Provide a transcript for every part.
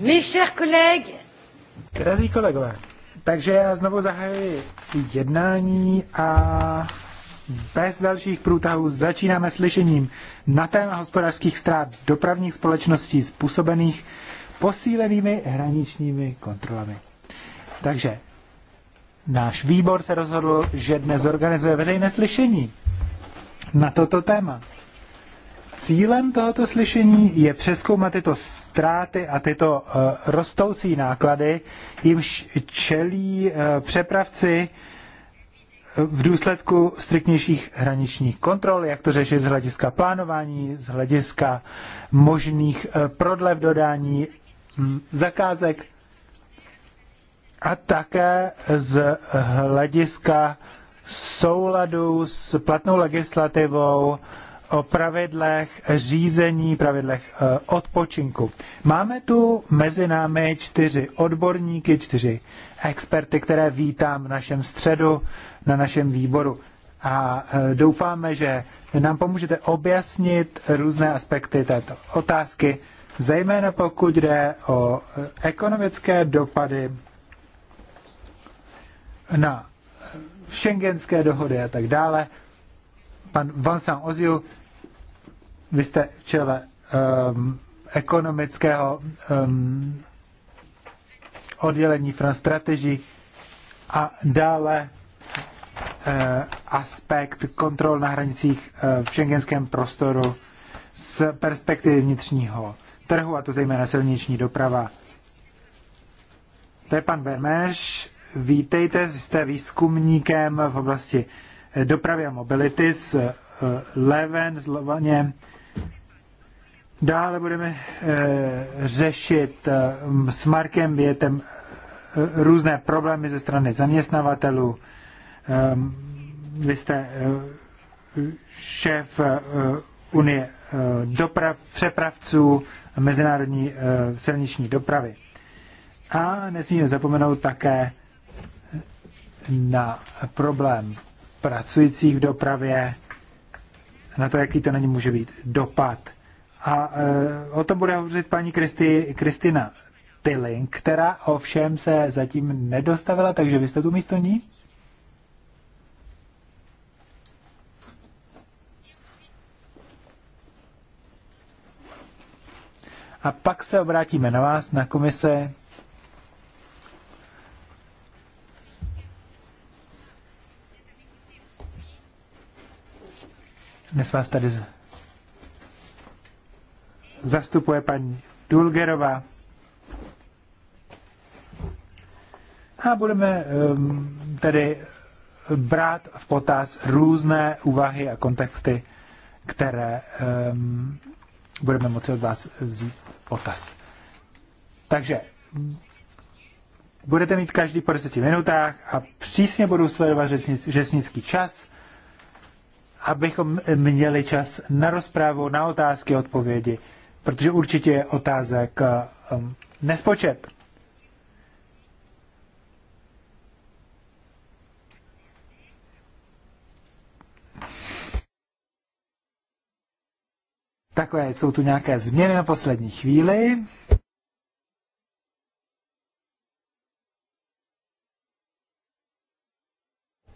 Mes chers collègues. Drazí kolegové, takže já znovu zahajuji jednání a bez dalších průtahů začínáme slyšením na téma hospodářských ztrát dopravních společností způsobených posílenými hraničními kontrolami. Takže náš výbor se rozhodl, že dnes organizuje veřejné slyšení na toto téma. Cílem tohoto slyšení je přeskoumat tyto ztráty a tyto eh, rostoucí náklady, jimž čelí eh, přepravci eh, v důsledku striktnějších hraničních kontrol, jak to řešit z hlediska plánování, z hlediska možných prodlev dodání hm, zakázek a také z hlediska souladu s platnou legislativou o pravidlech řízení, pravidlech e, odpočinku. Máme tu mezi námi čtyři odborníky, čtyři experty, které vítám v našem středu, na našem výboru. A e, doufáme, že nám pomůžete objasnit různé aspekty této otázky, zejména pokud jde o e, ekonomické dopady na šengenské dohody a tak dále. Pan Vansan Oziu vy jste v čele um, ekonomického um, oddělení France Strategy a dále eh, aspekt kontrol na hranicích eh, v šengenském prostoru z perspektivy vnitřního trhu, a to zejména silniční doprava. To je pan Vermeš. Vítejte, jste výzkumníkem v oblasti eh, dopravy a mobility z Leven, z Lovaně Dále budeme eh, řešit eh, s Markem Větem eh, různé problémy ze strany zaměstnavatelů. Ehm, vy jste šéf Unie doprav, přepravců mezinárodní silniční dopravy. A nesmíme zapomenout také na problém pracujících v dopravě, na to, jaký to na ně může být dopad. A e, o tom bude hovořit paní Kristi, Kristina Tilling, která ovšem se zatím nedostavila, takže vy jste tu místo ní? A pak se obrátíme na vás, na komise. Dnes vás tady zastupuje paní Dulgerová. A budeme um, tedy brát v potaz různé úvahy a kontexty, které um, budeme moci od vás vzít potaz. Takže budete mít každý po 10 minutách a přísně budu sledovat řečnic, řečnický čas, abychom měli čas na rozprávu, na otázky, odpovědi protože určitě je otázek um, nespočet. Takové jsou tu nějaké změny na poslední chvíli.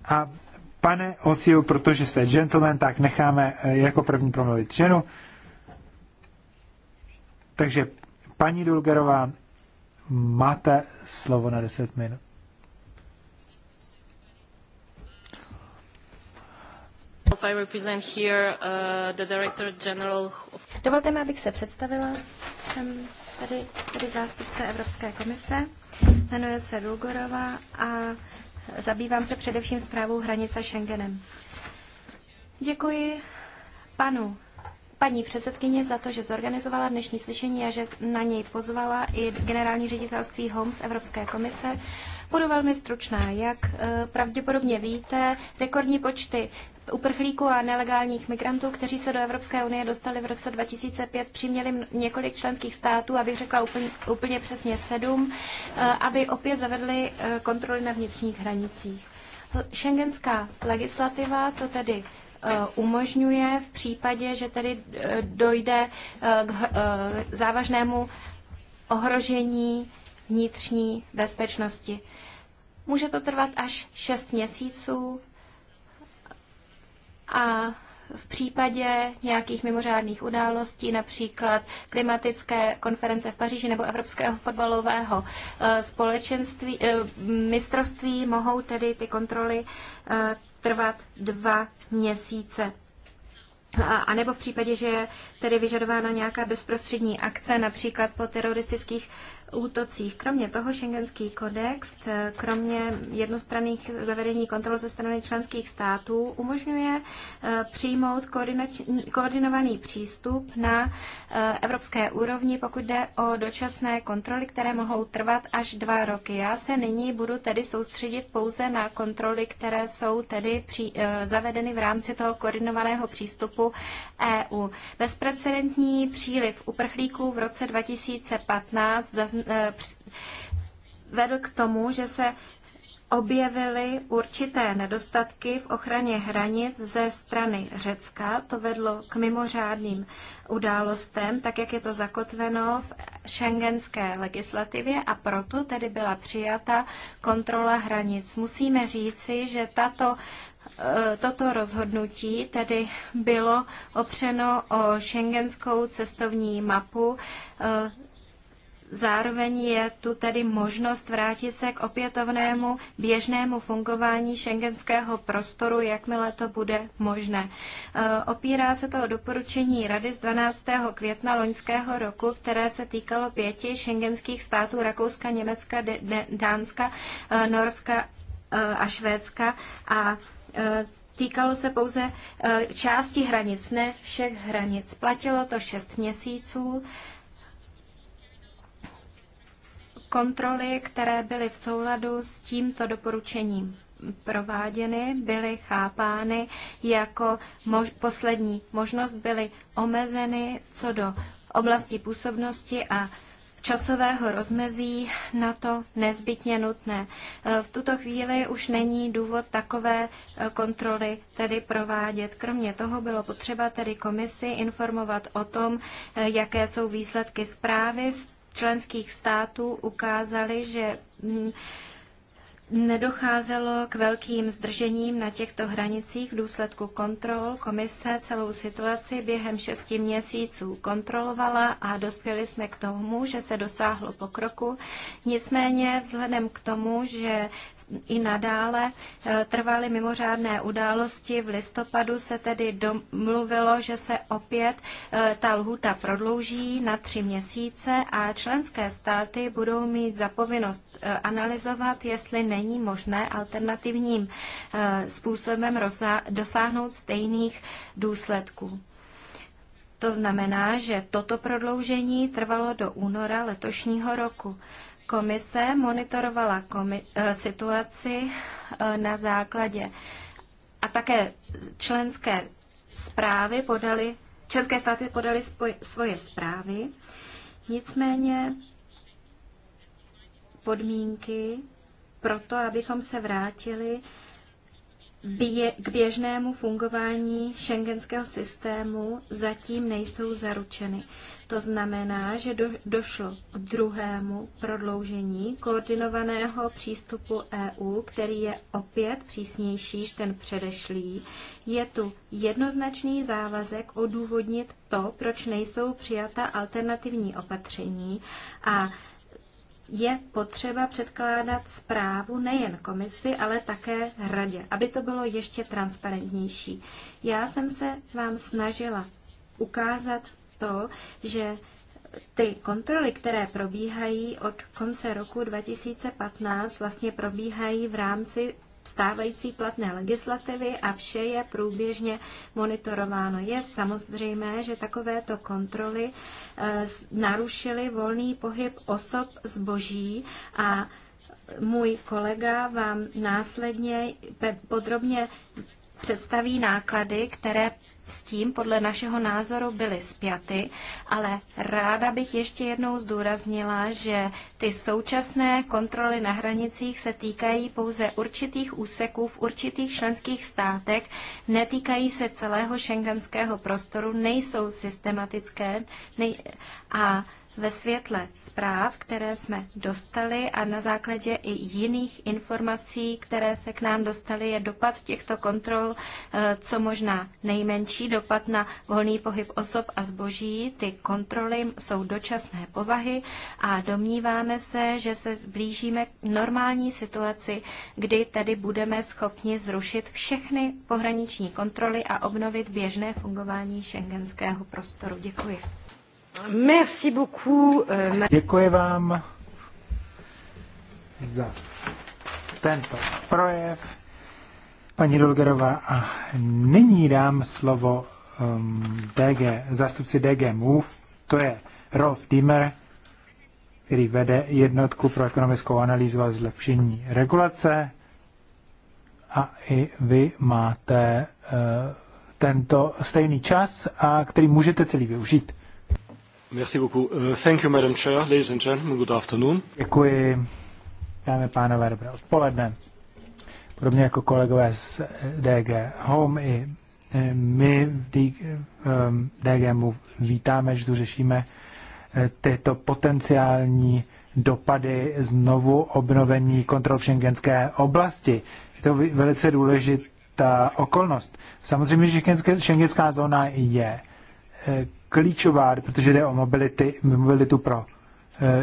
A pane Osiu, protože jste gentleman, tak necháme eh, jako první promluvit ženu. Takže paní Dulgerová, máte slovo na 10 minut. Uh, Dovolte mi, abych se představila. Jsem tady, tady zástupce Evropské komise. Jmenuji se Rulgorová a zabývám se především zprávou hranice Schengenem. Děkuji panu paní předsedkyně za to, že zorganizovala dnešní slyšení a že na něj pozvala i generální ředitelství Homs Evropské komise. Budu velmi stručná. Jak eh, pravděpodobně víte, rekordní počty uprchlíků a nelegálních migrantů, kteří se do Evropské unie dostali v roce 2005, přiměli několik členských států, abych řekla úplně, úplně přesně sedm, eh, aby opět zavedli eh, kontroly na vnitřních hranicích. Schengenská legislativa to tedy Eh, umožňuje v případě, že tedy eh, dojde eh, k závažnému ohrožení vnitřní bezpečnosti. Může to trvat až 6 měsíců a v případě nějakých mimořádných událostí, například klimatické konference v Paříži nebo Evropského fotbalového společenství, mistrovství, mohou tedy ty kontroly trvat dva měsíce. A nebo v případě, že je tedy vyžadována nějaká bezprostřední akce, například po teroristických útocích. Kromě toho šengenský kodex, kromě jednostranných zavedení kontrol ze strany členských států, umožňuje eh, přijmout koordinovaný přístup na eh, evropské úrovni, pokud jde o dočasné kontroly, které mohou trvat až dva roky. Já se nyní budu tedy soustředit pouze na kontroly, které jsou tedy při, eh, zavedeny v rámci toho koordinovaného přístupu EU. Bezprecedentní příliv uprchlíků v roce 2015 Eh, vedl k tomu, že se objevily určité nedostatky v ochraně hranic ze strany Řecka. To vedlo k mimořádným událostem, tak jak je to zakotveno v šengenské legislativě a proto tedy byla přijata kontrola hranic. Musíme říci, že tato eh, Toto rozhodnutí tedy bylo opřeno o šengenskou cestovní mapu eh, Zároveň je tu tedy možnost vrátit se k opětovnému běžnému fungování šengenského prostoru, jakmile to bude možné. Eh, opírá se to o doporučení Rady z 12. května loňského roku, které se týkalo pěti šengenských států Rakouska, Německa, Dánska, eh, Norska eh, a Švédska a Týkalo se pouze části hranic, ne všech hranic. Platilo to šest měsíců Kontroly, které byly v souladu s tímto doporučením prováděny, byly chápány jako mož- poslední možnost, byly omezeny co do oblasti působnosti a časového rozmezí na to nezbytně nutné. V tuto chvíli už není důvod takové e, kontroly tedy provádět. Kromě toho bylo potřeba tedy komisi informovat o tom, e, jaké jsou výsledky zprávy z členských států ukázaly, že mm, nedocházelo k velkým zdržením na těchto hranicích v důsledku kontrol. Komise celou situaci během šesti měsíců kontrolovala a dospěli jsme k tomu, že se dosáhlo pokroku. Nicméně vzhledem k tomu, že i nadále eh, trvaly mimořádné události. V listopadu se tedy domluvilo, že se opět eh, ta lhuta prodlouží na tři měsíce a členské státy budou mít zapovinnost eh, analyzovat, jestli není možné alternativním způsobem dosáhnout stejných důsledků. To znamená, že toto prodloužení trvalo do února letošního roku. Komise monitorovala komi- eh, situaci eh, na základě a také členské zprávy podali, české státy podali svoje zprávy. Nicméně podmínky pro to, abychom se vrátili bě, k běžnému fungování šengenského systému zatím nejsou zaručeny. To znamená, že do, došlo k druhému prodloužení koordinovaného přístupu EU, který je opět přísnější než ten předešlý. Je tu jednoznačný závazek odůvodnit to, proč nejsou přijata alternativní opatření a je potřeba předkládat zprávu nejen komisi, ale také radě, aby to bylo ještě transparentnější. Já jsem se vám snažila ukázat to, že ty kontroly, které probíhají od konce roku 2015, vlastně probíhají v rámci stávající platné legislativy a vše je průběžně monitorováno. Je samozřejmé, že takovéto kontroly eh, narušily volný pohyb osob zboží a můj kolega vám následně podrobně představí náklady, které s tím podle našeho názoru byly spjaty, ale ráda bych ještě jednou zdůraznila, že ty současné kontroly na hranicích se týkají pouze určitých úseků v určitých členských státech, netýkají se celého šengenského prostoru, nejsou systematické nej- a ve světle zpráv, které jsme dostali a na základě i jiných informací, které se k nám dostaly, je dopad těchto kontrol eh, co možná nejmenší, dopad na volný pohyb osob a zboží. Ty kontroly jsou dočasné povahy a domníváme se, že se zblížíme k normální situaci, kdy tedy budeme schopni zrušit všechny pohraniční kontroly a obnovit běžné fungování šengenského prostoru. Děkuji. Merci beaucoup. Euh, Děkuji vám za tento projev, paní Dolgerová. A nyní dám slovo um, DG, zástupci DG MOVE, to je Rolf Diemer, který vede jednotku pro ekonomickou analýzu a zlepšení regulace. A i vy máte uh, tento stejný čas, a který můžete celý využít. Uh, Děkuji. Dámy a pánové, dobré odpoledne. Podobně jako kolegové z eh, DG Home i eh, my v DGMu eh, vítáme, že tu řešíme tyto potenciální dopady znovu obnovení kontrol v šengenské oblasti. Je to velice důležitá okolnost. Samozřejmě, že šengenská zóna je klíčová, protože jde o mobility, mobilitu pro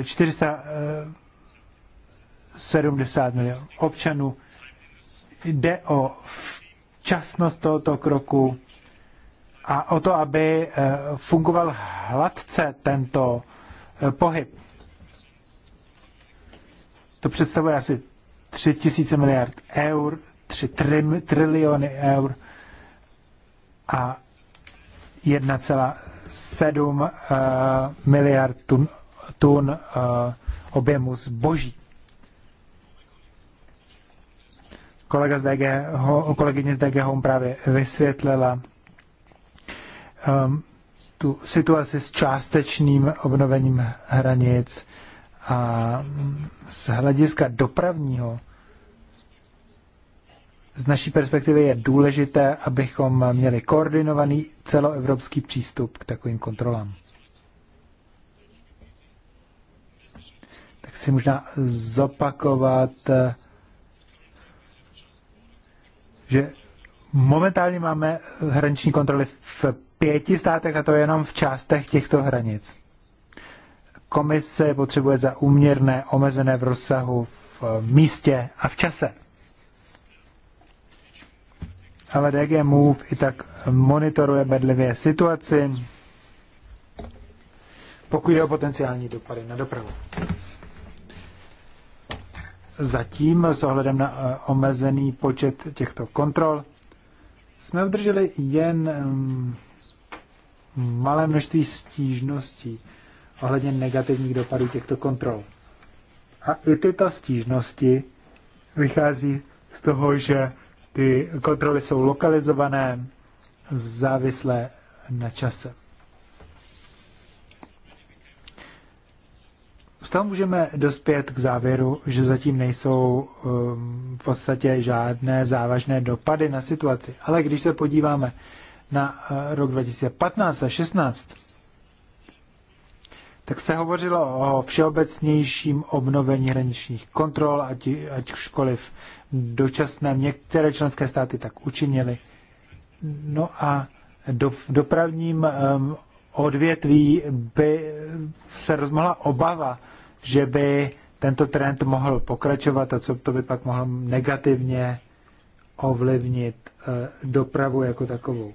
470 eh, eh, milionů občanů. Jde o včasnost tohoto kroku a o to, aby eh, fungoval hladce tento pohyb. To představuje asi 3 tisíce miliard eur, 3 triliony eur a 7 uh, eh, miliard tun, tun uh, objemu zboží. Kolega z DG, ho, kolegyně z DG Home právě vysvětlila um, tu situaci s částečným obnovením hranic a z hlediska dopravního z naší perspektivy je důležité, abychom měli koordinovaný celoevropský přístup k takovým kontrolám. Tak si možná zopakovat, že momentálně máme hraniční kontroly v pěti státech a to je jenom v částech těchto hranic. Komise potřebuje za úměrné, omezené v rozsahu, v místě a v čase ale DG Move i tak monitoruje bedlivě situaci, pokud jde o potenciální dopady na dopravu. Zatím s ohledem na eh, omezený počet těchto kontrol jsme udrželi jen mm, malé množství stížností ohledně negativních dopadů těchto kontrol. A i tyto stížnosti vychází z toho, že ty kontroly jsou lokalizované, závislé na čase. Z toho můžeme dospět k závěru, že zatím nejsou um, v podstatě žádné závažné dopady na situaci. Ale když se podíváme na uh, rok 2015 a 16, tak se hovořilo o všeobecnějším obnovení hraničních kontrol, ať, ať školiv dočasném. Některé členské státy tak učinily. No a do, v dopravním um, odvětví by se rozmohla obava, že by tento trend mohl pokračovat a co to by pak mohlo negativně ovlivnit eh, dopravu jako takovou.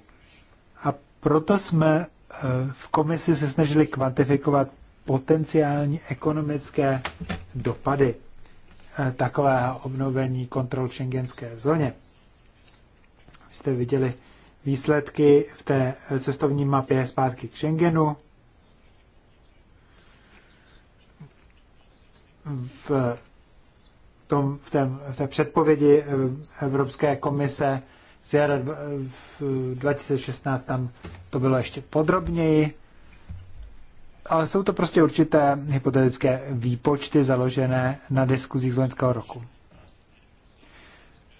A proto jsme eh, v komisi se snažili kvantifikovat potenciální ekonomické dopady eh, takového obnovení kontrol v šengenské zóně. Vy jste viděli výsledky v té cestovní mapě zpátky k Schengenu. V, tom, v, tém, v té předpovědi eh, Evropské komise z jara 2016 eh, tam to bylo ještě podrobněji ale jsou to prostě určité hypotetické výpočty založené na diskuzích z loňského roku.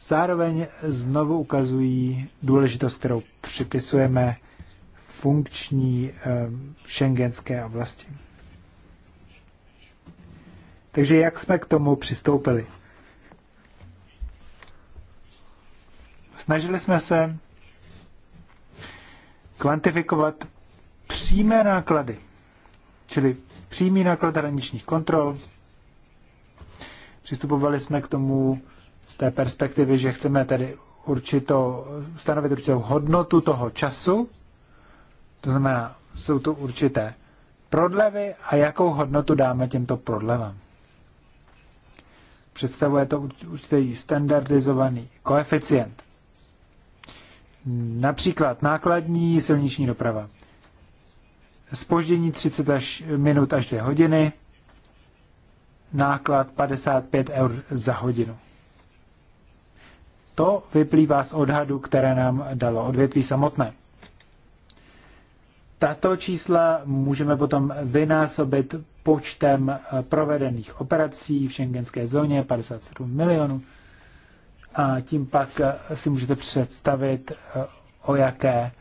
Zároveň znovu ukazují důležitost, kterou připisujeme funkční eh, šengenské oblasti. Takže jak jsme k tomu přistoupili? Snažili jsme se kvantifikovat přímé náklady Čili přímý náklad hraničních kontrol. Přistupovali jsme k tomu z té perspektivy, že chceme tedy určito, stanovit určitou hodnotu toho času, to znamená, jsou tu určité prodlevy a jakou hodnotu dáme těmto prodlevám. Představuje to určitý standardizovaný koeficient. Například nákladní silniční doprava spoždění 30 až minut až 2 hodiny, náklad 55 eur za hodinu. To vyplývá z odhadu, které nám dalo odvětví samotné. Tato čísla můžeme potom vynásobit počtem eh, provedených operací v šengenské zóně 57 milionů a tím pak eh, si můžete představit, eh, o jaké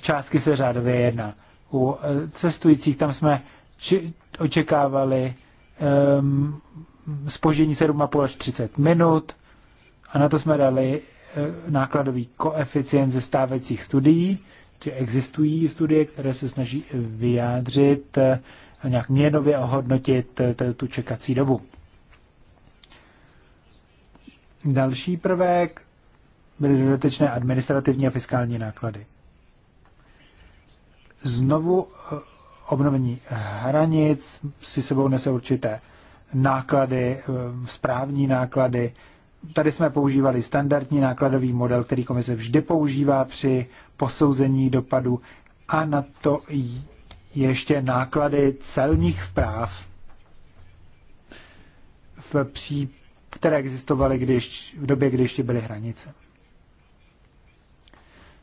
částky se řádově jedná u eh, cestujících, tam jsme či, očekávali um, spožení 7,5 až 30 minut a na to jsme dali eh, nákladový koeficient ze stávajících studií, že existují studie, které se snaží vyjádřit uh, nějak měnově ohodnotit tu čekací dobu. Další prvek byly dodatečné administrativní a fiskální náklady znovu eh, obnovení hranic si sebou nese určité náklady, eh, správní náklady. Tady jsme používali standardní nákladový model, který komise vždy používá při posouzení dopadu a na to ještě náklady celních zpráv, v pří, které existovaly když, v době, kdy ještě byly hranice.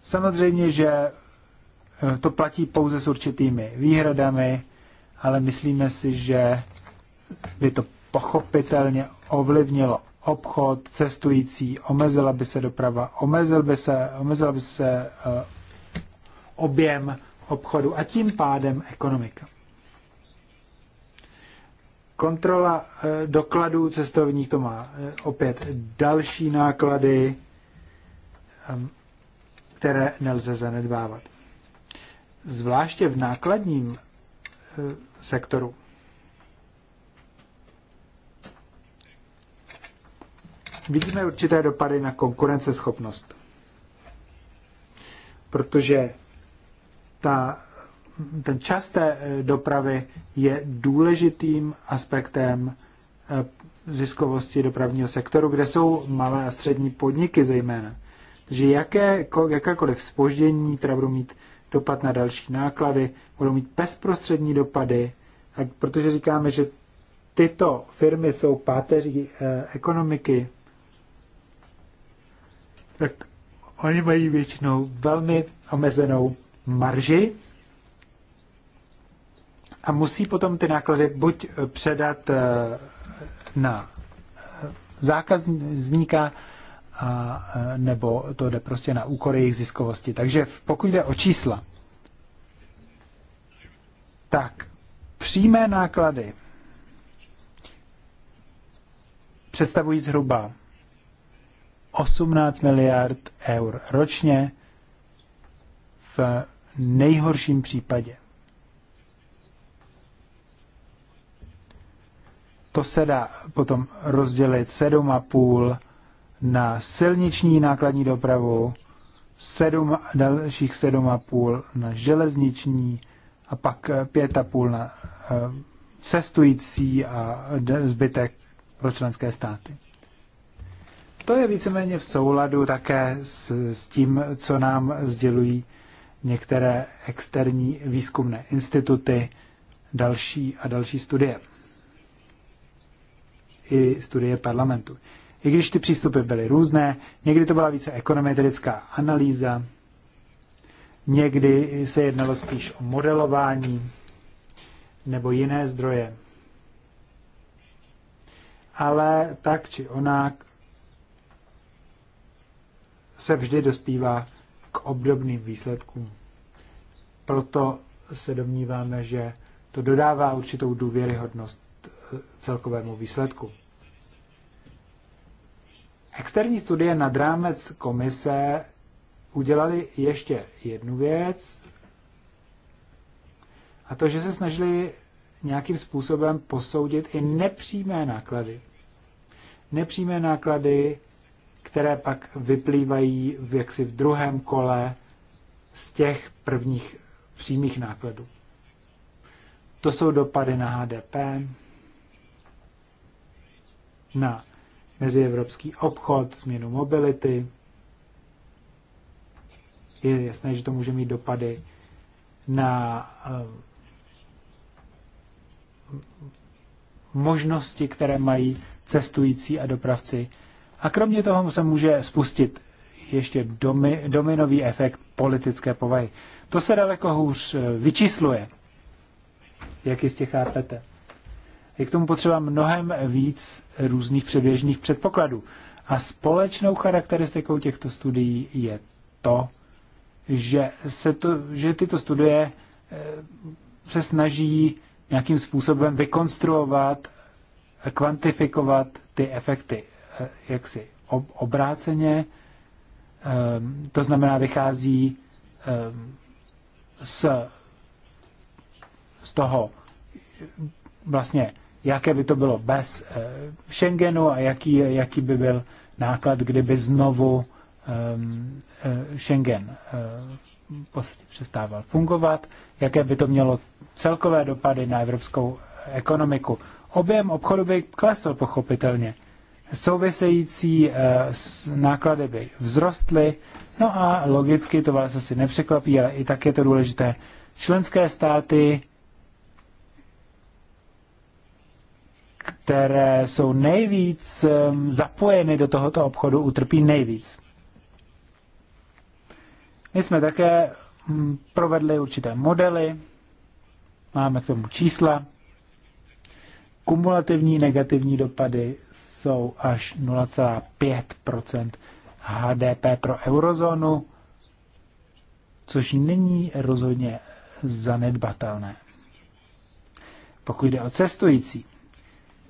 Samozřejmě, že Eh, to platí pouze s určitými výhradami, ale myslíme si, že by to pochopitelně ovlivnilo obchod cestující, omezila by se doprava, omezil by se, omezil by se uh, objem obchodu a tím pádem ekonomika. Kontrola uh, dokladů cestovních to má uh, opět další náklady, um, které nelze zanedbávat zvláště v nákladním eh, sektoru. Vidíme určité dopady na konkurenceschopnost, protože ta, ten čas té eh, dopravy je důležitým aspektem eh, ziskovosti dopravního sektoru, kde jsou malé a střední podniky zejména. Takže jaké, jakékoliv spoždění, které budou mít dopad na další náklady, budou mít bezprostřední dopady, a protože říkáme, že tyto firmy jsou páteří eh, ekonomiky, tak oni mají většinou velmi omezenou marži a musí potom ty náklady buď eh, předat eh, na eh, zákazníka a e, nebo to jde prostě na úkor jejich ziskovosti. Takže pokud jde o čísla, tak přímé náklady představují zhruba 18 miliard eur ročně v nejhorším případě. To se dá potom rozdělit 7,5 na silniční nákladní dopravu, sedm, dalších 7,5 na železniční a pak 5,5 eh, na eh, cestující a zbytek pro členské státy. To je víceméně v souladu také s, s tím, co nám sdělují některé externí výzkumné instituty, další a další studie. I studie parlamentu. I když ty přístupy byly různé, někdy to byla více ekonometrická analýza, někdy se jednalo spíš o modelování nebo jiné zdroje. Ale tak či onak se vždy dospívá k obdobným výsledkům. Proto se domníváme, že to dodává určitou důvěryhodnost eh, celkovému výsledku. Externí studie nad rámec komise udělali ještě jednu věc, a to, že se snažili nějakým způsobem posoudit i nepřímé náklady. Nepřímé náklady, které pak vyplývají v jaksi v druhém kole z těch prvních přímých nákladů. To jsou dopady na HDP, na mezievropský obchod, změnu mobility. Je jasné, že to může mít dopady na eh, možnosti, které mají cestující a dopravci. A kromě toho se může spustit ještě domi, dominový efekt politické povahy. To se daleko hůř eh, vyčísluje, jak jistě chápete je k tomu potřeba mnohem víc různých předběžných předpokladů. A společnou charakteristikou těchto studií je to, že, se to, že tyto studie eh, se snaží nějakým způsobem vykonstruovat a kvantifikovat ty efekty eh, jaksi obráceně. Eh, to znamená, vychází z, z toho vlastně jaké by to bylo bez eh, Schengenu a jaký, jaký by byl náklad, kdyby znovu ehm, eh, Schengen uh, přestával fungovat, jaké by to mělo celkové dopady na evropskou ekonomiku. Objem obchodu by klesl pochopitelně. Související náklady by vzrostly, no a logicky to vás asi nepřekvapí, ale i tak je to důležité. Členské státy které jsou nejvíc zapojeny do tohoto obchodu, utrpí nejvíc. My jsme také hm, provedli určité modely, máme k tomu čísla. Kumulativní negativní dopady jsou až 0,5 HDP pro eurozónu, což není rozhodně zanedbatelné. Pokud jde o cestující,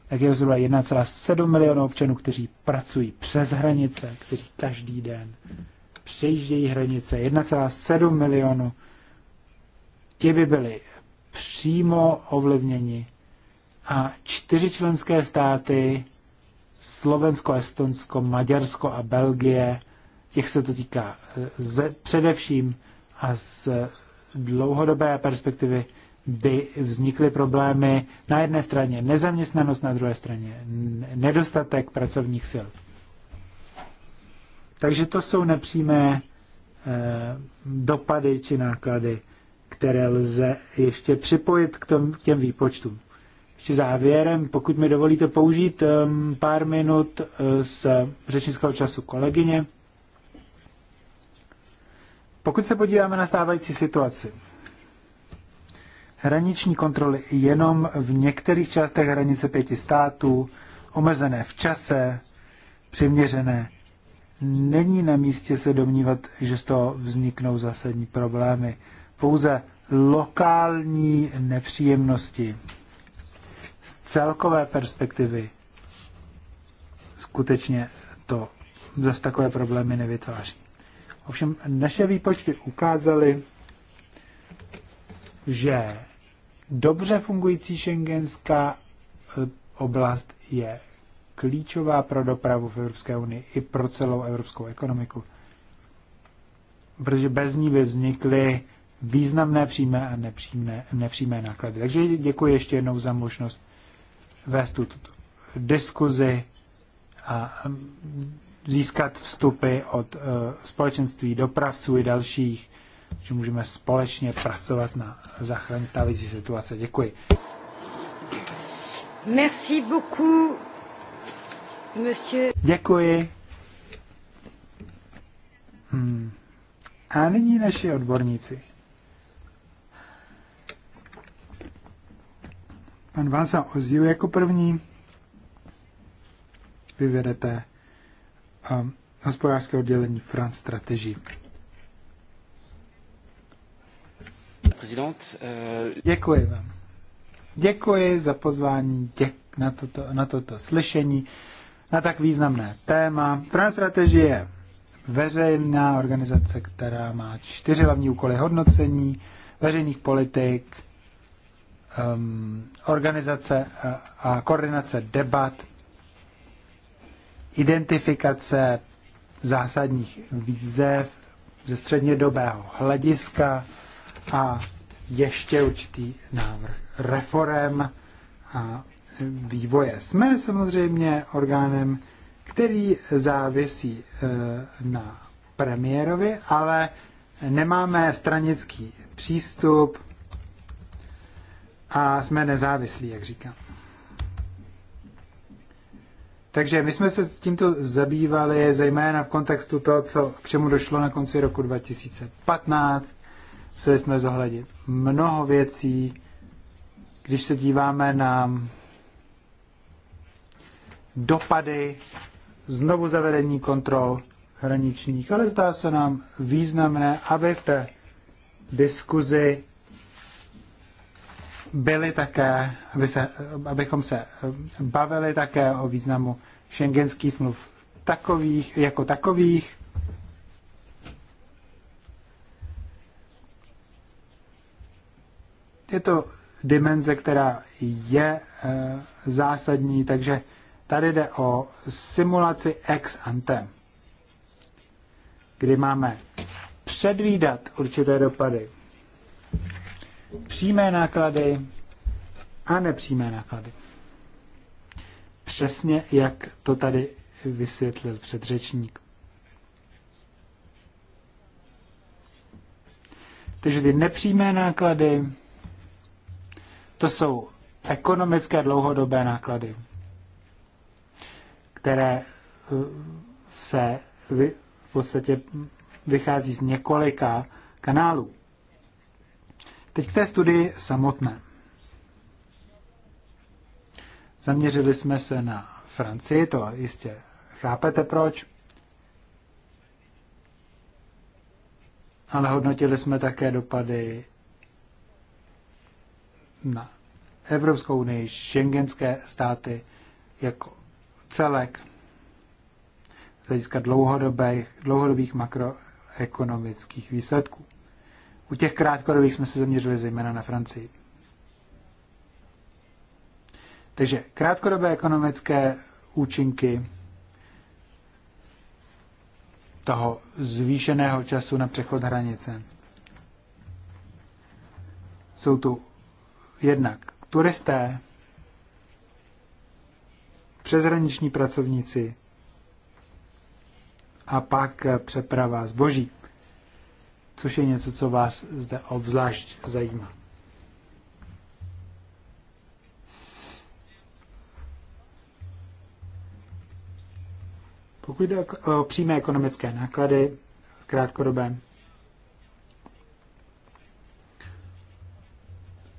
tak je zhruba 1,7 milionů občanů, kteří pracují přes hranice, kteří každý den přejíždějí hranice. 1,7 milionů ti by byli přímo ovlivněni a čtyři členské státy Slovensko, Estonsko, Maďarsko a Belgie, těch se to týká eh, ze, především a z dlouhodobé perspektivy by vznikly problémy na jedné straně nezaměstnanost, na druhé straně nedostatek pracovních sil. Takže to jsou nepřímé eh, dopady či náklady, které lze ještě připojit k tom, těm výpočtům. Ještě závěrem, pokud mi dovolíte použít ehm, pár minut eh, z řečnického času kolegyně. Pokud se podíváme na stávající situaci, hraniční kontroly jenom v některých částech hranice pěti států, omezené v čase, přiměřené. Není na místě se domnívat, že z toho vzniknou zásadní problémy. Pouze lokální nepříjemnosti z celkové perspektivy skutečně to zase takové problémy nevytváří. Ovšem naše výpočty ukázaly, že dobře fungující šengenská eh, oblast je klíčová pro dopravu v Evropské unii i pro celou evropskou ekonomiku. Protože bez ní by vznikly významné přímé a nepřímé, nepřímé náklady. Takže děkuji ještě jednou za možnost vést tuto diskuzi a mm, získat vstupy od eh, společenství dopravců i dalších že můžeme společně pracovat na záchraně stávající situace. Děkuji. Merci beaucoup, monsieur. Děkuji. Hmm. A nyní naši odborníci. Pan Váza Ozdíl jako první. Vy vedete um, hospodářské oddělení France Strategy. Euh, Děkuji vám. Děkuji za pozvání děk na, toto, na toto slyšení, na tak významné téma. Transstrategy je veřejná organizace, která má čtyři hlavní úkoly hodnocení, veřejných politik, um, organizace a, a koordinace debat, identifikace zásadních výzev ze střednědobého hlediska, a ještě určitý návrh reform a vývoje. Jsme samozřejmě orgánem, který závisí e, na premiérovi, ale nemáme stranický přístup a jsme nezávislí, jak říkám. Takže my jsme se s tímto zabývali zejména v kontextu toho, co, k čemu došlo na konci roku 2015 museli jsme zohlednit. Mnoho věcí, když se díváme na dopady znovu zavedení kontrol hraničních, ale zdá se nám významné, aby v té diskuzi byli také, aby se, abychom se bavili také o významu šengenských smluv takových, jako takových, je to dimenze, která je e, zásadní, takže tady jde o simulaci ex ante, kdy máme předvídat určité dopady, přímé náklady a nepřímé náklady. Přesně jak to tady vysvětlil předřečník. Takže ty nepřímé náklady to jsou ekonomické dlouhodobé náklady, které eh, se v podstatě vychází z několika kanálů. Teď k té studii samotné. Zaměřili jsme se na Francii, to jistě chápete proč. Ale hodnotili jsme také dopady na Evropskou unii, šengenské státy jako celek z hlediska dlouhodobých, dlouhodobých makroekonomických výsledků. U těch krátkodobých jsme se zaměřili zejména na Francii. Takže krátkodobé ekonomické účinky toho zvýšeného času na přechod hranice. Jsou tu jednak turisté, přezraniční pracovníci a pak přeprava zboží, což je něco, co vás zde obzvlášť zajímá. Pokud jde o přímé ekonomické náklady v krátkodobém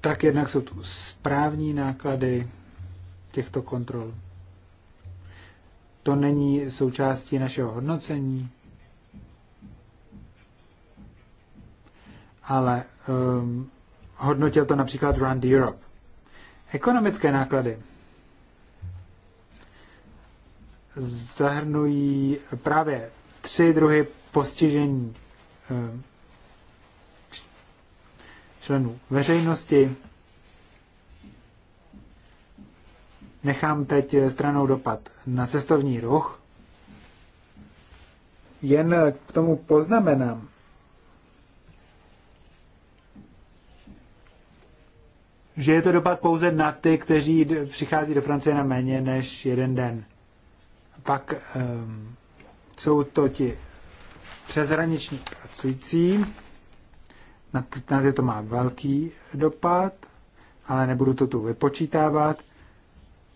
tak jednak jsou tu správní náklady těchto kontrol. To není součástí našeho hodnocení, ale um, hodnotil to například Rand Europe. Ekonomické náklady zahrnují právě tři druhy postižení um, členů veřejnosti. Nechám teď stranou dopad na cestovní ruch. Jen k tomu poznamenám, že je to dopad pouze na ty, kteří přichází do Francie na méně než jeden den. Pak um, jsou to ti přeshraniční pracující, na, na to má velký dopad, ale nebudu to tu vypočítávat.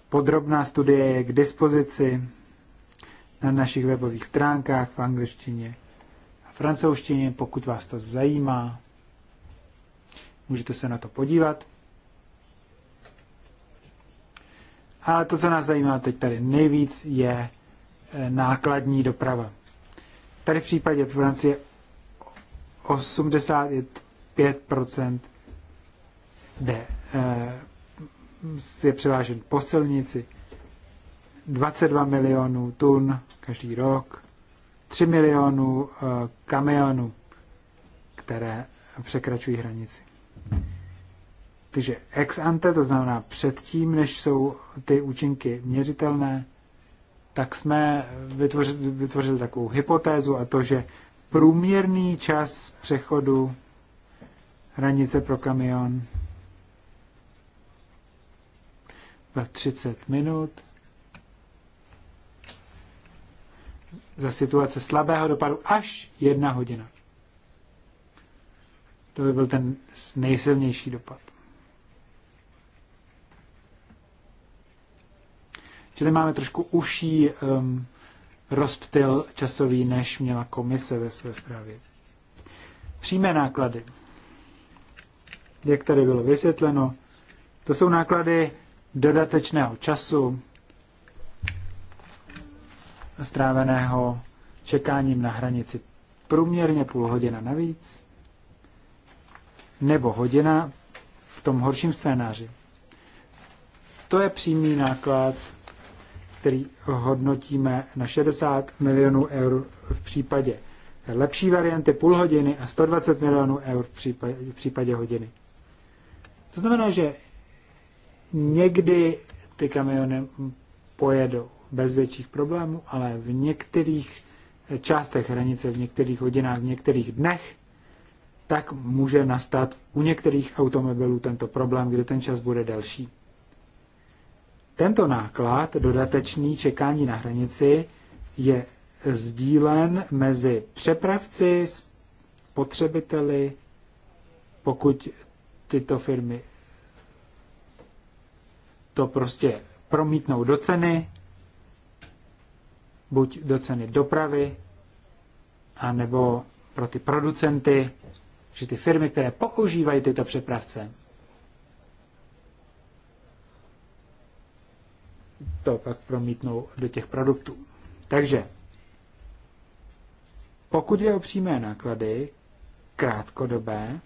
Podrobná studie je k dispozici na našich webových stránkách v angličtině a francouzštině, pokud vás to zajímá. Můžete se na to podívat. Ale to, co nás zajímá teď tady nejvíc, je eh, nákladní doprava. Tady v případě Francie 80, 5 jde, eh, je převážen po silnici, 22 milionů tun každý rok, 3 milionů eh, kamionů, které překračují hranici. Takže ex ante, to znamená předtím, než jsou ty účinky měřitelné, tak jsme vytvořili, vytvořili takovou hypotézu a to, že průměrný čas přechodu hranice pro kamion za 30 minut. Za situace slabého dopadu až jedna hodina. To by byl ten nejsilnější dopad. Čili máme trošku užší um, rozptyl časový, než měla komise ve své zprávě. Přímé náklady jak tady bylo vysvětleno. To jsou náklady dodatečného času, stráveného čekáním na hranici průměrně půl hodina navíc, nebo hodina v tom horším scénáři. To je přímý náklad, který hodnotíme na 60 milionů eur v případě lepší varianty půl hodiny a 120 milionů eur v případě, v případě hodiny. To znamená, že někdy ty kamiony pojedou bez větších problémů, ale v některých částech hranice, v některých hodinách, v některých dnech, tak může nastat u některých automobilů tento problém, kdy ten čas bude delší. Tento náklad, dodatečný čekání na hranici, je sdílen mezi přepravci, spotřebiteli, pokud tyto firmy to prostě promítnou do ceny, buď do ceny dopravy, anebo pro ty producenty, že ty firmy, které používají tyto přepravce, to pak promítnou do těch produktů. Takže pokud je o přímé náklady, krátkodobé,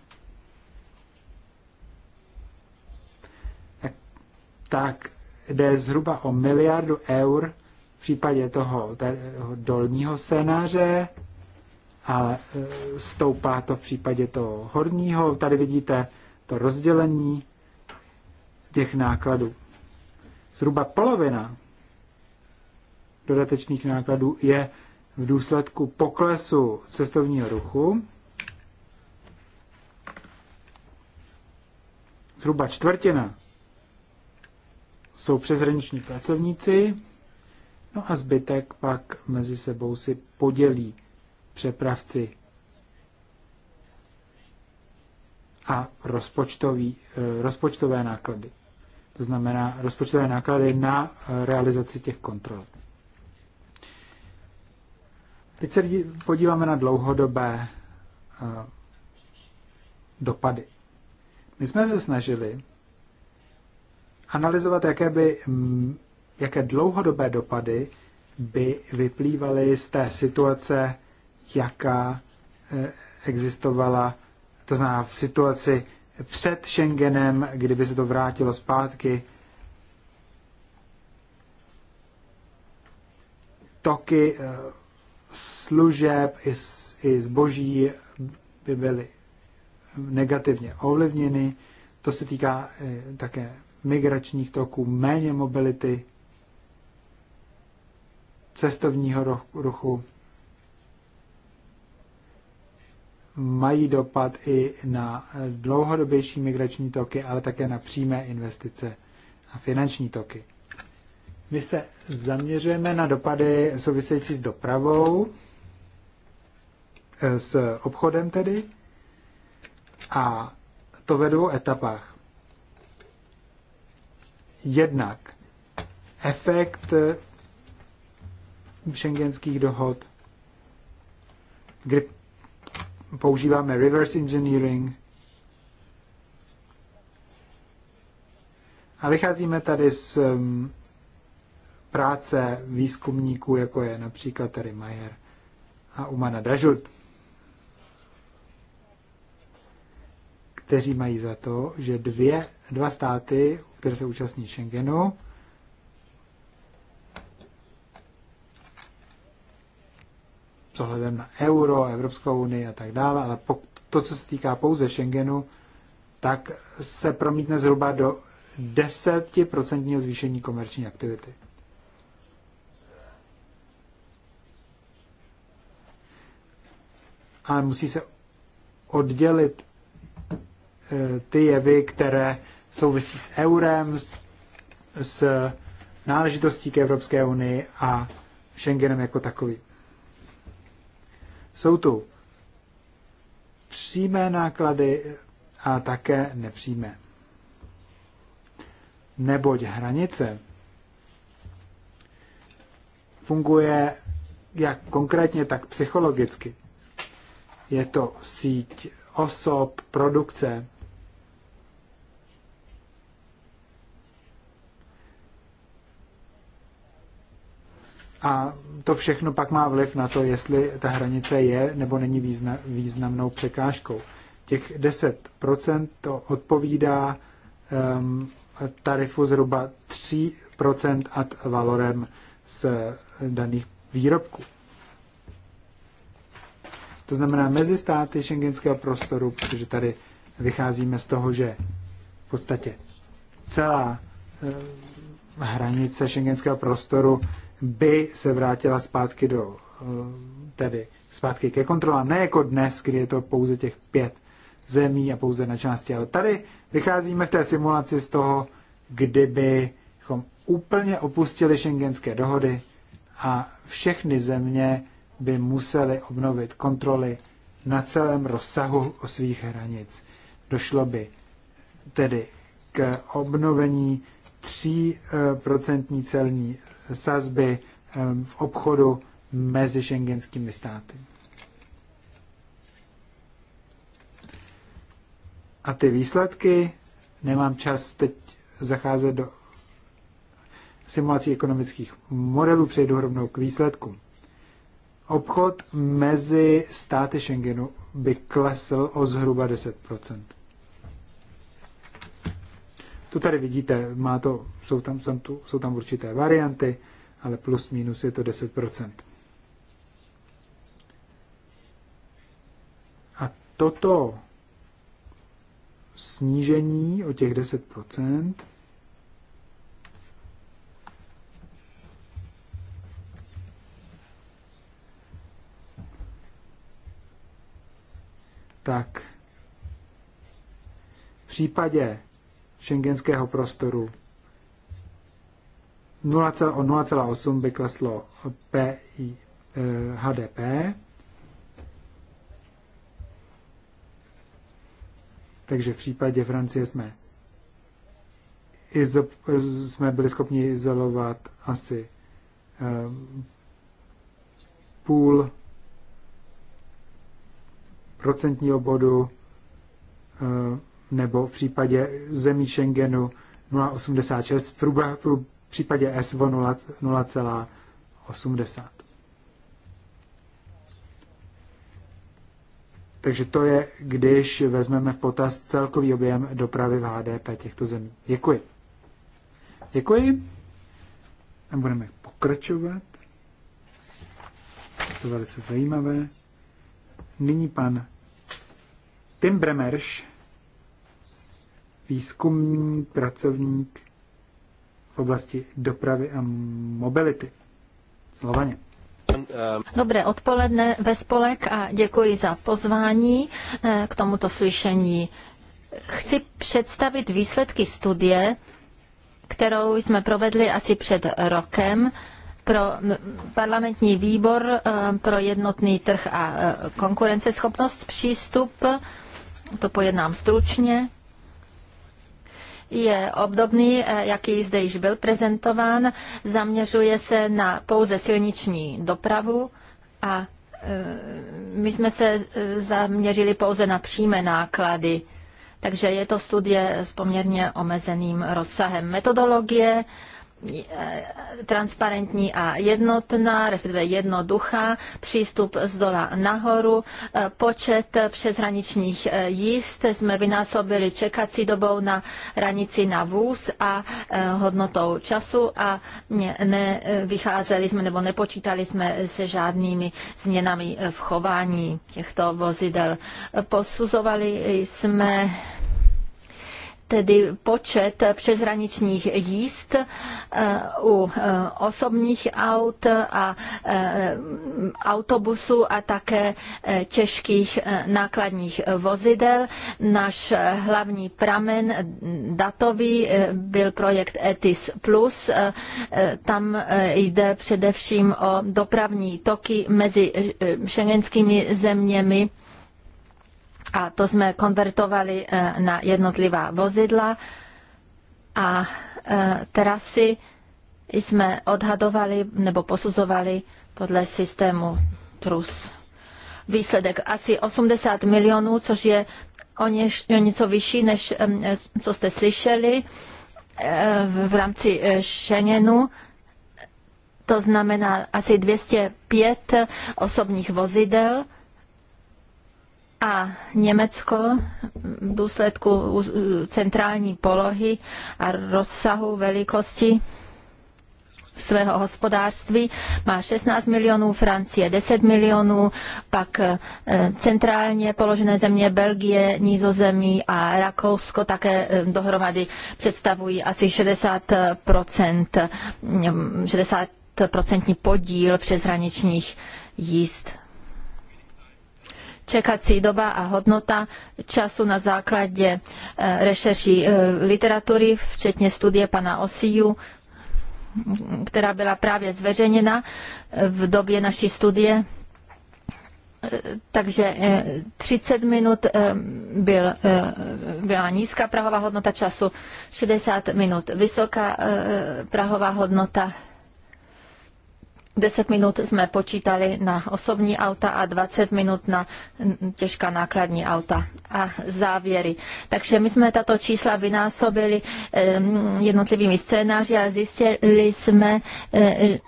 tak jde zhruba o miliardu eur v případě toho, toho dolního scénáře, ale e, stoupá to v případě toho horního. Tady vidíte to rozdělení těch nákladů. Zhruba polovina dodatečných nákladů je v důsledku poklesu cestovního ruchu. Zhruba čtvrtina jsou přeshraniční pracovníci, no a zbytek pak mezi sebou si podělí přepravci a rozpočtový, eh, rozpočtové náklady. To znamená rozpočtové náklady na eh, realizaci těch kontrol. Teď se podíváme na dlouhodobé eh, dopady. My jsme se snažili analyzovat, jaké, by, mm, jaké dlouhodobé dopady by vyplývaly z té situace, jaká eh, existovala, to znamená v situaci před Schengenem, kdyby se to vrátilo zpátky, toky eh, služeb i, zboží by byly negativně ovlivněny. To se týká eh, také migračních toků, méně mobility, cestovního ruchu, mají dopad i na dlouhodobější migrační toky, ale také na přímé investice a finanční toky. My se zaměřujeme na dopady související s dopravou, eh, s obchodem tedy, a to ve dvou etapách jednak efekt šengenských dohod, kdy používáme reverse engineering a vycházíme tady z um, práce výzkumníků, jako je například tady Mayer a Umana Dažut, kteří mají za to, že dvě dva státy, které se účastní Schengenu, s ohledem na euro, Evropskou unii a tak dále, ale to, co se týká pouze Schengenu, tak se promítne zhruba do 10% zvýšení komerční aktivity. Ale musí se oddělit eh, ty jevy, které souvisí s eurem, s, s náležitostí k Evropské unii a Schengenem jako takový. Jsou tu přímé náklady a také nepřímé. Neboť hranice funguje jak konkrétně, tak psychologicky. Je to síť osob, produkce, A to všechno pak má vliv na to, jestli ta hranice je nebo není významnou překážkou. Těch 10% to odpovídá um, tarifu zhruba 3% ad valorem z daných výrobků. To znamená mezi státy šengenského prostoru, protože tady vycházíme z toho, že v podstatě celá ehm, hranice šengenského prostoru by se vrátila zpátky do, eh, tedy zpátky ke kontrolám. Ne jako dnes, kdy je to pouze těch pět zemí a pouze na části, ale tady vycházíme v té simulaci z toho, kdybychom úplně opustili šengenské dohody a všechny země by musely obnovit kontroly na celém rozsahu o svých hranic. Došlo by tedy k obnovení 3% eh, celní sazby eh, v obchodu mezi šengenskými státy. A ty výsledky, nemám čas teď zacházet do simulací ekonomických modelů, přejdu rovnou k výsledku. Obchod mezi státy Schengenu by klesl o zhruba 10 to tady vidíte, má to, jsou, tam, jsou, tu, jsou tam určité varianty, ale plus minus je to 10%. A toto snížení o těch 10% tak v případě šengenského prostoru 0,8 by kleslo P, eh, HDP. Takže v případě Francie jsme, izo, jsme byli schopni izolovat asi eh, půl procentního bodu eh, nebo v případě zemí Schengenu 0,86, v případě SVO 0,80. Takže to je, když vezmeme v potaz celkový objem dopravy v HDP těchto zemí. Děkuji. Děkuji. A budeme pokračovat. Je to velice zajímavé. Nyní pan Tim Bremerš výzkumný pracovník v oblasti dopravy a mobility. Slovaně. Dobré odpoledne ve spolek a děkuji za pozvání eh, k tomuto slyšení. Chci představit výsledky studie, kterou jsme provedli asi před rokem pro parlamentní výbor eh, pro jednotný trh a eh, konkurenceschopnost přístup. To pojednám stručně je obdobný, eh, jaký zde již byl prezentován. Zaměřuje se na pouze silniční dopravu a eh, my jsme se eh, zaměřili pouze na přímé náklady. Takže je to studie s poměrně omezeným rozsahem metodologie. Eh, transparentní a jednotná, respektive jednoduchá, přístup z dola nahoru, eh, počet přeshraničních eh, jíst jsme vynásobili čekací dobou na hranici na vůz a hodnotou času a nevycházeli jsme nebo nepočítali jsme se žádnými změnami v chování těchto vozidel. Posuzovali jsme tedy počet přeshraničních jízd eh, u eh, osobních aut a eh, autobusů a také těžkých nákladních vozidel. Náš hlavní pramen datový byl projekt ETIS+. Plus. Tam jde především o dopravní toky mezi šengenskými zeměmi a to jsme konvertovali eh, na jednotlivá vozidla a eh, terasy jsme odhadovali nebo posuzovali podle systému TRUS. Výsledek asi 80 milionů, což je o něco vyšší, než co jste slyšeli eh, v rámci Schengenu. To znamená asi 205 osobních vozidel a Německo v důsledku centrální polohy a rozsahu velikosti svého hospodářství. Má 16 milionů, Francie 10 milionů, pak eh, centrálně položené země Belgie, Nízozemí a Rakousko také eh, dohromady představují asi 60 60 eh, mm, podíl přeshraničních jíst čekací doba a hodnota času na základě eh, rešerší eh, literatury, včetně studie pana Osiju, která byla právě zveřejněna eh, v době naší studie. Takže 30 minut byl, byla nízká prahová hodnota času, 60 minut vysoká prahová hodnota 10 minut jsme počítali na osobní auta a 20 minut na těžká nákladní auta a závěry. Takže my jsme tato čísla vynásobili jednotlivými scénáři a zjistili jsme, e,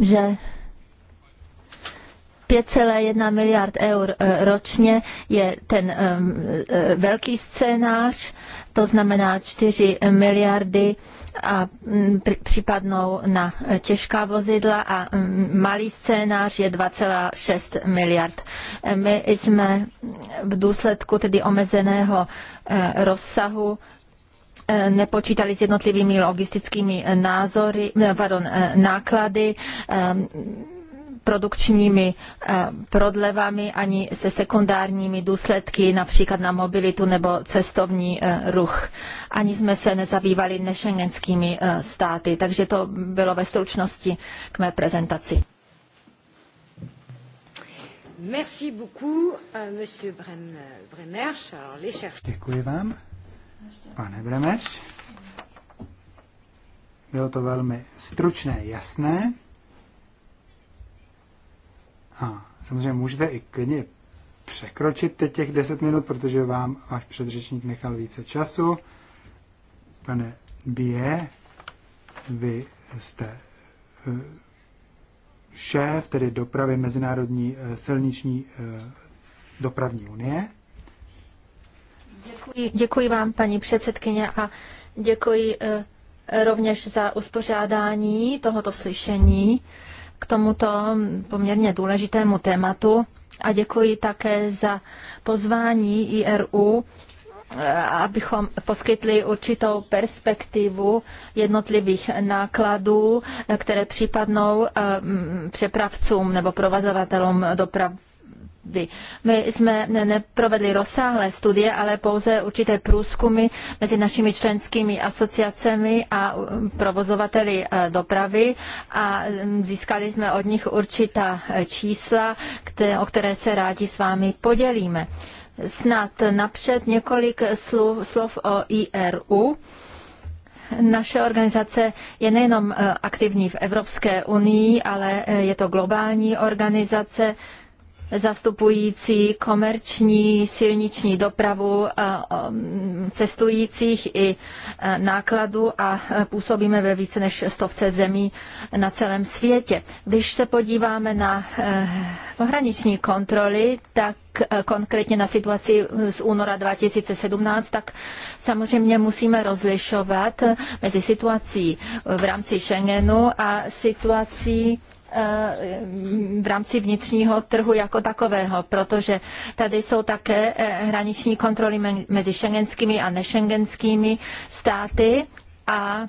že 5,1 miliard eur e, ročně je ten e, velký scénář, to znamená 4 miliardy a mm, případnou na těžká vozidla a mm, malý scénář je 2,6 miliard. My jsme v důsledku tedy omezeného e, rozsahu e, nepočítali s jednotlivými logistickými názory, e, pardon, náklady, produkčními eh, prodlevami ani se sekundárními důsledky, například na mobilitu nebo cestovní eh, ruch. Ani jsme se nezabývali nešengenskými eh, státy, takže to bylo ve stručnosti k mé prezentaci. Merci beaucoup, euh, monsieur Děkuji vám, pane Bremers. Bylo to velmi stručné, jasné. A samozřejmě můžete i klidně překročit těch 10 minut, protože vám váš předřečník nechal více času. Pane Bě, vy jste eh, šéf, tedy dopravy Mezinárodní eh, silniční eh, dopravní unie. Děkuji, děkuji vám, paní předsedkyně, a děkuji rovněž za uspořádání tohoto slyšení k tomuto poměrně důležitému tématu a děkuji také za pozvání IRU eh, abychom poskytli určitou perspektivu jednotlivých nákladů, eh, které případnou eh, přepravcům nebo provazovatelům doprav vy. My jsme neprovedli rozsáhlé studie, ale pouze určité průzkumy mezi našimi členskými asociacemi a um, provozovateli eh, dopravy a um, získali jsme od nich určitá eh, čísla, o které se rádi s vámi podělíme. Snad napřed několik slov, slov o IRU. Naše organizace je nejenom eh, aktivní v Evropské unii, ale je to globální organizace, zastupující komerční silniční dopravu eh, um, cestujících i eh, nákladu a eh, působíme ve více než stovce zemí na celém světě. Když se podíváme na pohraniční kontroly, tak konkrétně na situaci z února 2017, tak samozřejmě musíme rozlišovat mezi situací v rámci Schengenu a situací Eh, v rámci vnitřního trhu jako takového, protože tady jsou také eh, hraniční kontroly mezi šengenskými a nešengenskými státy a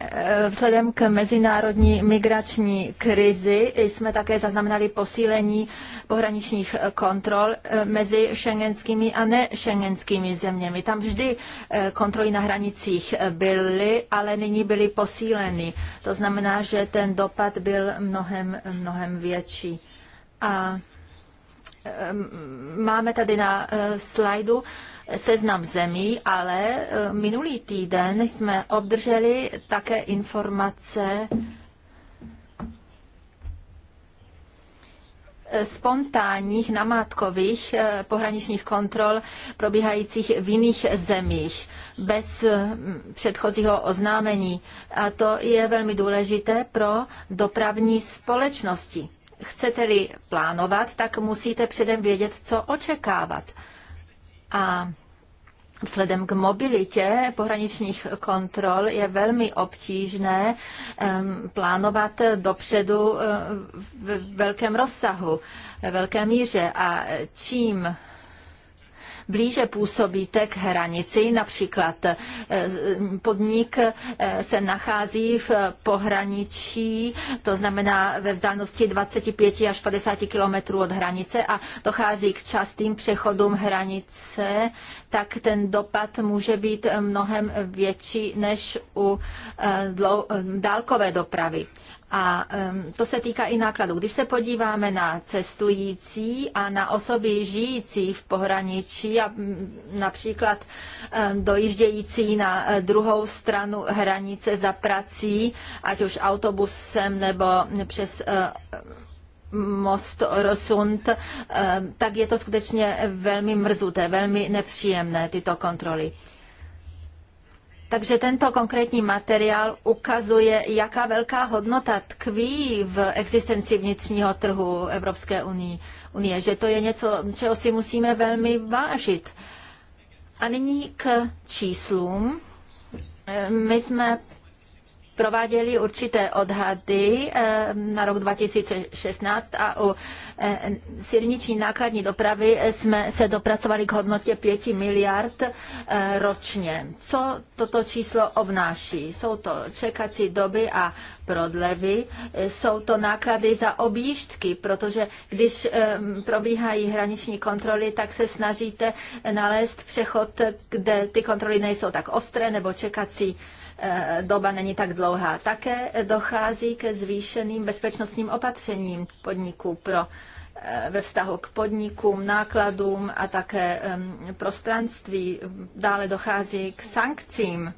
eh, Vzhledem k mezinárodní migrační krizi jsme také zaznamenali posílení pohraničních eh, kontrol eh, mezi šengenskými a šengenskými zeměmi. Tam vždy eh, kontroly na hranicích byly, ale nyní byly posíleny. To znamená, že ten dopad byl mnohem, mnohem větší. A ehm, máme tady na slajdu seznam zemí, ale minulý týden jsme obdrželi také informace spontánních, namátkových eh, pohraničních kontrol probíhajících v jiných zemích bez mm, předchozího oznámení. A to je velmi důležité pro dopravní společnosti. Chcete-li plánovat, tak musíte předem vědět, co očekávat. A Vzhledem k mobilitě pohraničních kontrol je velmi obtížné plánovat dopředu eh, v velkém rozsahu, ve velké míře. A čím blíže působíte k hranici, například eh, podnik eh, se nachází v pohraničí, to znamená ve vzdálenosti 25 až 50 kilometrů od hranice a dochází k častým přechodům hranice, tak ten dopad může být mnohem větší než u eh, dálkové dopravy. A to se týká i nákladů. Když se podíváme na cestující a na osoby žijící v pohraničí a například dojíždějící na e, druhou stranu hranice za prací, ať už autobusem nebo přes e, most Rosund, e, tak je to skutečně velmi mrzuté, velmi nepříjemné tyto kontroly. Takže tento konkrétní materiál ukazuje, jaká velká hodnota tkví v existenci vnitřního trhu Evropské unii, unie, že to je něco, čeho si musíme velmi vážit. A nyní k číslům. My jsme prováděli určité odhady eh, na rok 2016 a u eh, silniční nákladní dopravy eh, jsme se dopracovali k hodnotě 5 miliard ročně. Co toto číslo obnáší? Jsou to čekací doby a prodlevy, jsou to náklady za objíždky, protože když probíhají hraniční kontroly, tak se snažíte nalézt přechod, kde ty kontroly nejsou tak ostré nebo čekací Eh, doba není tak dlouhá. Také dochází ke zvýšeným bezpečnostním opatřením podniků pro eh, ve vztahu k podnikům, nákladům a také prostranství. Dále dochází k sankcím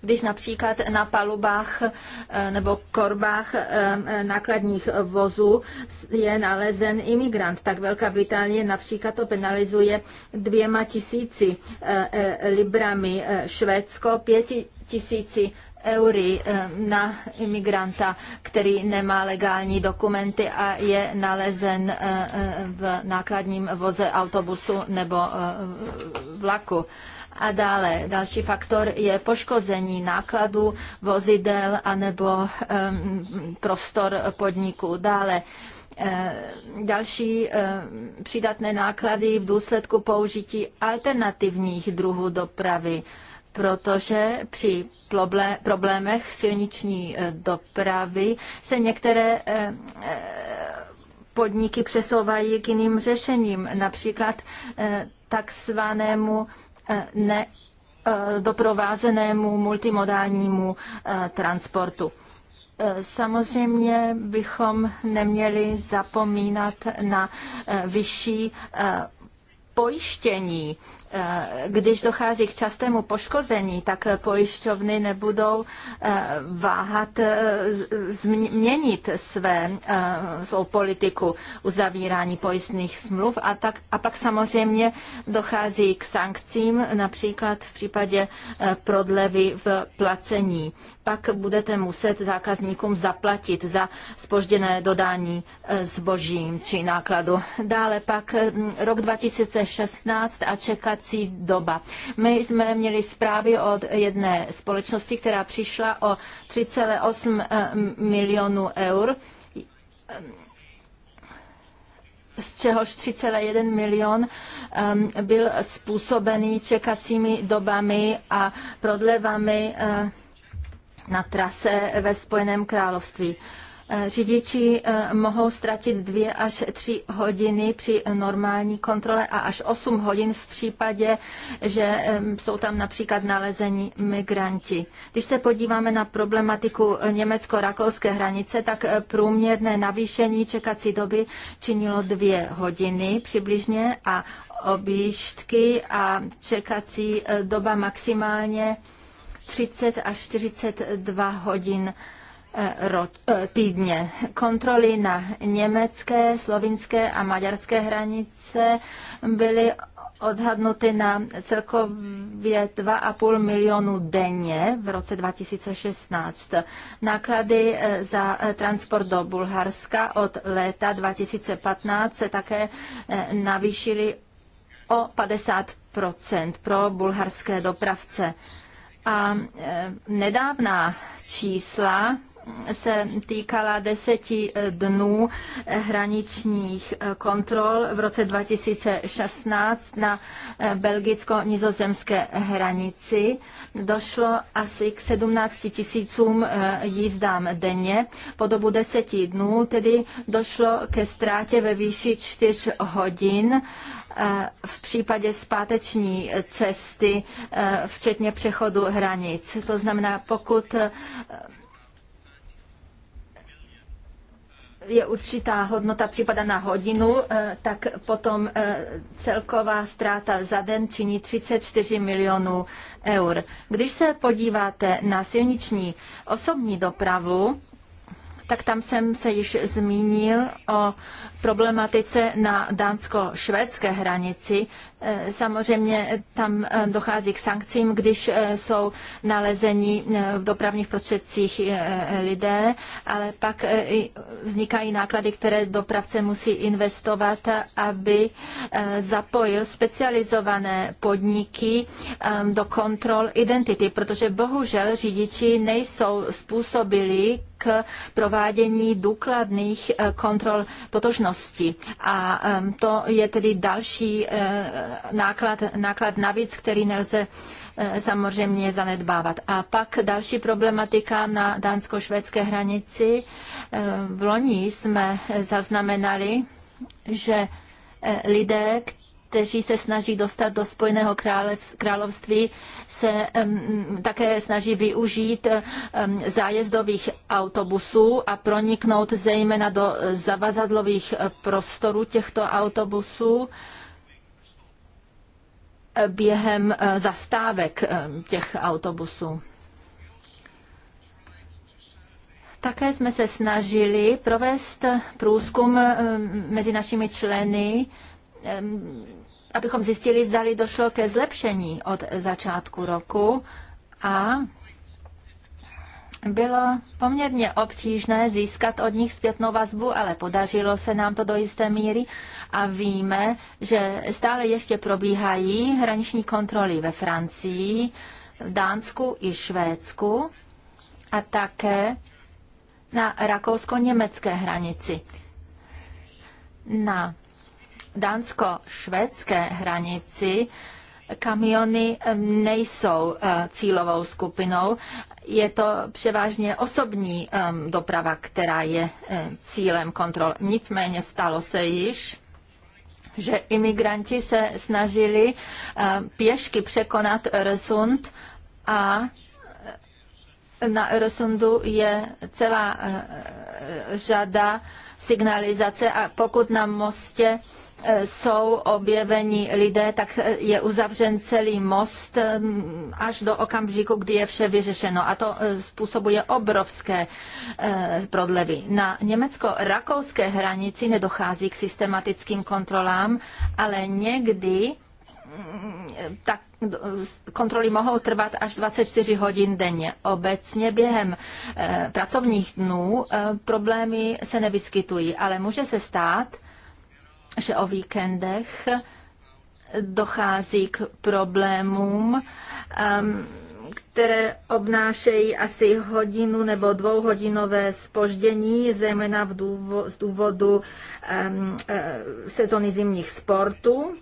když například na palubách eh, nebo korbách eh, nákladních vozů je nalezen imigrant. Tak Velká Británie například to penalizuje dvěma tisíci eh, librami, Švédsko pěti tisíci eury na imigranta, který nemá legální dokumenty a je nalezen v nákladním voze autobusu nebo vlaku. A dále další faktor je poškození nákladů vozidel anebo um, prostor podniku. Dále eh, další eh, přidatné náklady v důsledku použití alternativních druhů dopravy, protože při problémech silniční eh, dopravy se některé podniky přesouvají k jiným řešením, například takzvanému Eh, ne eh, doprovázenému multimodálnímu eh, transportu. Samozřejmě bychom neměli zapomínat na vyšší pojištění Eh, když dochází k častému poškození, tak pojišťovny nebudou eh, váhat eh, změnit své, svou politiku uzavírání pojistných smluv a, tak, a pak samozřejmě dochází k sankcím, například v případě prodlevy v placení. Pak budete muset zákazníkům zaplatit za spožděné dodání zboží či nákladu. Dále pak rok 2016 a čekat mlčací doba. My jsme měli zprávy od jedné společnosti, která přišla o 3,8 eh, milionů eur z čehož 3,1 milion ehm, byl způsobený čekacími dobami a prodlevami eh, na trase ve Spojeném království. Eh, řidiči eh, mohou ztratit dvě až tři hodiny při normální kontrole a až 8 hodin v případě, že jsou tam například nalezení migranti. Když se podíváme na problematiku německo-rakouské hranice, tak eh, průměrné navýšení čekací doby činilo dvě hodiny přibližně a objížďky a čekací doba maximálně 30 až 42 hodin Eh, eh, týdně. Kontroly na německé, slovinské a maďarské hranice byly odhadnuty na celkově 2,5 milionu denně v roce 2016. Náklady eh, za transport do Bulharska od léta 2015 se také navýšily o 50 pro bulharské dopravce. A nedávná čísla se týkala deseti dnů hraničních kontrol v roce 2016 na belgicko-nizozemské hranici. Došlo asi k 17 tisícům eh, jízdám denně. Po dobu deseti dnů tedy došlo ke ztrátě ve výši 4 hodin eh, v případě zpáteční cesty, eh, včetně přechodu hranic. To znamená, pokud je určitá hodnota připada na hodinu, eh, tak potom eh, celková ztráta za den činí 34 milionů eur. Když se podíváte na silniční osobní dopravu, tak tam jsem se již zmínil o problematice na dánsko-švédské hranici. E, samozřejmě tam e, dochází k sankcím, když e, jsou nalezeni v dopravních prostředcích lidé, ale pak vznikají náklady, které dopravce musí investovat, aby zapojil specializované podniky do kontrol identity, protože bohužel řidiči nejsou způsobili k provádění důkladných eh, kontrol totožnosti. A to je tedy další eh, náklad, náklad navíc, který nelze eh, samozřejmě zanedbávat. A pak další problematika na dánsko-švédské hranici. V loni jsme zaznamenali, že lidé, kteří se snaží dostat do Spojeného království, se um, také snaží využít um, zájezdových autobusů a proniknout zejména do zavazadlových prostorů těchto autobusů eh, během eh, zastávek eh, těch autobusů. Také jsme se snažili provést průzkum mezi našimi členy abychom zjistili, zdali došlo ke zlepšení od začátku roku a bylo poměrně obtížné získat od nich zpětnou vazbu, ale podařilo se nám to do jisté míry a víme, že stále ještě probíhají hraniční kontroly ve Francii, Dánsku i Švédsku a také na rakousko-německé hranici. Na dánsko-švédské hranici kamiony nejsou eh, cílovou skupinou. Je to převážně osobní eh, doprava, která je eh, cílem kontrol. Nicméně stalo se již, že imigranti se snažili pěšky překonat Resund a na Rosundu je celá řada signalizace a pokud na mostě E, jsou objeveni lidé, tak je uzavřen celý most e, až do okamžiku, kdy je vše vyřešeno. A to e, způsobuje obrovské prodlevy. Na německo-rakouské hranici nedochází k systematickým kontrolám, ale někdy mm, tak kontroly mohou trvat až 24 hodin denně. Obecně během pracovních dnů problémy se nevyskytují, ale může se stát, že o víkendech dochází k problémům, ehm, které obnášejí asi hodinu nebo dvouhodinové spoždění, zejména v důvo, z důvodu ehm, eh, sezony zimních sportů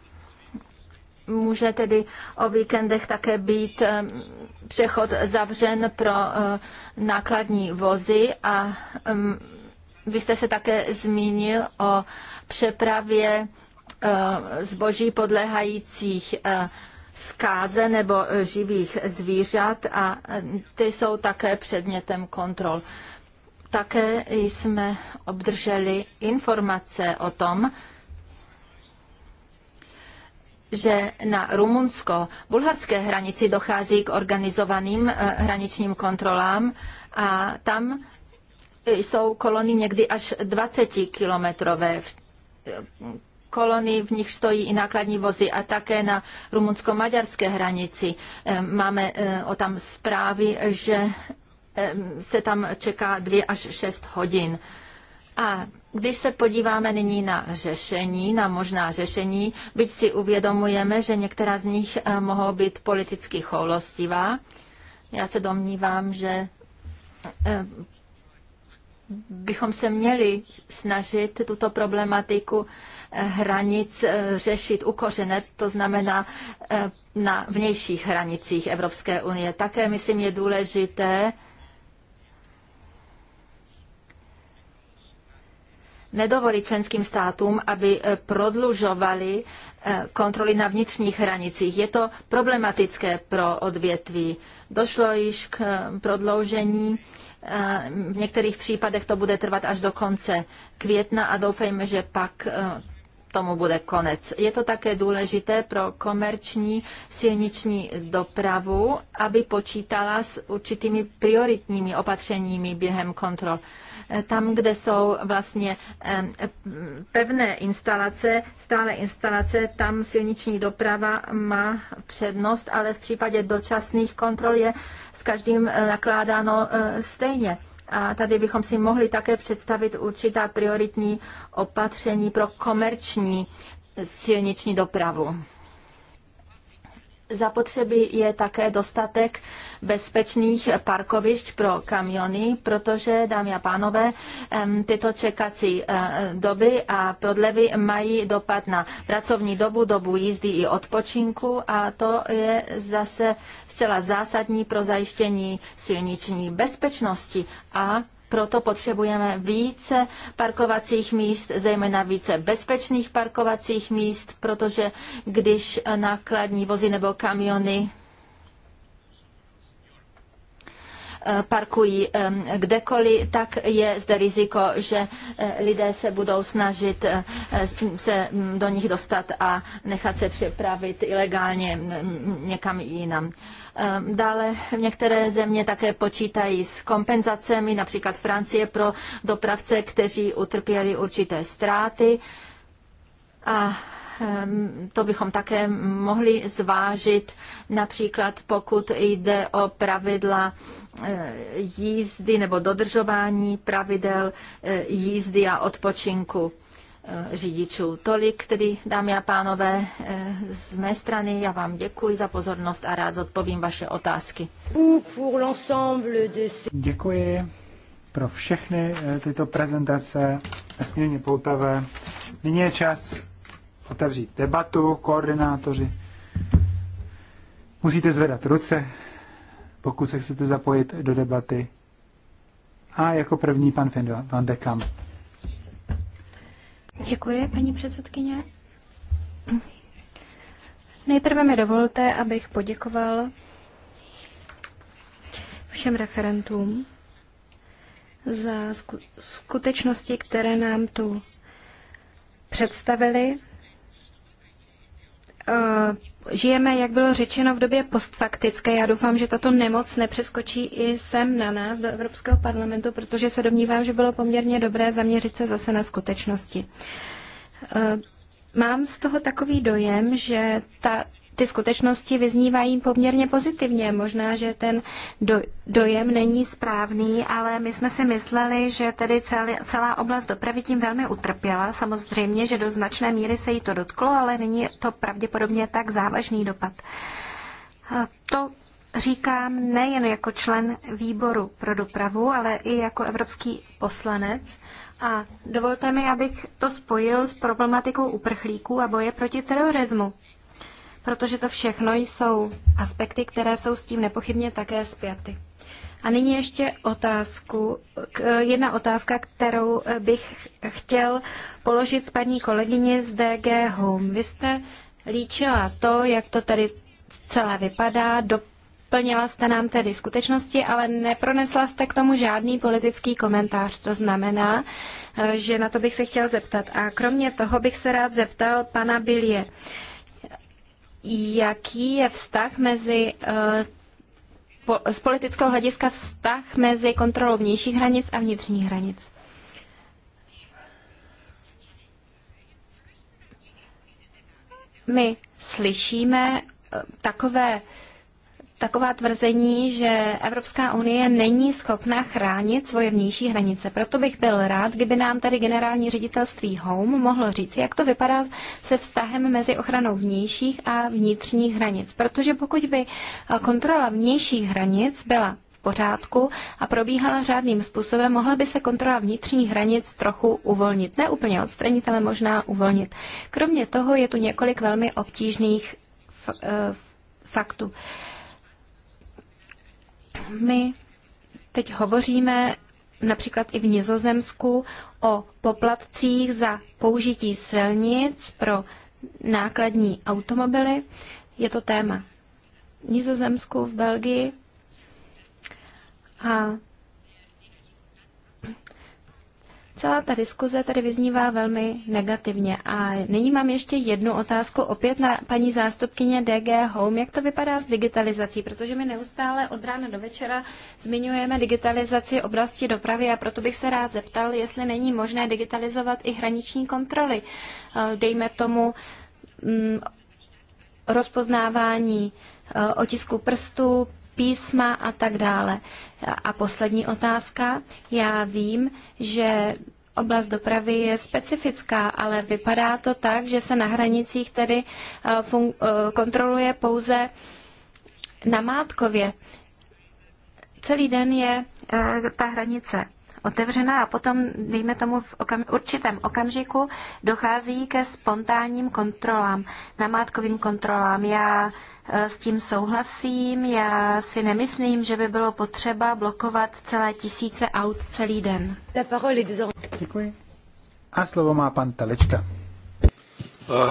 může tedy o víkendech také být ehm, přechod zavřen pro eh, nákladní vozy a vy jste se také zmínil o přepravě eh, zboží podléhajících eh, zkáze nebo živých zvířat a eh, ty jsou také předmětem kontrol. Také jsme obdrželi informace o tom, že na rumunsko-bulharské hranici dochází k organizovaným hraničním kontrolám a tam jsou kolony někdy až 20 kilometrové kolony, v nich stojí i nákladní vozy a také na rumunsko-maďarské hranici. Máme e, o tam zprávy, že se tam čeká dvě až šest hodin. A když se podíváme nyní na řešení, na možná řešení, byť si uvědomujeme, že některá z nich e, mohou být politicky choulostivá, já se domnívám, že e, bychom se měli snažit tuto problematiku eh, hranic eh, řešit ukořenet, to znamená eh, na vnějších hranicích Evropské unie. Také, myslím, je důležité nedovolit členským státům, aby prodlužovali kontroly na vnitřních hranicích. Je to problematické pro odvětví. Došlo již k prodloužení Eh, v některých případech to bude trvat až do konce května a doufejme, že pak eh, tomu bude konec. Je to také důležité pro komerční silniční dopravu, aby počítala s určitými prioritními opatřeními během kontrol. Eh, tam, kde jsou vlastně pevné instalace, stále instalace, tam silniční doprava má přednost, ale v případě dočasných kontrol je každým eh, nakládáno eh, stejně. A tady bychom si mohli také představit určitá prioritní opatření pro komerční silniční dopravu. Zapotřebí je také dostatek bezpečných parkovišť pro kamiony, protože, dámy a pánové, tyto čekací eh, doby a prodlevy mají dopad na pracovní dobu, dobu jízdy i odpočinku a to je zase zcela zásadní pro zajištění silniční bezpečnosti a proto potřebujeme více parkovacích míst, zejména více bezpečných parkovacích míst, protože když nákladní vozy nebo kamiony parkují kdekoliv, tak je zde riziko, že eh, lidé se budou snažit eh, se mm, do nich dostat a nechat se přepravit ilegálně mm, mm, někam jinam. Dále některé země také počítají s kompenzacemi, například Francie pro dopravce, kteří utrpěli určité ztráty. A Ehm, to bychom také mohli zvážit, například pokud jde o pravidla eh, jízdy nebo dodržování pravidel eh, jízdy a odpočinku eh, řidičů. Tolik tedy, dámy a pánové, z mé strany. Já vám děkuji za pozornost a rád zodpovím vaše otázky. Děkuji pro všechny tyto prezentace nesmírně poutavé. Nyní je čas otevřít debatu, koordinátoři. Musíte zvedat ruce, pokud se chcete zapojit do debaty. A jako první pan Van de Kamp. Děkuji, paní předsedkyně. Nejprve mi dovolte, abych poděkoval všem referentům za skutečnosti, které nám tu představili. Eh, žijeme, jak bylo řečeno, v době postfaktické. Já doufám, že tato nemoc nepřeskočí i sem na nás do Evropského parlamentu, protože se domnívám, že bylo poměrně dobré zaměřit se zase na skutečnosti. Eh, mám z toho takový dojem, že ta ty skutečnosti vyznívají poměrně pozitivně. Možná, že ten do, dojem není správný, ale my jsme si mysleli, že tedy celý, celá oblast dopravy tím velmi utrpěla. Samozřejmě, že do značné míry se jí to dotklo, ale není to pravděpodobně tak závažný dopad. To říkám nejen jako člen výboru pro dopravu, ale i jako evropský poslanec. A dovolte mi, abych to spojil s problematikou uprchlíků a boje proti terorismu protože to všechno jsou aspekty, které jsou s tím nepochybně také zpěty. A nyní ještě otázku, jedna otázka, kterou bych chtěl položit paní kolegyni z DG Home. Vy jste líčila to, jak to tady celé vypadá, doplnila jste nám tedy skutečnosti, ale nepronesla jste k tomu žádný politický komentář. To znamená, eh, že na to bych se chtěl zeptat. A kromě toho bych se rád zeptal pana Bilie jaký je vztah mezi eh, z politického hlediska vztah mezi kontrolou vnějších hranic a vnitřních hranic. My slyšíme eh, takové taková tvrzení, že Evropská unie není schopna chránit svoje vnější hranice. Proto bych byl rád, kdyby nám tady generální ředitelství Home mohlo říct, jak to vypadá se vztahem mezi ochranou vnějších a vnitřních hranic. Protože pokud by eh, kontrola vnějších hranic byla v pořádku a probíhala řádným způsobem, mohla by se kontrola vnitřních hranic trochu uvolnit. Ne úplně odstranit, ale možná uvolnit. Kromě toho je tu několik velmi obtížných eh, faktů. My teď hovoříme například i v Nizozemsku o poplatcích za použití silnic pro nákladní automobily. Je to téma v Nizozemsku, v Belgii. A Celá ta diskuze tady vyznívá velmi negativně. A nyní mám ještě jednu otázku opět na paní zástupkyně DG Home. Jak to vypadá s digitalizací? Protože my neustále od rána do večera zmiňujeme digitalizaci oblasti dopravy a proto bych se rád zeptal, jestli není možné digitalizovat i hraniční kontroly. Eh, dejme tomu mm, rozpoznávání eh, otisku prstů, písma a tak dále. A poslední otázka. Já vím, že oblast dopravy je specifická, ale vypadá to tak, že se na hranicích tedy eh, eh, kontroluje pouze namátkově. Celý den je eh, ta hranice otevřena a potom, dejme tomu, v okam- určitém okamžiku dochází ke spontánním kontrolám, namátkovým kontrolám. Já e, s tím souhlasím, já si nemyslím, že by bylo potřeba blokovat celé tisíce aut celý den. Děkuji. A slovo má pan Talička.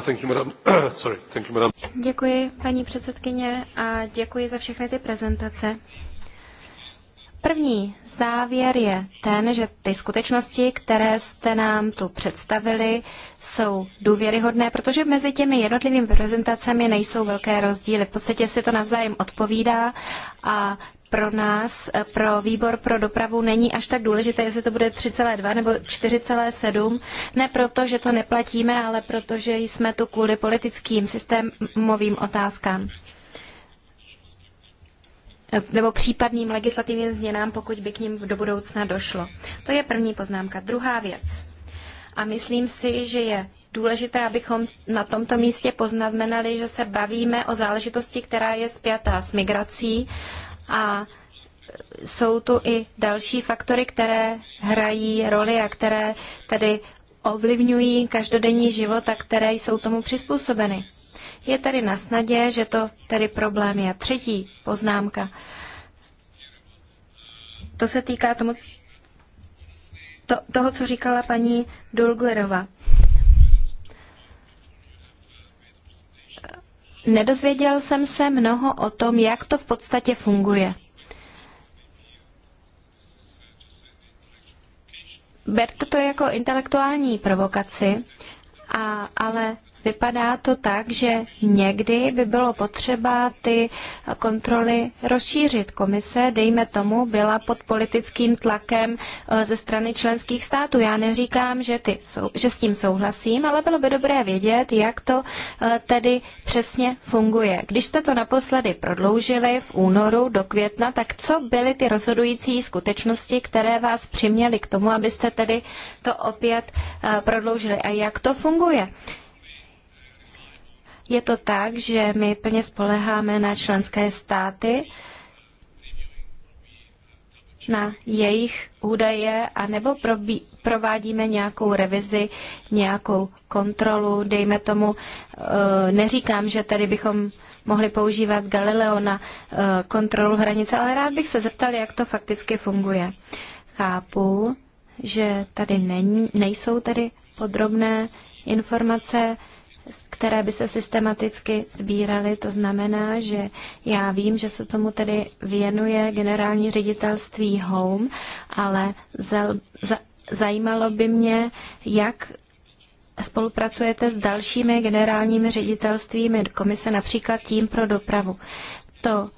Uh, you, Sorry, you, děkuji, paní předsedkyně, a děkuji za všechny ty prezentace. První závěr je ten, že ty skutečnosti, které jste nám tu představili, jsou důvěryhodné, protože mezi těmi jednotlivými prezentacemi nejsou velké rozdíly. V podstatě si to navzájem odpovídá a pro nás, pro výbor pro dopravu není až tak důležité, jestli to bude 3,2 nebo 4,7. Ne proto, že to neplatíme, ale protože jsme tu kvůli politickým systémovým otázkám. Eh, nebo případným legislativním změnám, pokud by k ním do budoucna došlo. To je první poznámka. Druhá věc. A myslím si, že je důležité, abychom na tomto místě poznamenali, že se bavíme o záležitosti, která je spjatá s migrací a jsou tu i další faktory, které hrají roli a které tedy ovlivňují každodenní život a které jsou tomu přizpůsobeny. Je tady na snadě, že to tedy problém je. Třetí poznámka. To se týká tomu, to, toho, co říkala paní Dulguerova. Nedozvěděl jsem se mnoho o tom, jak to v podstatě funguje. Berte to jako intelektuální provokaci, a, ale Vypadá to tak, že někdy by bylo potřeba ty kontroly rozšířit. Komise, dejme tomu, byla pod politickým tlakem eh, ze strany členských států. Já neříkám, že, ty, že s tím souhlasím, ale bylo by dobré vědět, jak to eh, tedy přesně funguje. Když jste to naposledy prodloužili v únoru do května, tak co byly ty rozhodující skutečnosti, které vás přiměly k tomu, abyste tedy to opět eh, prodloužili a jak to funguje? Je to tak, že my plně spoleháme na členské státy, na jejich údaje, anebo probí, provádíme nějakou revizi, nějakou kontrolu, dejme tomu, e, neříkám, že tady bychom mohli používat Galileo na e, kontrolu hranice, ale rád bych se zeptal, jak to fakticky funguje. Chápu, že tady není, nejsou tady podrobné informace, které by se systematicky sbíraly. To znamená, že já vím, že se tomu tedy věnuje generální ředitelství Home, ale za, za, zajímalo by mě, jak spolupracujete s dalšími generálními ředitelstvími komise, například tím pro dopravu. To, uh,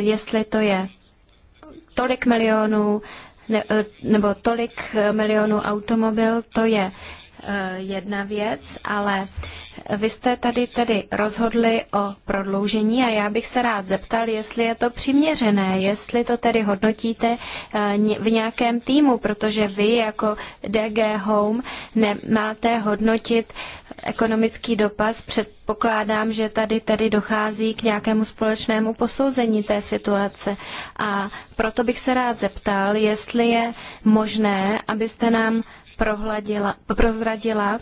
jestli to je tolik milionů, ne, eh, nebo tolik milionů automobil, to je Eh, jedna věc, ale vy jste tady tedy rozhodli o prodloužení a já bych se rád zeptal, jestli je to přiměřené, jestli to tedy hodnotíte eh, v nějakém týmu, protože vy jako DG Home nemáte hodnotit ekonomický dopas. Předpokládám, že tady tedy dochází k nějakému společnému posouzení té situace. A proto bych se rád zeptal, jestli je možné, abyste nám prozradila,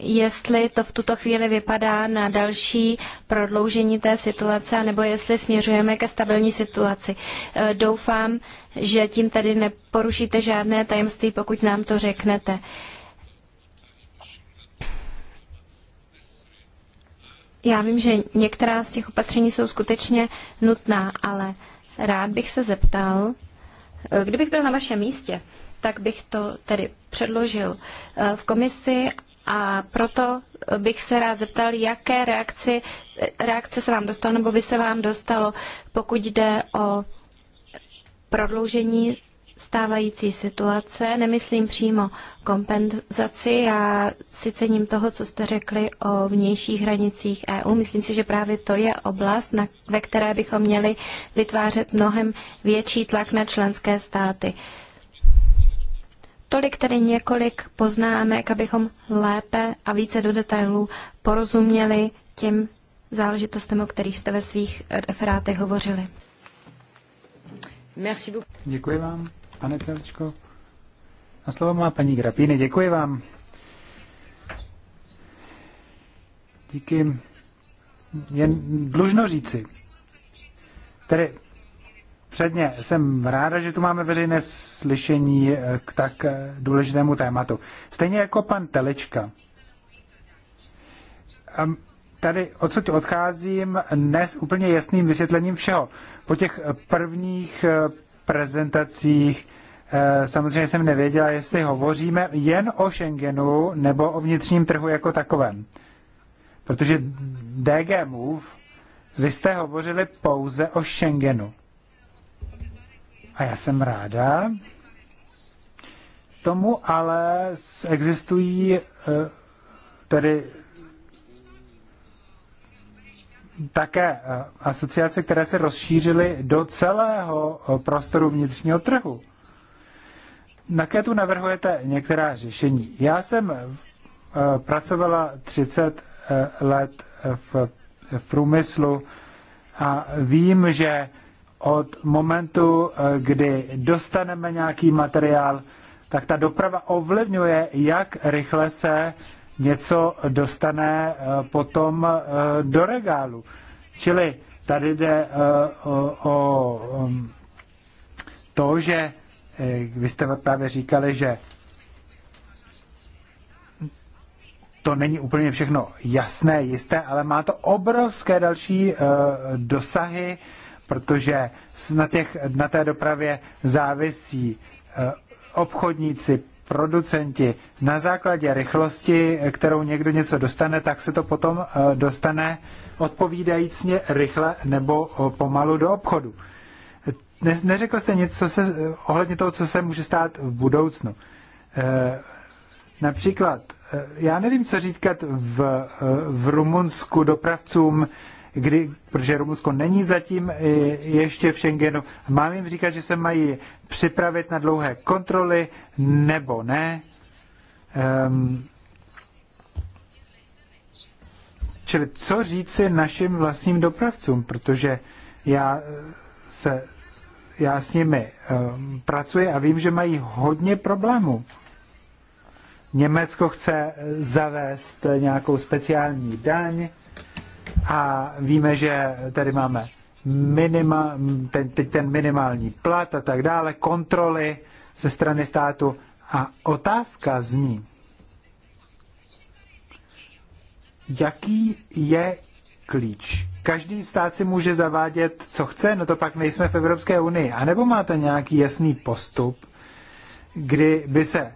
jestli to v tuto chvíli vypadá na další prodloužení té situace, nebo jestli směřujeme ke stabilní situaci. E, doufám, že tím tady neporušíte žádné tajemství, pokud nám to řeknete. Já vím, že některá z těch opatření jsou skutečně nutná, ale rád bych se zeptal, e, kdybych byl na vašem místě, tak bych to tedy předložil eh, v komisi a proto bych se rád zeptal, jaké reakci, eh, reakce se vám dostalo, nebo by se vám dostalo, pokud jde o prodloužení stávající situace. Nemyslím přímo kompenzaci. Já si cením toho, co jste řekli o vnějších hranicích EU. Myslím si, že právě to je oblast, na, ve které bychom měli vytvářet mnohem větší tlak na členské státy. Uh, Tolik tedy několik poznámek, abychom lépe a více do detailů porozuměli těm záležitostem, o kterých jste ve svých eh, referátech hovořili. Merci Děkuji vám, pane Teličko. A slovo má paní Grapíny. Děkuji vám. Díky. Jen dlužno říci. Tedy Předně jsem ráda, že tu máme veřejné slyšení k tak důležitému tématu. Stejně jako pan Telečka. Tady odsud odcházím s úplně jasným vysvětlením všeho. Po těch prvních eh, prezentacích eh, samozřejmě jsem nevěděla, jestli hovoříme jen o Schengenu nebo o vnitřním trhu jako takovém. Protože DG Move, vy jste hovořili pouze o Schengenu. A já jsem ráda. Tomu ale existují eh, tedy také eh, asociace, které se rozšířily do celého eh, prostoru vnitřního trhu. Na které tu navrhujete některá řešení. Já jsem pracovala 30 let v, v průmyslu a vím, že od momentu, eh, kdy dostaneme nějaký materiál, tak ta doprava ovlivňuje, jak rychle se něco dostane eh, potom eh, do regálu. Čili tady jde o um, to, že vy jste právě říkali, že to není úplně všechno jasné, jisté, ale má to obrovské další dosahy protože na, těch, na té dopravě závisí eh, obchodníci, producenti. Na základě rychlosti, kterou někdo něco dostane, tak se to potom eh, dostane odpovídajícně rychle nebo eh, pomalu do obchodu. Ne, neřekl jste nic se, ohledně toho, co se může stát v budoucnu. E, například, já nevím, co říkat v, v Rumunsku dopravcům, kdy, protože Rumunsko není zatím eh, ještě v Schengenu. Mám jim říkat, že se mají připravit na dlouhé kontroly nebo ne. Um, čili co říci našim vlastním dopravcům, protože já eh, se já s nimi um, pracuji a vím, že mají hodně problémů. Německo chce eh, zavést nějakou speciální daň, a víme, že tady máme minima, ten, teď ten minimální plat a tak dále, kontroly ze strany státu. A otázka zní, jaký je klíč? Každý stát si může zavádět, co chce, no to pak nejsme v Evropské unii. A nebo máte nějaký jasný postup, kdy by se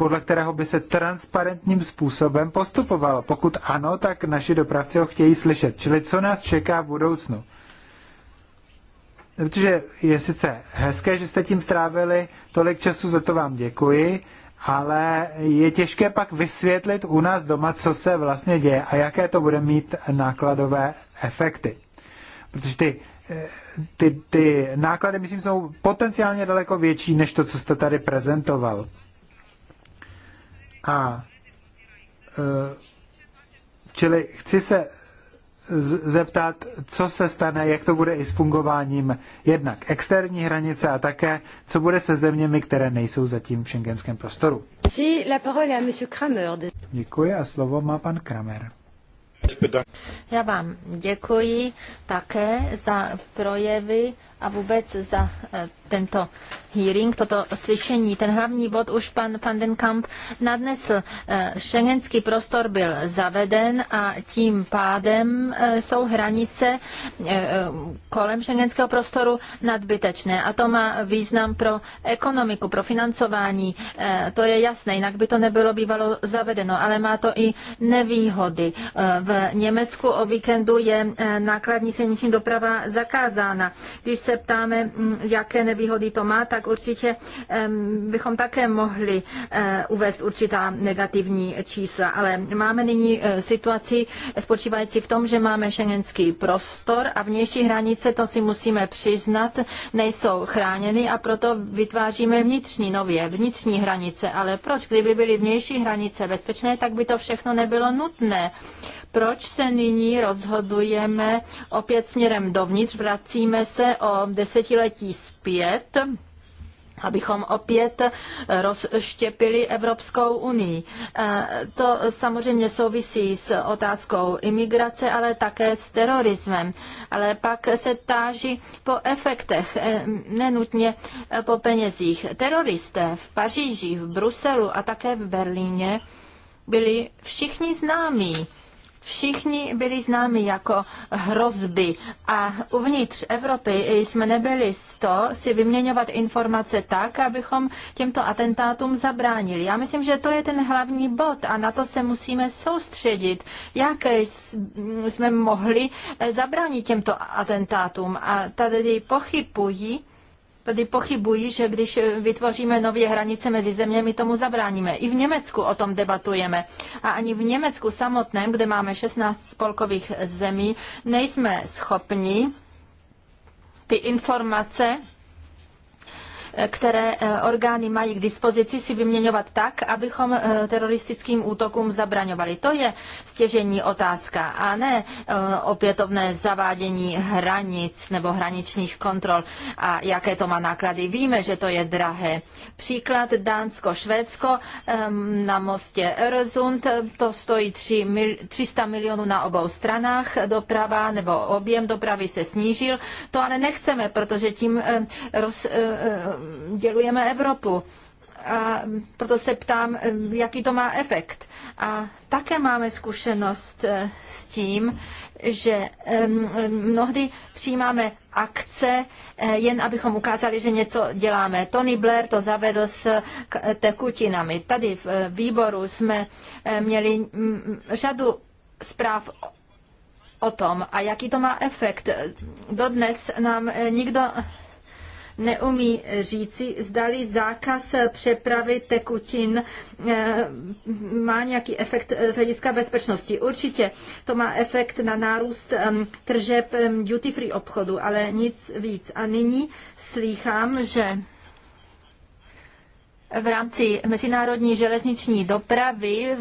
podle kterého by se transparentním způsobem postupovalo. Pokud ano, tak naši dopravci ho chtějí slyšet. Čili co nás čeká v budoucnu? Protože je sice hezké, že jste tím strávili tolik času, za to vám děkuji, ale je těžké pak vysvětlit u nás doma, co se vlastně děje a jaké to bude mít nákladové efekty. Protože ty, eh, ty, ty náklady, myslím, jsou potenciálně daleko větší než to, co jste tady prezentoval. A e, čili chci se zeptat, co se stane, jak to bude i s fungováním jednak externí hranice a také, co bude se zeměmi, které nejsou zatím v šengenském prostoru. Děkuji a slovo má pan Kramer. Já vám děkuji také za projevy a vůbec za eh, tento hearing, toto slyšení. Ten hlavní bod už pan Van den Kamp nadnesl. Eh, Schengenský prostor byl zaveden a tím pádem eh, jsou hranice kolem šengenského prostoru nadbytečné. A to má význam pro ekonomiku, pro financování. To je jasné, jinak by to nebylo bývalo zavedeno, ale má to i nevýhody. V Německu o víkendu je nákladní silniční doprava zakázána. Když se se ptáme, mm, jaké nevýhody to má, tak určitě bychom také mohli eh, uvést určitá negativní čísla. Ale máme nyní eh, situaci spočívající v tom, že máme šengenský prostor a vnější hranice, to si musíme přiznat, nejsou chráněny a proto vytváříme vnitřní nově, vnitřní hranice. Ale proč, kdyby byly vnější hranice bezpečné, tak by to všechno nebylo nutné. Proč se nyní rozhodujeme opět směrem dovnitř, vracíme se o desetiletí zpět? abychom opět rozštěpili Evropskou unii. E, to samozřejmě souvisí s otázkou imigrace, ale také s terorismem. Ale pak se táží po efektech, e, nenutně po penězích. Teroristé v Paříži, v Bruselu a také v Berlíně byli všichni známí Všichni byli známi jako hrozby a uvnitř Evropy jsme nebyli sto si vyměňovat informace tak, abychom těmto atentátům zabránili. Já myslím, že to je ten hlavní bod a na to se musíme soustředit, jak jsme mohli zabránit těmto atentátům. A tady pochybují, Tady pochybuji, že když vytvoříme nové hranice mezi zeměmi, tomu zabráníme. I v Německu o tom debatujeme. A ani v Německu samotném, kde máme 16 spolkových zemí, nejsme schopni ty informace které eh, orgány mají k dispozici, si vyměňovat tak, abychom eh, teroristickým útokům zabraňovali. To je stěžení otázka a ne eh, opětovné zavádění hranic nebo hraničních kontrol a jaké to má náklady. Víme, že to je drahé. Příklad Dánsko-Švédsko ehm, na mostě Öresund, to stojí 300 milionů na obou stranách, doprava nebo objem dopravy se snížil. To ale nechceme, protože tím roz, dělujeme Evropu. A proto se ptám, jaký to má efekt. A také máme zkušenost eh, s tím, že mnohdy přijímáme akce, eh, jen abychom ukázali, že něco děláme. Tony Blair to zavedl s tekutinami. Tady v eh, výboru jsme měli mm, mm, řadu zpráv o tom a jaký to má efekt. Dodnes nám nikdo neumí říci, zdali zákaz přepravy tekutin eh, má nějaký efekt z hlediska bezpečnosti. Určitě to má efekt na nárůst tržeb duty free obchodu, ale nic víc. A nyní slýchám, že v rámci mezinárodní železniční dopravy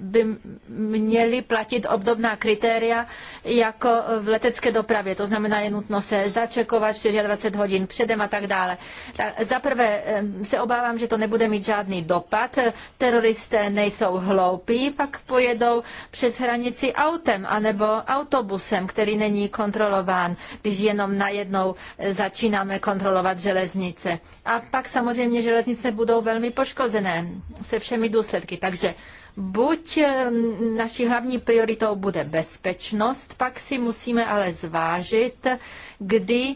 by měly platit obdobná kritéria jako v letecké dopravě. To znamená, je nutno se začekovat 24 hodin předem a tak dále. Tak zaprvé se obávám, že to nebude mít žádný dopad. Teroristé nejsou hloupí, pak pojedou přes hranici autem anebo autobusem, který není kontrolován, když jenom najednou e, začínáme kontrolovat železnice. A pak samozřejmě železnice budou velmi poškozené se všemi důsledky. Takže Buď eh, naší hlavní prioritou bude bezpečnost, pak si musíme ale zvážit, kdy,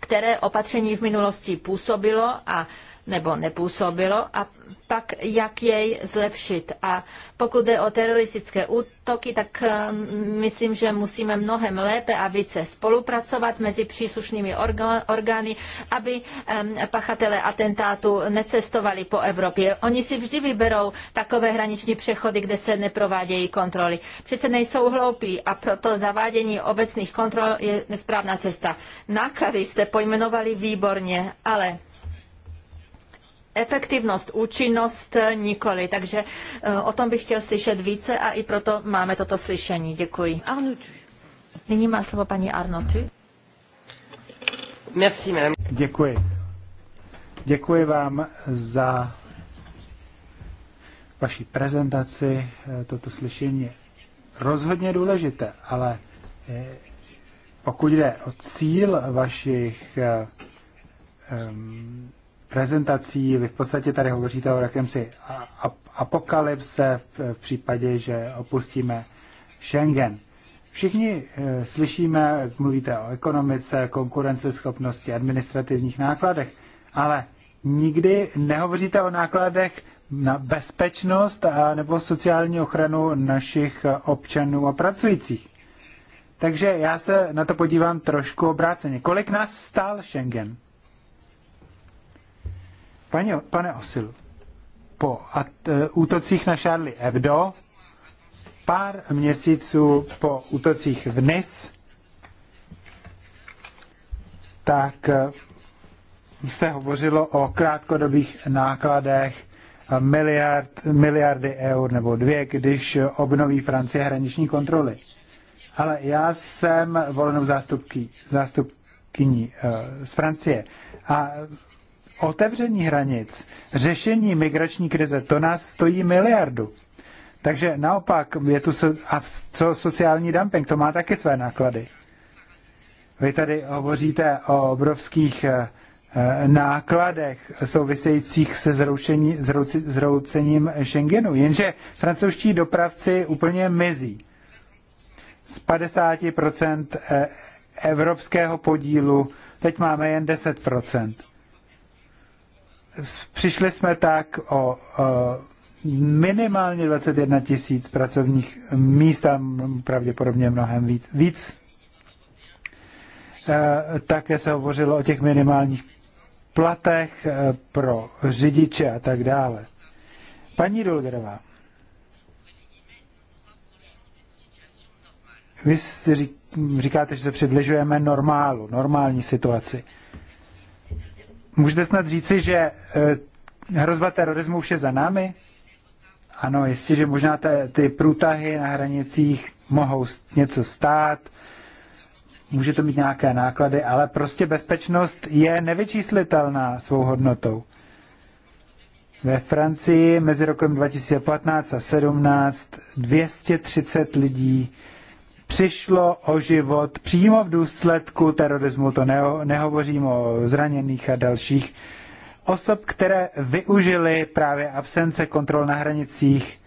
které opatření v minulosti působilo a nebo nepůsobilo a pak jak jej zlepšit. A pokud jde o teroristické útoky, tak eh, myslím, že musíme mnohem lépe a více spolupracovat mezi příslušnými orgány, aby eh, pachatele atentátu necestovali po Evropě. Oni si vždy vyberou takové hraniční přechody, kde se neprovádějí kontroly. Přece nejsou hloupí a proto zavádění obecných kontrol je nesprávná cesta. Náklady jste pojmenovali výborně, ale efektivnost, účinnost nikoli. Takže eh, o tom bych chtěl slyšet více a i proto máme toto slyšení. Děkuji. Nyní má slovo paní Arnotu. Merci, madame. Děkuji. Děkuji vám za vaši prezentaci. Eh, toto slyšení je rozhodně důležité, ale eh, pokud jde o cíl vašich um, prezentací. Vy v podstatě tady hovoříte o jakémsi apokalypse v případě, že opustíme Schengen. Všichni eh, slyšíme, jak mluvíte o ekonomice, konkurenceschopnosti, administrativních nákladech, ale nikdy nehovoříte o nákladech na bezpečnost a nebo sociální ochranu našich eh, občanů a pracujících. Takže já se na to podívám trošku obráceně. Kolik nás stál Schengen? Pane, pane Osil, po at, eh, útocích na Charlie Hebdo, pár měsíců po útocích v Nice, tak eh, se hovořilo o krátkodobých nákladech eh, miliard, miliardy eur nebo dvě, když obnoví Francie hraniční kontroly. Ale já jsem volenou zástupky, zástupkyní z Francie a otevření hranic, řešení migrační krize, to nás stojí miliardu. Takže naopak je tu so, a co sociální dumping, to má taky své náklady. Vy tady hovoříte o obrovských eh, eh, nákladech souvisejících se zroušení, zrouci, zroucením Schengenu. Jenže francouzští dopravci úplně mizí. Z 50% eh, evropského podílu teď máme jen přišli jsme tak o minimálně 21 tisíc pracovních míst a pravděpodobně mnohem víc. víc. E, také se hovořilo o těch minimálních platech e, pro řidiče a tak dále. Paní Dolgerová, vy říkáte, že se přibližujeme normálu, normální situaci. Můžete snad říci, že eh, hrozba terorismu už je za námi? Ano, jistě, že možná te, ty průtahy na hranicích mohou něco stát, může to mít nějaké náklady, ale prostě bezpečnost je nevyčíslitelná svou hodnotou. Ve Francii mezi rokem 2015 a 17 230 lidí přišlo o život přímo v důsledku terorismu. To neho, nehovořím o zraněných a dalších osob, které využily právě absence kontrol na hranicích,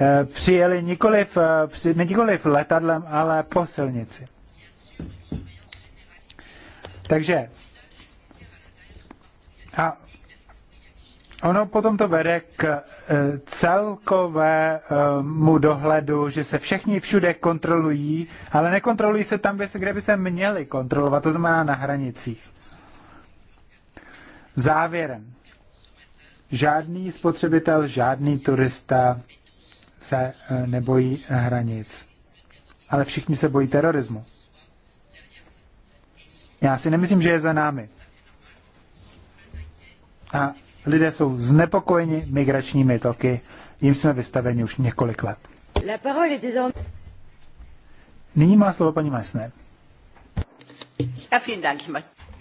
eh, přijeli nikoliv, eh, nikoliv letadlem, ale po silnici. Takže a Ono potom to vede k eh, celkovému dohledu, že se všichni všude kontrolují, ale nekontrolují se tam, kde by se měli kontrolovat, to znamená na hranicích. Závěrem. Žádný spotřebitel, žádný turista se eh, nebojí hranic. Ale všichni se bojí terorismu. Já si nemyslím, že je za námi. A lidé jsou znepokojeni migračními toky, jim jsme vystaveni už několik let. Nyní má slovo paní Meissner.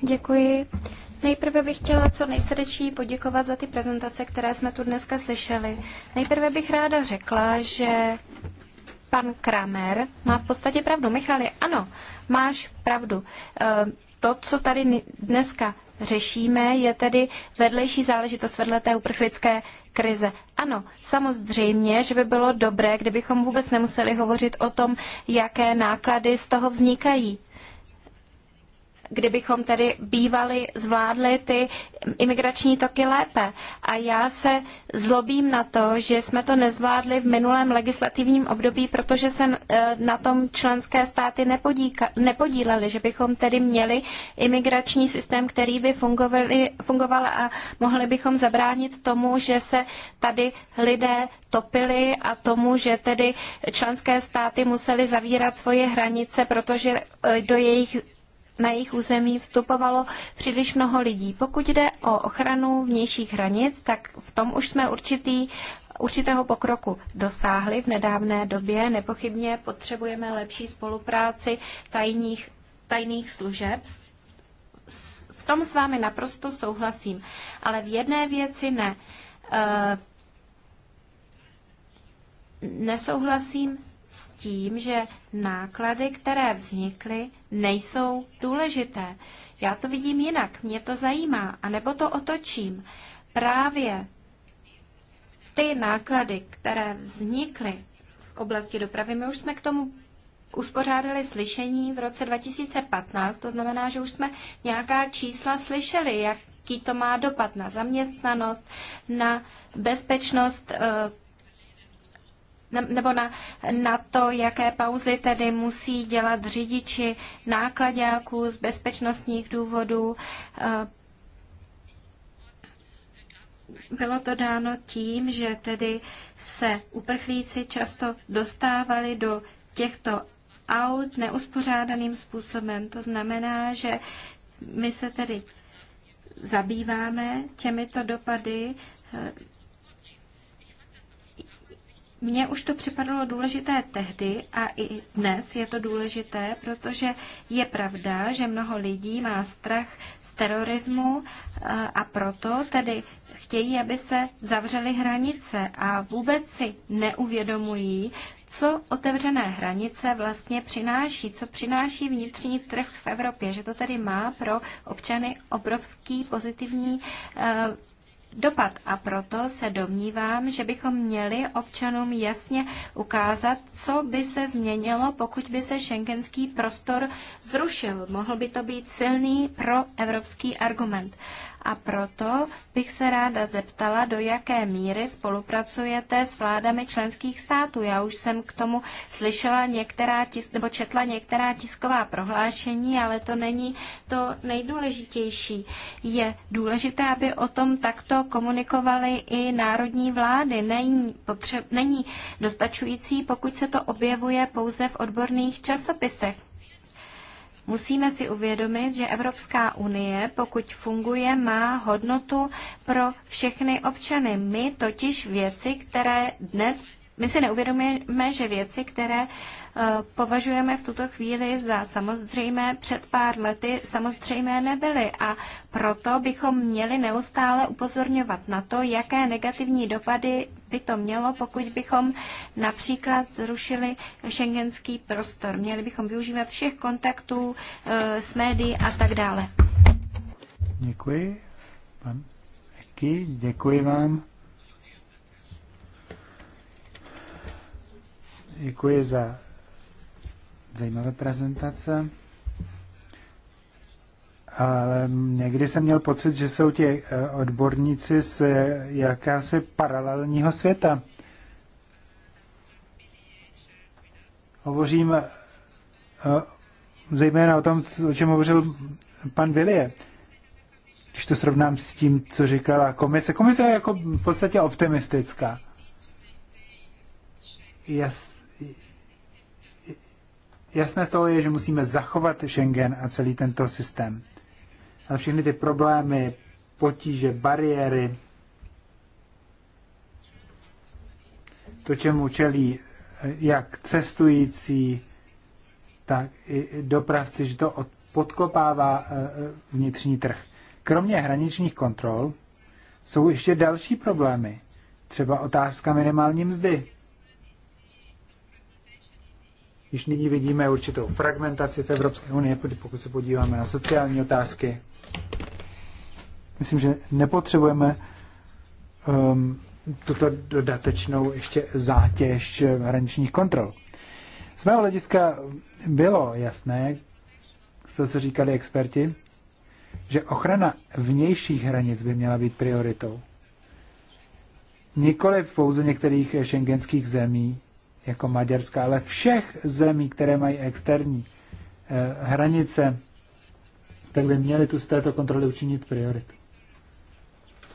Děkuji. Nejprve bych chtěla co nejsrdečněji poděkovat za ty prezentace, které jsme tu dneska slyšeli. Nejprve bych ráda řekla, že pan Kramer má v podstatě pravdu. Michali, ano, máš pravdu. Eh, to, co tady dneska řešíme, je tedy vedlejší záležitost vedle té uprchlické krize. Ano, samozřejmě, že by bylo dobré, kdybychom vůbec nemuseli hovořit o tom, jaké náklady z toho vznikají kdybychom tedy bývali zvládli ty imigrační toky lépe. A já se zlobím na to, že jsme to nezvládli v minulém legislativním období, protože se eh, na tom členské státy nepodíka, nepodílely, že bychom tedy měli imigrační systém, který by fungoval a mohli bychom zabránit tomu, že se tady lidé topili a tomu, že tedy členské státy museli zavírat svoje hranice, protože eh, do jejich na jejich území vstupovalo příliš mnoho lidí. Pokud jde o ochranu vnějších hranic, tak v tom už jsme určitý určitého pokroku dosáhli v nedávné době. Nepochybně potřebujeme lepší spolupráci tajných, tajných služeb. V tom s vámi naprosto souhlasím, ale v jedné věci ne. E, nesouhlasím tím, že náklady, které vznikly, nejsou důležité. Já to vidím jinak, mě to zajímá, anebo to otočím. Právě ty náklady, které vznikly v oblasti dopravy, my už jsme k tomu uspořádali slyšení v roce 2015, to znamená, že už jsme nějaká čísla slyšeli, jaký to má dopad na zaměstnanost, na bezpečnost eh, nebo na, na to, jaké pauzy tedy musí dělat řidiči nákladňáků z bezpečnostních důvodů. Eh, bylo to dáno tím, že tedy se uprchlíci často dostávali do těchto aut neuspořádaným způsobem. To znamená, že my se tedy zabýváme těmito dopady eh, mně už to připadalo důležité tehdy a i dnes je to důležité, protože je pravda, že mnoho lidí má strach z terorismu eh, a proto tedy chtějí, aby se zavřely hranice a vůbec si neuvědomují, co otevřené hranice vlastně přináší, co přináší vnitřní trh v Evropě, že to tedy má pro občany obrovský pozitivní eh, dopad. A proto se domnívám, že bychom měli občanům jasně ukázat, co by se změnilo, pokud by se šengenský prostor zrušil. Mohl by to být silný pro evropský argument a proto bych se ráda zeptala, do jaké míry spolupracujete s vládami členských států. Já už jsem k tomu slyšela některá tis nebo četla některá tisková prohlášení, ale to není to nejdůležitější. Je důležité, aby o tom takto komunikovaly i národní vlády. Není, potře není dostačující, pokud se to objevuje pouze v odborných časopisech. Musíme si uvědomit, že Evropská unie, pokud funguje, má hodnotu pro všechny občany. My totiž věci, které dnes my si neuvědomujeme, že věci, které eh, považujeme v tuto chvíli za samozřejmé před pár lety, samozřejmé nebyly. A proto bychom měli neustále upozorňovat na to, jaké negativní dopady by to mělo, pokud bychom například zrušili šengenský prostor. Měli bychom využívat všech kontaktů eh, s médií a tak dále. Děkuji. Pan Eky, děkuji vám. Děkuji za zajímavé prezentace ale někdy jsem měl pocit, že jsou ti eh, odborníci z eh, jakási paralelního světa. Hovořím eh, zejména o tom, o čem hovořil pan Vilie. Když to srovnám s tím, co říkala komise. Komise je jako v podstatě optimistická. Jas, jasné z toho je, že musíme zachovat Schengen a celý tento systém na všechny ty problémy, potíže, bariéry, to, čemu čelí eh, jak cestující, tak i dopravci, že to podkopává eh, eh, vnitřní trh. Kromě hraničních kontrol jsou ještě další problémy, třeba otázka minimální mzdy. Již nyní vidíme určitou fragmentaci v Evropské unii, pokud se podíváme na sociální otázky. Myslím, že nepotřebujeme um, tuto dodatečnou ještě zátěž hraničních kontrol. Z mého hlediska bylo jasné, to, co říkali experti, že ochrana vnějších hranic by měla být prioritou. Nikoli pouze některých šengenských zemí, jako Maďarska, ale všech zemí, které mají externí eh, hranice, tak by měly tu z této kontroly učinit prioritu.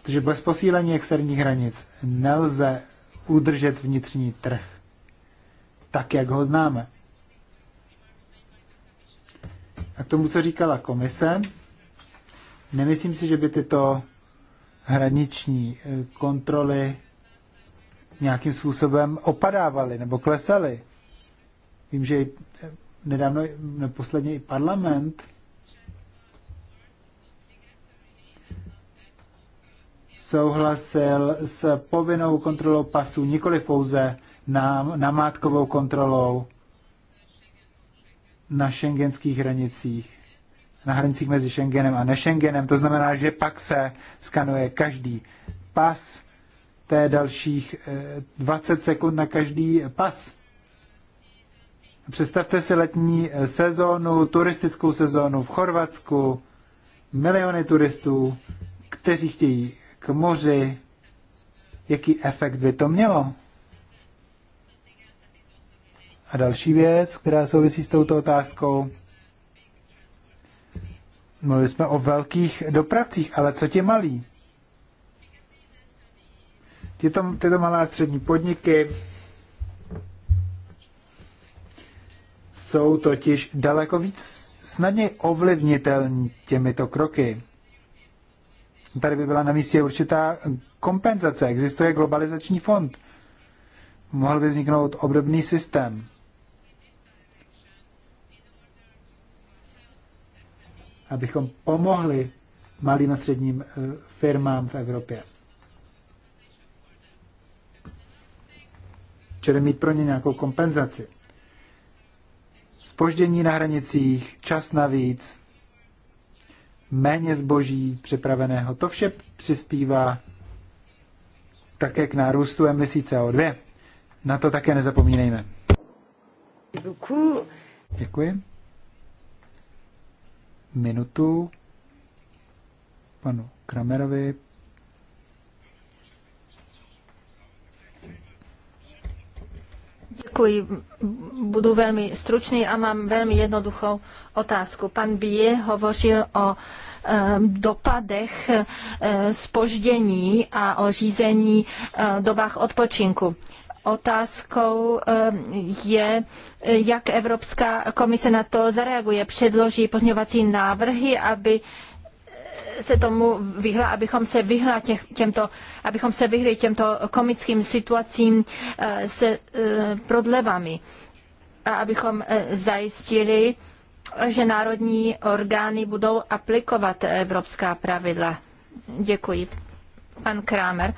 Protože bez posílení externích hranic nelze udržet vnitřní trh tak, jak ho známe. A k tomu, co říkala komise, nemyslím si, že by tyto hraniční eh, kontroly nějakým způsobem opadávaly nebo klesaly. Vím, že nedávno, posledně i parlament souhlasil s povinnou kontrolou pasů, nikoli pouze na namátkovou kontrolou na šengenských hranicích, na hranicích mezi Schengenem a nešengenem. To znamená, že pak se skanuje každý pas Té dalších 20 eh, sekund na každý pas. Představte si letní eh, sezónu, turistickou sezónu v Chorvatsku, miliony turistů, kteří chtějí k moři. Jaký efekt by to mělo? A další věc, která souvisí s touto otázkou. Mluvili jsme o velkých dopravcích, ale co ti malí? Tyto, tyto malé a střední podniky jsou totiž daleko víc snadně ovlivnitelní těmito kroky. Tady by byla na místě určitá kompenzace. Existuje globalizační fond. Mohl by vzniknout obdobný systém. Abychom pomohli malým a středním eh, firmám v Evropě. čili mít pro ně nějakou kompenzaci. Spoždění na hranicích, čas navíc, méně zboží připraveného, to vše přispívá také k nárůstu emisí CO2. Na to také nezapomínejme. Děkuji. Minutu panu Kramerovi, Děkuji. Budu velmi stručný a mám velmi jednoduchou otázku. Pan Bie hovořil o eh, dopadech spoždění eh, a o řízení eh, dobách odpočinku. Otázkou je, jak Evropská komise na to zareaguje. Předloží pozměňovací návrhy, aby se tomu vyhla, abychom se vyhla těch, těmto, abychom se vyhli těmto komickým situacím eh, se eh, prodlevami a abychom eh, zajistili, že národní orgány budou aplikovat evropská pravidla. Děkuji. Pan Kramer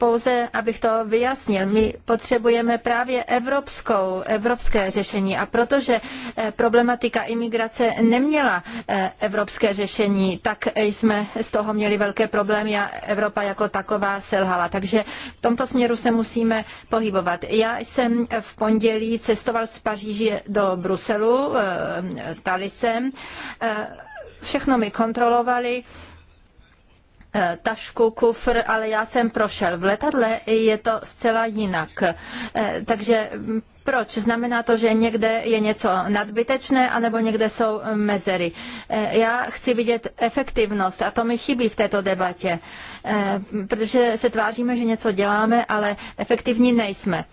pouze, abych to vyjasnil, my potřebujeme právě evropskou, evropské řešení a protože eh, problematika imigrace neměla eh, evropské řešení, tak jsme z toho měli velké problémy a Evropa jako taková selhala. Takže v tomto směru se musíme pohybovat. Já jsem v pondělí cestoval z Paříže do Bruselu, eh, Talisem všechno mi kontrolovali, Eh, tašku, kufr, ale já jsem prošel. V letadle je to zcela jinak. Eh, takže mm, proč? Znamená to, že někde je něco nadbytečné, anebo někde jsou eh, mezery. Já chci vidět efektivnost a to mi chybí v této debatě, protože se tváříme, že něco děláme, ale efektivní nejsme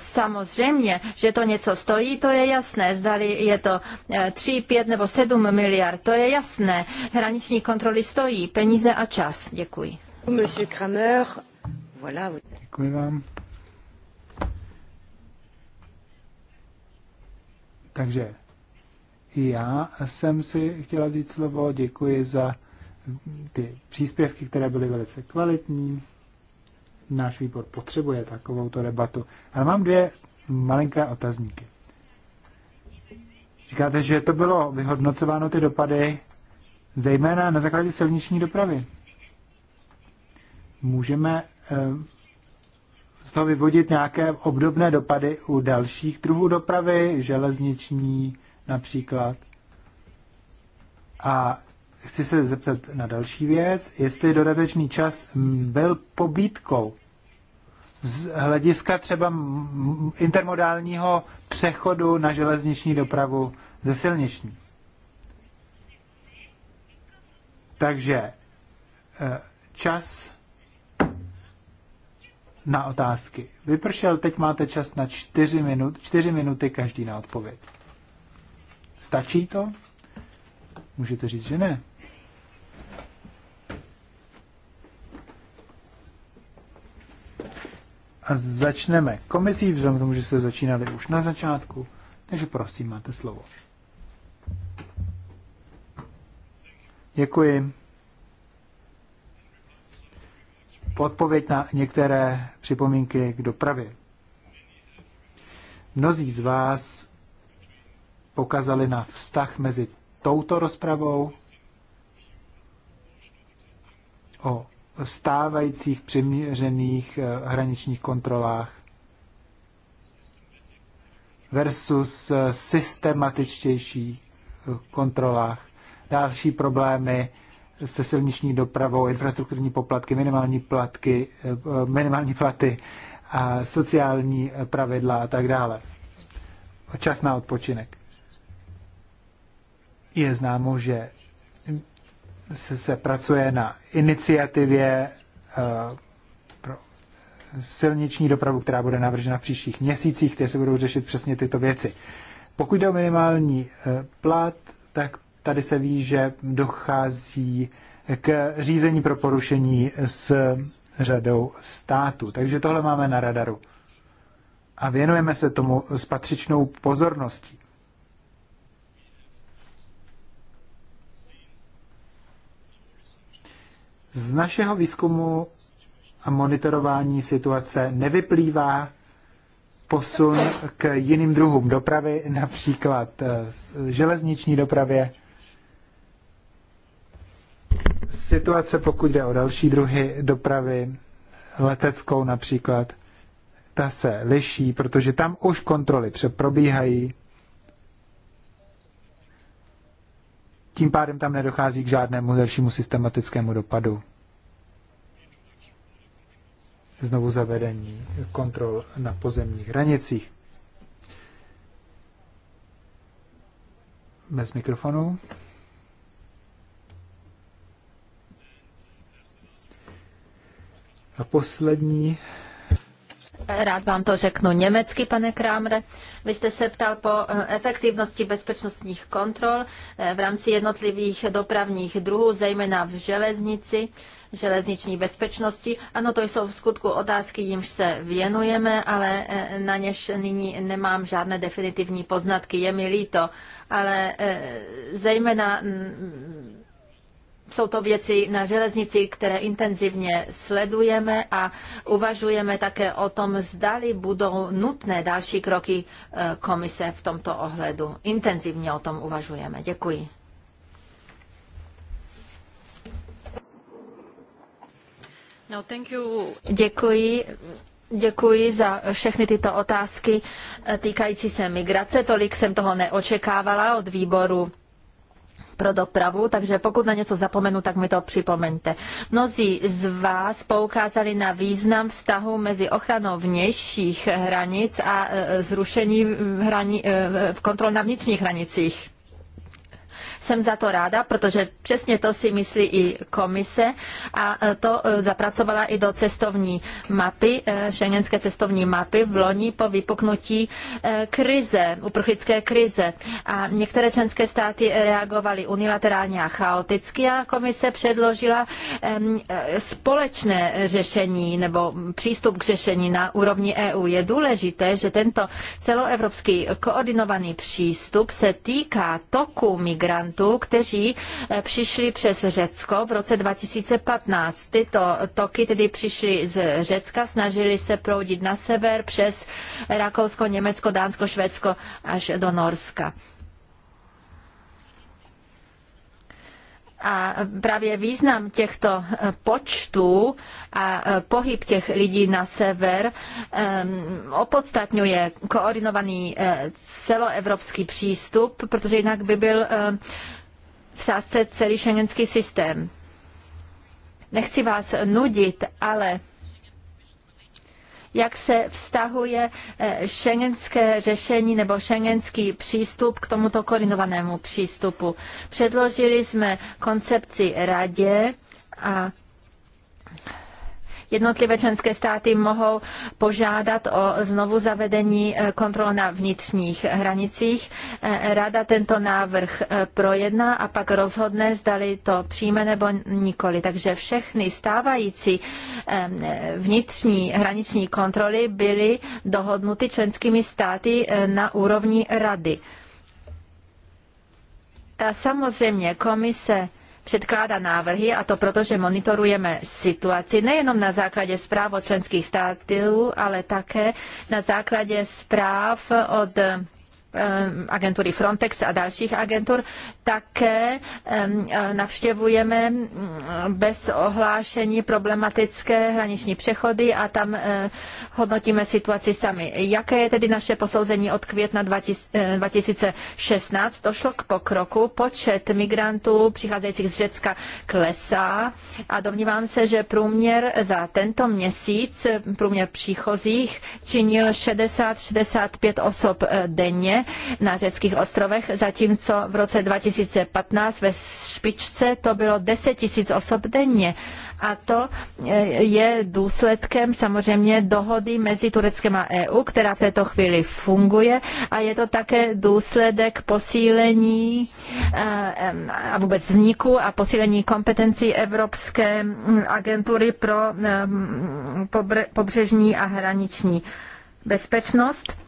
samozřejmě, že to něco stojí, to je jasné. Zdali je to 3, eh, 5 nebo 7 miliard, to je jasné. Hraniční kontroly stojí peníze a čas. Děkuji. Monsieur Kramer, Děkuji vám. Takže já jsem si chtěla vzít slovo, děkuji za ty příspěvky, které byly velice kvalitní náš výbor potřebuje takovou debatu. Ale mám dvě malinké otazníky. Říkáte, že to bylo vyhodnocováno ty dopady zejména na základě silniční dopravy. Můžeme eh, z toho vyvodit nějaké obdobné dopady u dalších druhů dopravy, železniční například. A Chci se zeptat na další věc, jestli dodatečný čas byl pobítkou z hlediska třeba intermodálního přechodu na železniční dopravu ze silniční. Takže e, čas na otázky. Vypršel, teď máte čas na čtyři, minut, čtyři minuty každý na odpověď. Stačí to? Můžete říct, že ne. a začneme komisí, vzhledem k tomu, že se začínali už na začátku, takže prosím, máte slovo. Děkuji. Odpověď na některé připomínky k dopravě. Mnozí z vás pokazali na vztah mezi touto rozpravou o stávajících přiměřených eh, hraničních kontrolách versus eh, systematičtějších eh, kontrolách. Další problémy se silniční dopravou, infrastrukturní poplatky, minimální, platky, minimální platy, a sociální pravidla a tak dále. Čas na odpočinek. Je známo, že se, se pracuje na iniciativě uh, pro silniční dopravu, která bude navržena v příštích měsících, kde se budou řešit přesně tyto věci. Pokud jde o minimální uh, plat, tak tady se ví, že dochází k řízení pro porušení s řadou států. Takže tohle máme na radaru. A věnujeme se tomu s patřičnou pozorností. Z našeho výzkumu a monitorování situace nevyplývá posun k jiným druhům dopravy, například eh, železniční dopravě. Situace, pokud jde o další druhy dopravy, leteckou například, ta se liší, protože tam už kontroly probíhají tím pádem tam nedochází k žádnému dalšímu systematickému dopadu. Znovu zavedení kontrol na pozemních hranicích. Bez mikrofonu. A poslední Rád vám to řeknu německy, pane Krámre. Vy jste se ptal po eh, efektivnosti bezpečnostních kontrol eh, v rámci jednotlivých dopravních druhů, zejména v železnici, železniční bezpečnosti. Ano, to jsou v skutku otázky, jimž se věnujeme, ale eh, na něž nyní nemám žádné definitivní poznatky. Je mi líto, ale zejména mm, jsou to věci na železnici, které intenzivně sledujeme a uvažujeme také o tom, zdali budou nutné další kroky e, komise v tomto ohledu. Intenzivně o tom uvažujeme. Děkuji. No, thank you. Děkuji. Děkuji za všechny tyto otázky e, týkající se migrace. Tolik jsem toho neočekávala od výboru pro dopravu, takže pokud na něco zapomenu, tak mi to připomeňte. Mnozí z vás poukázali na význam vztahu mezi ochranou vnějších hranic a e, zrušení hraní, e, kontrol na vnitřních hranicích. Jsem za to ráda, protože přesně to si myslí i komise a e, to e, zapracovala i do cestovní mapy, e, šengenské cestovní mapy v loni po vypuknutí krize, uprchlické krize. A některé členské státy reagovaly unilaterálně a chaoticky a komise předložila společné řešení nebo přístup k řešení na úrovni EU. Je důležité, že tento celoevropský koordinovaný přístup se týká toku migrantů migrantů, kteří eh, přišli přes Řecko v roce 2015. Tyto toky tedy přišly z Řecka, snažili se proudit na sever přes Rakousko, Německo, Dánsko, Švédsko až do Norska. A právě význam těchto eh, počtů a eh, pohyb těch lidí na sever eh, opodstatňuje koordinovaný celoevropský přístup, protože jinak by byl v sázce celý šengenský systém. Nechci vás nudit, ale jak se vztahuje eh, šengenské řešení nebo šengenský přístup k tomuto koordinovanému přístupu. Předložili jsme koncepci radě a jednotlivé členské státy mohou požádat o znovu zavedení e, kontrol na vnitřních hranicích. E, Rada tento návrh e, projedná a pak rozhodne, zdali to přijme nebo nikoli. Takže všechny stávající vnitřní hraniční kontroly byly dohodnuty členskými státy na úrovni rady. Ta samozřejmě komise předkládá návrhy a to proto, že monitorujeme situaci nejenom na základě zpráv od členských států, ale také na základě zpráv od Eh, agentury Frontex a dalších agentur, také eh, navštěvujeme mm, bez ohlášení problematické hraniční přechody a tam eh, hodnotíme situaci sami. Jaké je tedy naše posouzení od května 2016? Došlo k pokroku, počet migrantů přicházejících z Řecka klesá a domnívám se, že průměr za tento měsíc, průměr příchozích, činil 60-65 osob denně na řeckých ostrovech, zatímco v roce 2015 ve špičce to bylo 10 000 osob denně. A to e, je důsledkem samozřejmě dohody mezi Tureckem a EU, která v této chvíli funguje a je to také důsledek posílení e, a vůbec vzniku a posílení kompetencí Evropské agentury pro e, pobřežní a hraniční bezpečnost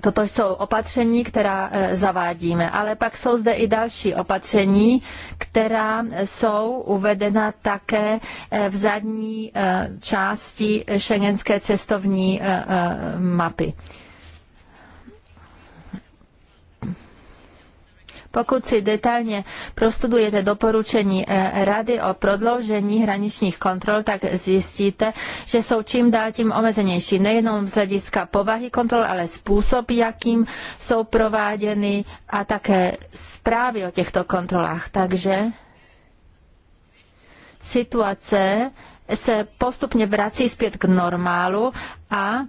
Toto jsou opatření, která e, zavádíme, ale pak jsou zde i další opatření, která jsou uvedena také e, v zadní e, části šengenské cestovní mapy. Pokud si detailně prostudujete doporučení eh, Rady o prodloužení hraničních kontrol, tak zjistíte, že jsou čím dál tím omezenější. Nejenom z hlediska povahy kontrol, ale způsob, jakým jsou prováděny a také zprávy o těchto kontrolách. Takže situace se postupně vrací zpět k normálu a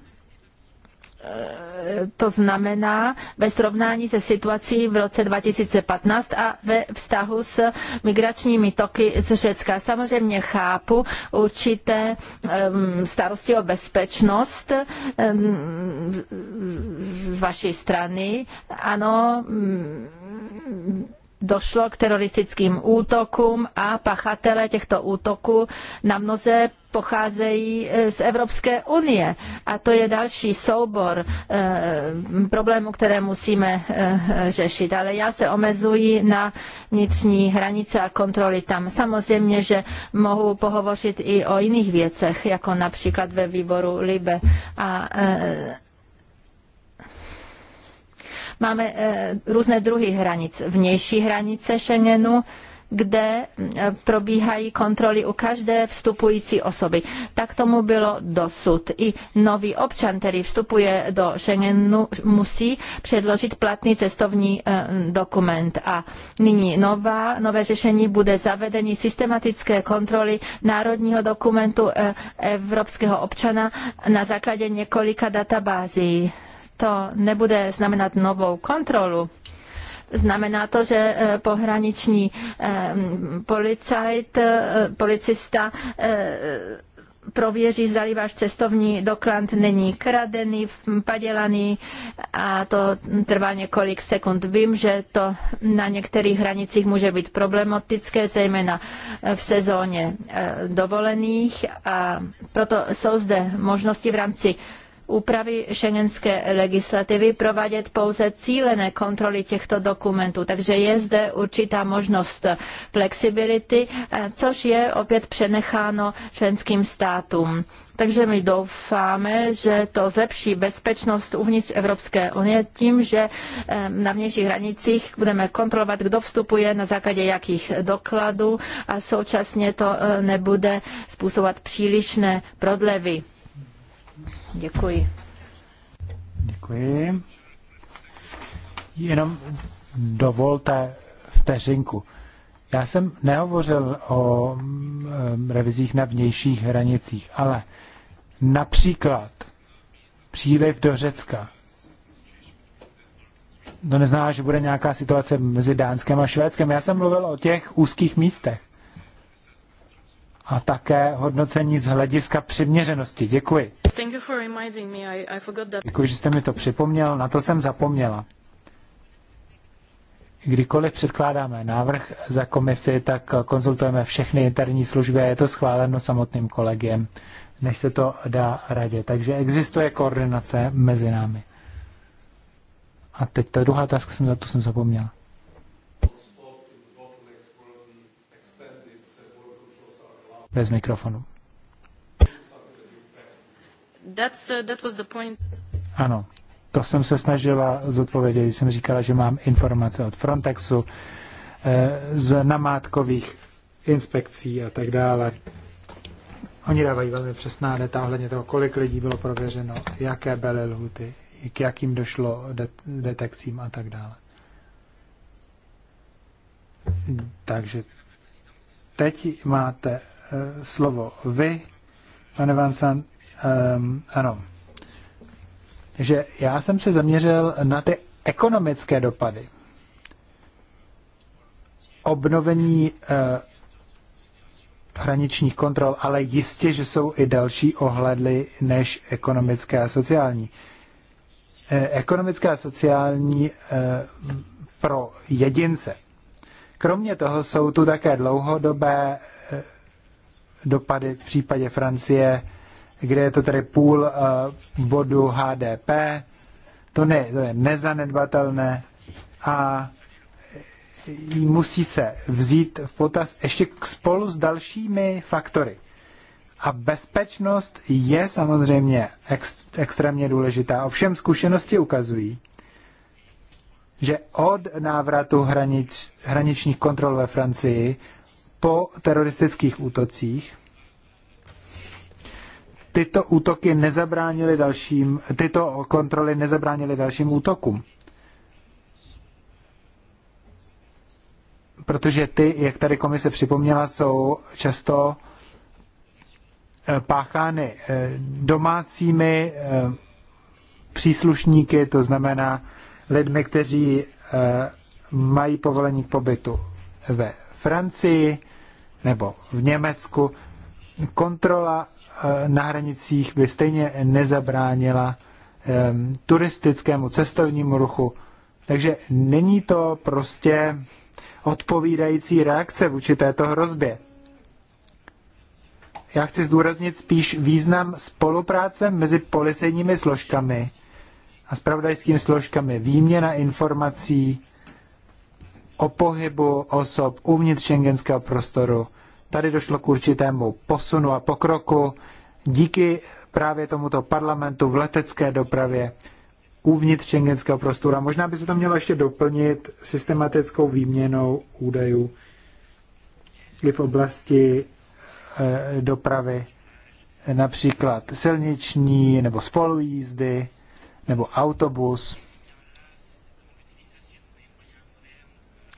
to znamená ve srovnání se situací v roce 2015 a ve vztahu s migračními toky z Řecka. Samozřejmě chápu určité starosti o bezpečnost z vaší strany. Ano, došlo k teroristickým útokům a pachatele těchto útoků na mnoze pocházejí e, z Evropské unie. A to je další soubor e, problémů, které musíme e, řešit. Ale já se omezuji na vnitřní hranice a kontroly tam. Samozřejmě, že mohu pohovořit i o jiných věcech, jako například ve výboru Libe. A Máme eh, různé druhy hranic. Vnější hranice Schengenu, kde eh, probíhají kontroly u každé vstupující osoby. Tak tomu bylo dosud. I nový občan, který vstupuje do Schengenu, musí předložit platný cestovní eh, dokument. A nyní nová, nové řešení bude zavedení systematické kontroly národního dokumentu evropského občana na základě několika databází to nebude znamenat novou kontrolu, Znamená to, že eh, pohraniční eh, policajt, eh, policista prověří, zda váš cestovní doklad není kradený, padělaný a to trvá několik sekund. Vím, že to na některých hranicích může být problematické, zejména v sezóně dovolených a proto jsou zde možnosti v rámci úpravy šengenské legislativy provádět pouze cílené kontroly těchto dokumentů. Takže je zde určitá možnost flexibility, eh, což je opět přenecháno členským státům. Takže my doufáme, že to zlepší bezpečnost uvnitř Evropské unie tím, že eh, na vnějších hranicích budeme kontrolovat, kdo vstupuje, na základě jakých dokladů a současně to eh, nebude způsobovat přílišné prodlevy. Děkuji. Děkuji. Jenom dovolte vteřinku. Já jsem nehovořil o mm, eh, revizích na vnějších hranicích, ale například příliv do Řecka. To neznamená, že bude nějaká situace mezi Dánskem a Švédskem. Já jsem mluvil o těch úzkých místech a také hodnocení z hlediska přiměřenosti. Děkuji. Děkuji, že jste mi to připomněl, na to jsem zapomněla. Kdykoliv předkládáme návrh za komisi, tak konzultujeme všechny interní služby a je to schváleno samotným kolegiem, než se to dá radě. Takže existuje koordinace mezi námi. A teď ta druhá otázka, jsem, to jsem zapomněla. Bez mikrofonu. That's, uh, that was the point. Ano, to jsem se snažila zodpovědět, když jsem říkala, že mám informace od Frontexu, eh, z namátkových inspekcí a tak dále. Oni dávají velmi přesná data ohledně toho, kolik lidí bylo prověřeno, jaké byly lhuty, k jakým došlo detekcím a tak dále. Takže teď máte Eh, slovo vy, pane um, ano, že já jsem se zaměřil na ty ekonomické dopady. Obnovení uh, hraničních kontrol, ale jistě, že jsou i další ohledy než ekonomické a sociální. Eh, ekonomické a sociální pro jedince. Kromě toho jsou tu také dlouhodobé dopady v případě Francie, kde je to tedy půl eh, bodu HDP. To, ne, to je nezanedbatelné a musí se vzít v potaz ještě spolu s dalšími faktory. A bezpečnost je samozřejmě ex, extrémně důležitá. Ovšem zkušenosti ukazují, že od návratu hranič, hraničních kontrol ve Francii po teroristických útocích. Tyto útoky nezabránily dalším, tyto kontroly nezabránily dalším útokům. Protože ty, jak tady komise připomněla, jsou často eh, páchány eh, domácími eh, příslušníky, to znamená lidmi, kteří mají povolení k pobytu ve Francii, nebo v Německu, kontrola eh, na hranicích by stejně nezabránila ehm, turistickému cestovnímu ruchu. Takže není to prostě odpovídající reakce vůči této hrozbě. Já chci zdůraznit spíš význam spolupráce mezi policejními složkami a spravodajskými složkami, výměna informací, o pohybu osob uvnitř šengenského prostoru. Tady došlo k určitému posunu a pokroku díky právě tomuto parlamentu v letecké dopravě uvnitř šengenského prostoru. A možná by se to mělo ještě doplnit systematickou výměnou údajů i v oblasti e, dopravy, například silniční nebo spolujízdy nebo autobus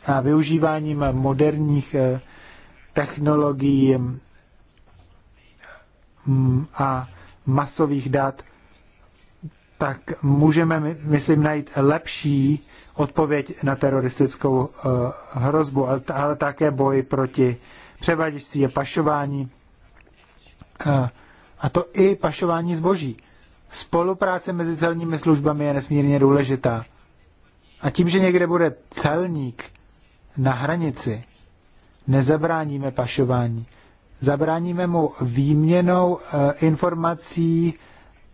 a využíváním moderních eh, technologií mm, a masových dat, tak můžeme, myslím, najít lepší odpověď na teroristickou eh, hrozbu, ale také boj proti převaděčství a pašování. Eh, a to i pašování zboží. Spolupráce mezi celními službami je nesmírně důležitá. A tím, že někde bude celník, na hranici nezabráníme pašování. Zabráníme mu výměnou eh, informací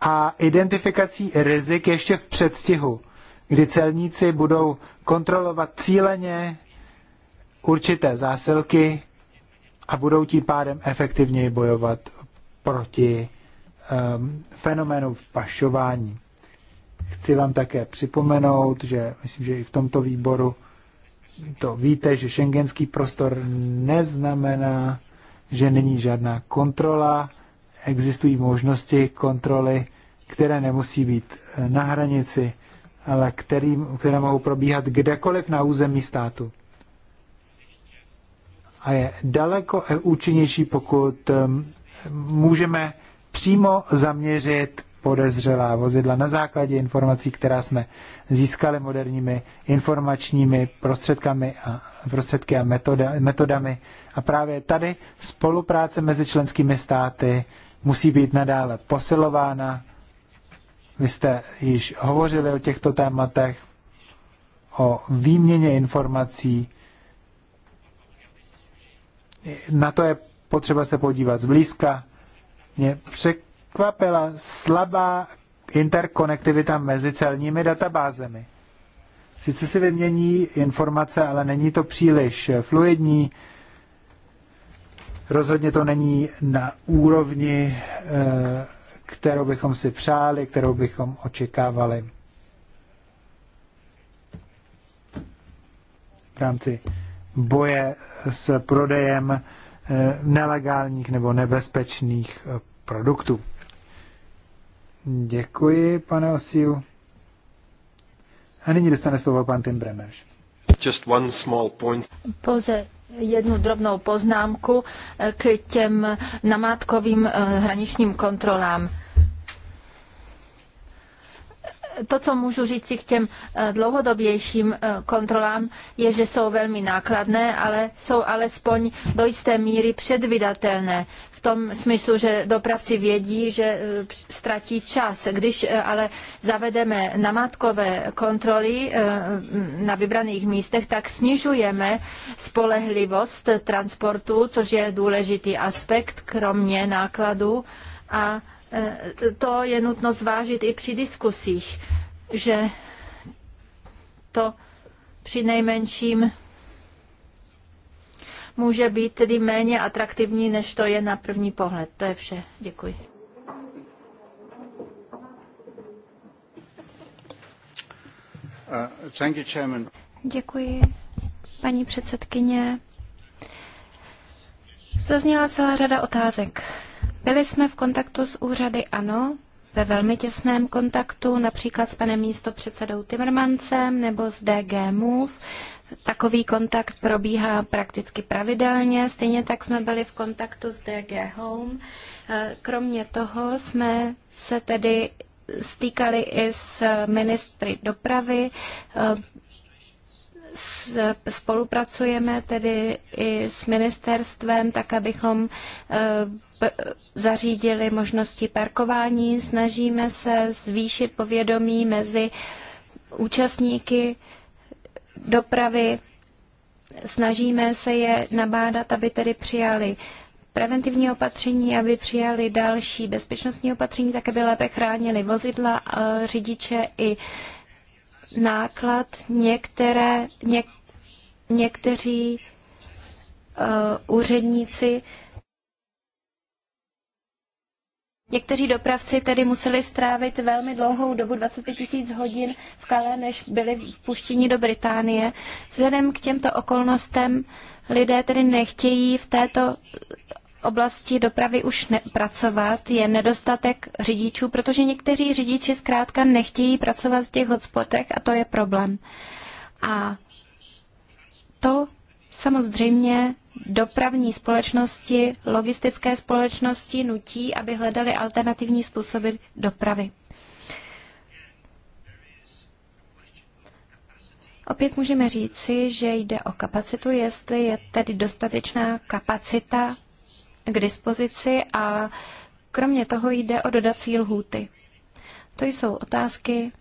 a identifikací rizik ještě v předstihu, kdy celníci budou kontrolovat cíleně určité zásilky a budou tím pádem efektivněji bojovat proti e, fenoménu pašování. Chci vám také připomenout, že myslím, že i v tomto výboru to víte, že šengenský prostor neznamená, že není žádná kontrola, existují možnosti kontroly, které nemusí být eh, na hranici, ale který, které mohou probíhat kdekoliv na území státu. A je daleko účinnější, pokud eh, můžeme přímo zaměřit podezřelá vozidla na základě informací, která jsme získali moderními informačními prostředkami a prostředky a metoda, metodami. A právě tady spolupráce mezi členskými státy musí být nadále posilována. Vy jste již hovořili o těchto tématech, o výměně informací. Na to je potřeba se podívat zblízka. Mě přek překvapila slabá interkonektivita mezi celními databázemi. Sice si vymění informace, ale není to příliš fluidní. Rozhodně to není na úrovni, eh, kterou bychom si přáli, kterou bychom očekávali. V rámci boje s prodejem eh, nelegálních nebo nebezpečných eh, produktů. Děkuji, pane Osiu. A nyní dostane slovo pan Tim Bremers. Just one small point. Pouze jednu drobnou poznámku k těm namátkovým eh, hraničním kontrolám to, co můžu říct si k těm eh, dlouhodobějším eh, kontrolám, je, že jsou velmi nákladné, ale jsou alespoň do jisté míry předvydatelné. V tom smyslu, že dopravci vědí, že eh, ztratí čas. Když ale zavedeme namátkové kontroly na vybraných místech, tak snižujeme spolehlivost transportu, což je důležitý aspekt, kromě nákladu a Eh, to je nutno zvážit i při diskusích, že to při nejmenším může být tedy méně atraktivní, než to je na první pohled. To je vše. Děkuji. Uh, you, Děkuji, paní předsedkyně. Zazněla celá řada otázek. Byli jsme v kontaktu s úřady, ano, ve velmi těsném kontaktu, například s panem místopředsedou Timmermancem nebo s DG Move. Takový kontakt probíhá prakticky pravidelně, stejně tak jsme byli v kontaktu s DG Home. Eh, kromě toho jsme se tedy stýkali i s ministry dopravy, eh, Spolupracujeme tedy i s ministerstvem, tak abychom eh, zařídili možnosti parkování. Snažíme se zvýšit povědomí mezi účastníky dopravy. Snažíme se je nabádat, aby tedy přijali preventivní opatření, aby přijali další bezpečnostní opatření, tak aby lépe chránili vozidla, eh, řidiče i náklad některé, něk, někteří uh, úředníci Někteří dopravci tedy museli strávit velmi dlouhou dobu, 25 tisíc hodin v Kale, než byli vpuštěni do Británie. Vzhledem k těmto okolnostem lidé tedy nechtějí v této oblasti dopravy už pracovat, je nedostatek řidičů, protože někteří řidiči zkrátka nechtějí pracovat v těch hotspotech a to je problém. A to samozřejmě dopravní společnosti, logistické společnosti nutí, aby hledali alternativní způsoby dopravy. Opět můžeme říci, že jde o kapacitu, jestli je tedy dostatečná kapacita k dispozici a kromě toho jde o dodací lhůty. To jsou otázky,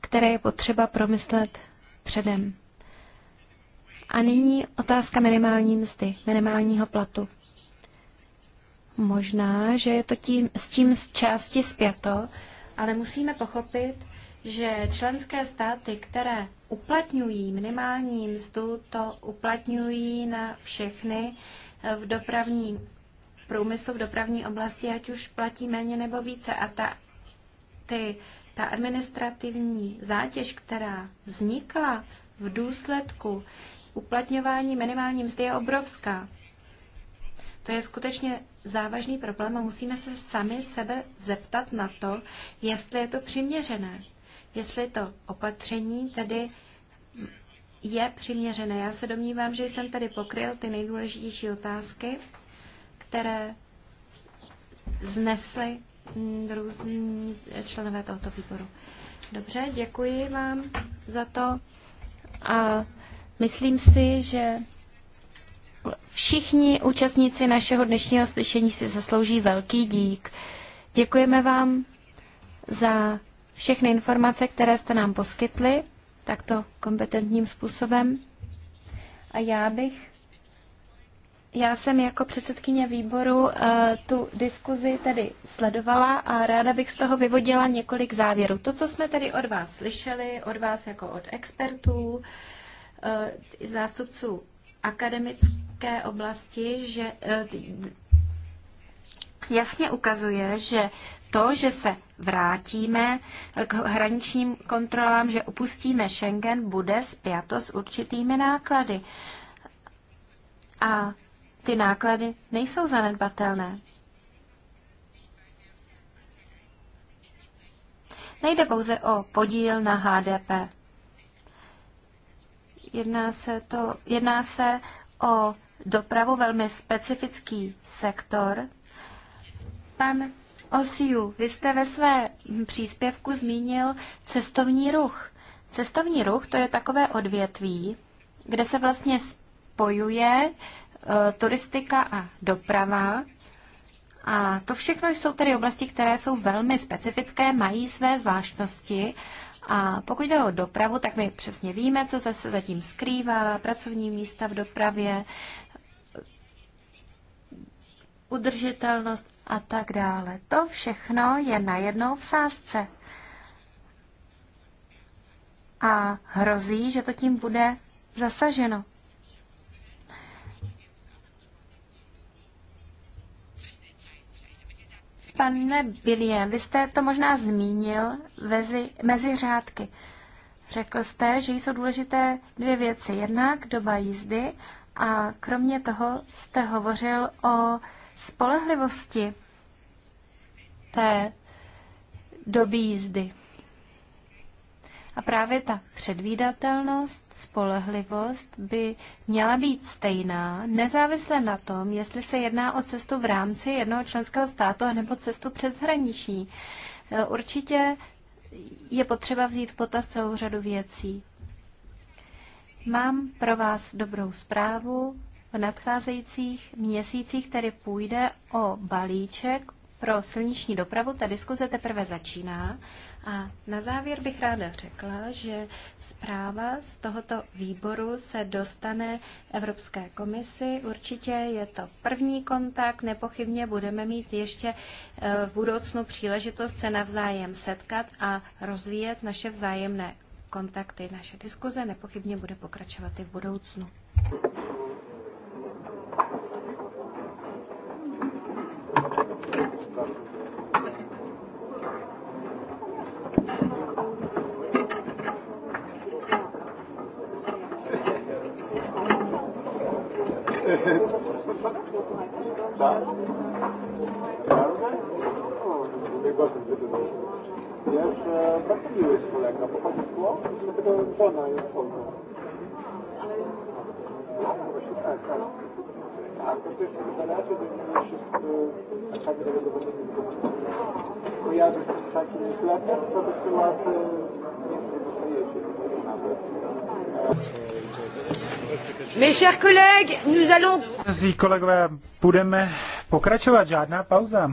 které je potřeba promyslet předem. A nyní otázka minimální mzdy, minimálního platu. Možná, že je to tím, s tím z části zpěto, ale musíme pochopit, že členské státy, které uplatňují minimální mzdu, to uplatňují na všechny v dopravní průmyslu, v dopravní oblasti, ať už platí méně nebo více. A ta, ty, ta administrativní zátěž, která vznikla v důsledku uplatňování minimální mzdy, je obrovská. To je skutečně závažný problém a musíme se sami sebe zeptat na to, jestli je to přiměřené. Jestli to opatření tedy je přiměřené. Já se domnívám, že jsem tady pokryl ty nejdůležitější otázky, které znesly různí členové tohoto výboru. Dobře, děkuji vám za to a myslím si, že všichni účastníci našeho dnešního slyšení si zaslouží velký dík. Děkujeme vám za všechny informace, které jste nám poskytli takto kompetentním způsobem. A já bych, já jsem jako předsedkyně výboru eh, tu diskuzi tedy sledovala a ráda bych z toho vyvodila několik závěrů. To, co jsme tedy od vás slyšeli, od vás jako od expertů, eh, zástupců akademické oblasti, že eh, jasně ukazuje, že to, že se vrátíme k hraničním kontrolám, že opustíme Schengen, bude spjato s určitými náklady. A ty náklady nejsou zanedbatelné. Nejde pouze o podíl na HDP. Jedná se, to, jedná se o dopravu velmi specifický sektor. Pan OSIU, vy jste ve své příspěvku zmínil cestovní ruch. Cestovní ruch to je takové odvětví, kde se vlastně spojuje e, turistika a doprava. A to všechno jsou tedy oblasti, které jsou velmi specifické, mají své zvláštnosti. A pokud jde o dopravu, tak my přesně víme, co se zatím skrývá, pracovní místa v dopravě, udržitelnost a tak dále. To všechno je najednou v sázce. A hrozí, že to tím bude zasaženo. Pane Bilien, vy jste to možná zmínil vezi, mezi řádky. Řekl jste, že jsou důležité dvě věci. Jednak doba jízdy a kromě toho jste hovořil o spolehlivosti té doby jízdy. A právě ta předvídatelnost, spolehlivost by měla být stejná, nezávisle na tom, jestli se jedná o cestu v rámci jednoho členského státu nebo cestu hraničí. E, určitě je potřeba vzít v potaz celou řadu věcí. Mám pro vás dobrou zprávu v nadcházejících měsících tedy půjde o balíček pro silniční dopravu. Ta diskuze teprve začíná. A na závěr bych ráda řekla, že zpráva z tohoto výboru se dostane Evropské komisi. Určitě je to první kontakt, nepochybně budeme mít ještě eh, v budoucnu příležitost se navzájem setkat a rozvíjet naše vzájemné kontakty. Naše diskuze nepochybně bude pokračovat i v budoucnu. That? Wiesz, bardzo miły jest kolega, pochodzi z Włoch, dlatego żona jest Polką. Właśnie tak, tak. Tak, to też zależy, że się z tak tego Kojarzy się taki newsletter, to wysyła, nie wiem, dostajecie nawet. Mes chers collègues, nous allons... Zí kolegové, budeme pokračovat, žádná pauza.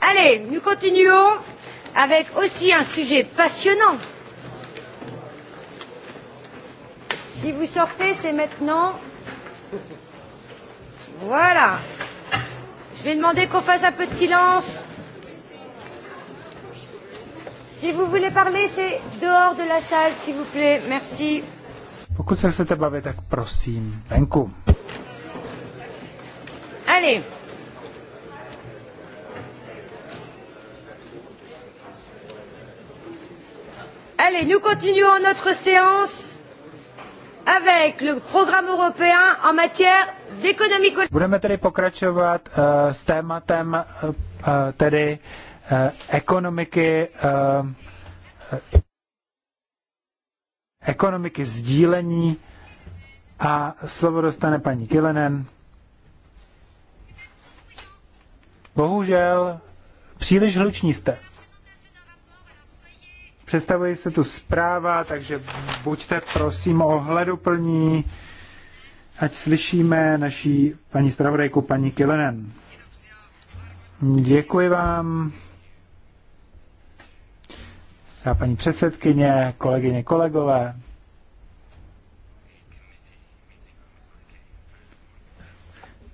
Allez, nous continuons avec aussi un sujet passionnant. Si vous sortez, c'est maintenant. Voilà. Je vais demander qu'on fasse un peu de silence. Si vous voulez parler, c'est dehors de la salle, s'il vous plaît. Merci. Pokud se chcete bavit, tak prosím, venku. Allez. Allez, nous continuons notre séance avec le programme européen en matière d'économie Budeme tedy pokračovat uh, s tématem uh, tedy uh, ekonomiky uh, ekonomiky sdílení a slovo dostane paní Kilenen. Bohužel příliš hluční jste. Představuje se tu zpráva, takže buďte prosím ohleduplní, ať slyšíme naší paní zpravodajku paní Kilenen. Děkuji vám. Třeba paní předsedkyně, kolegyně, kolegové.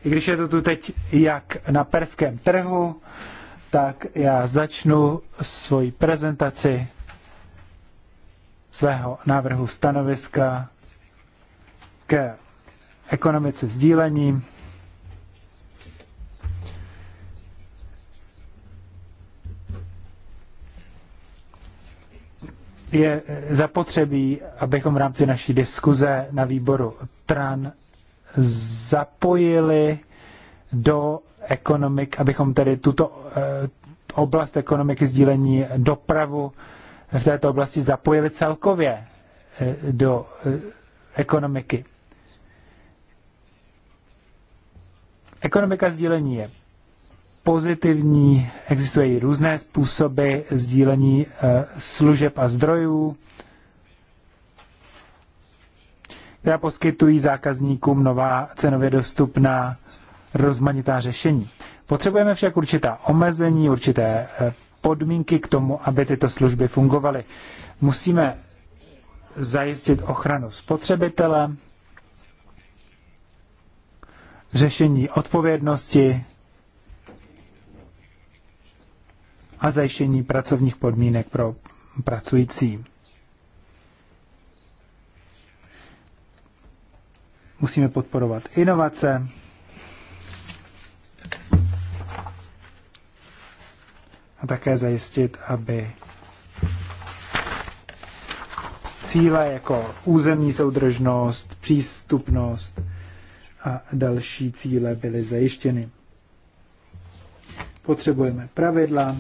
I když je to tu teď jak na perském trhu, tak já začnu svoji prezentaci svého návrhu stanoviska k ekonomice sdílení. je zapotřebí, abychom v rámci naší diskuze na výboru TRAN zapojili do ekonomik, abychom tedy tuto eh, oblast ekonomiky sdílení dopravu v této oblasti zapojili celkově eh, do eh, ekonomiky. Ekonomika sdílení je pozitivní. Existují různé způsoby sdílení eh, služeb a zdrojů, která poskytují zákazníkům nová cenově dostupná rozmanitá řešení. Potřebujeme však určitá omezení, určité eh, podmínky k tomu, aby tyto služby fungovaly. Musíme zajistit ochranu spotřebitele, řešení odpovědnosti a zajištění pracovních podmínek pro pracující. Musíme podporovat inovace, a také zajistit, aby cíle jako územní soudržnost, přístupnost a další cíle byly zajištěny. Potřebujeme pravidla,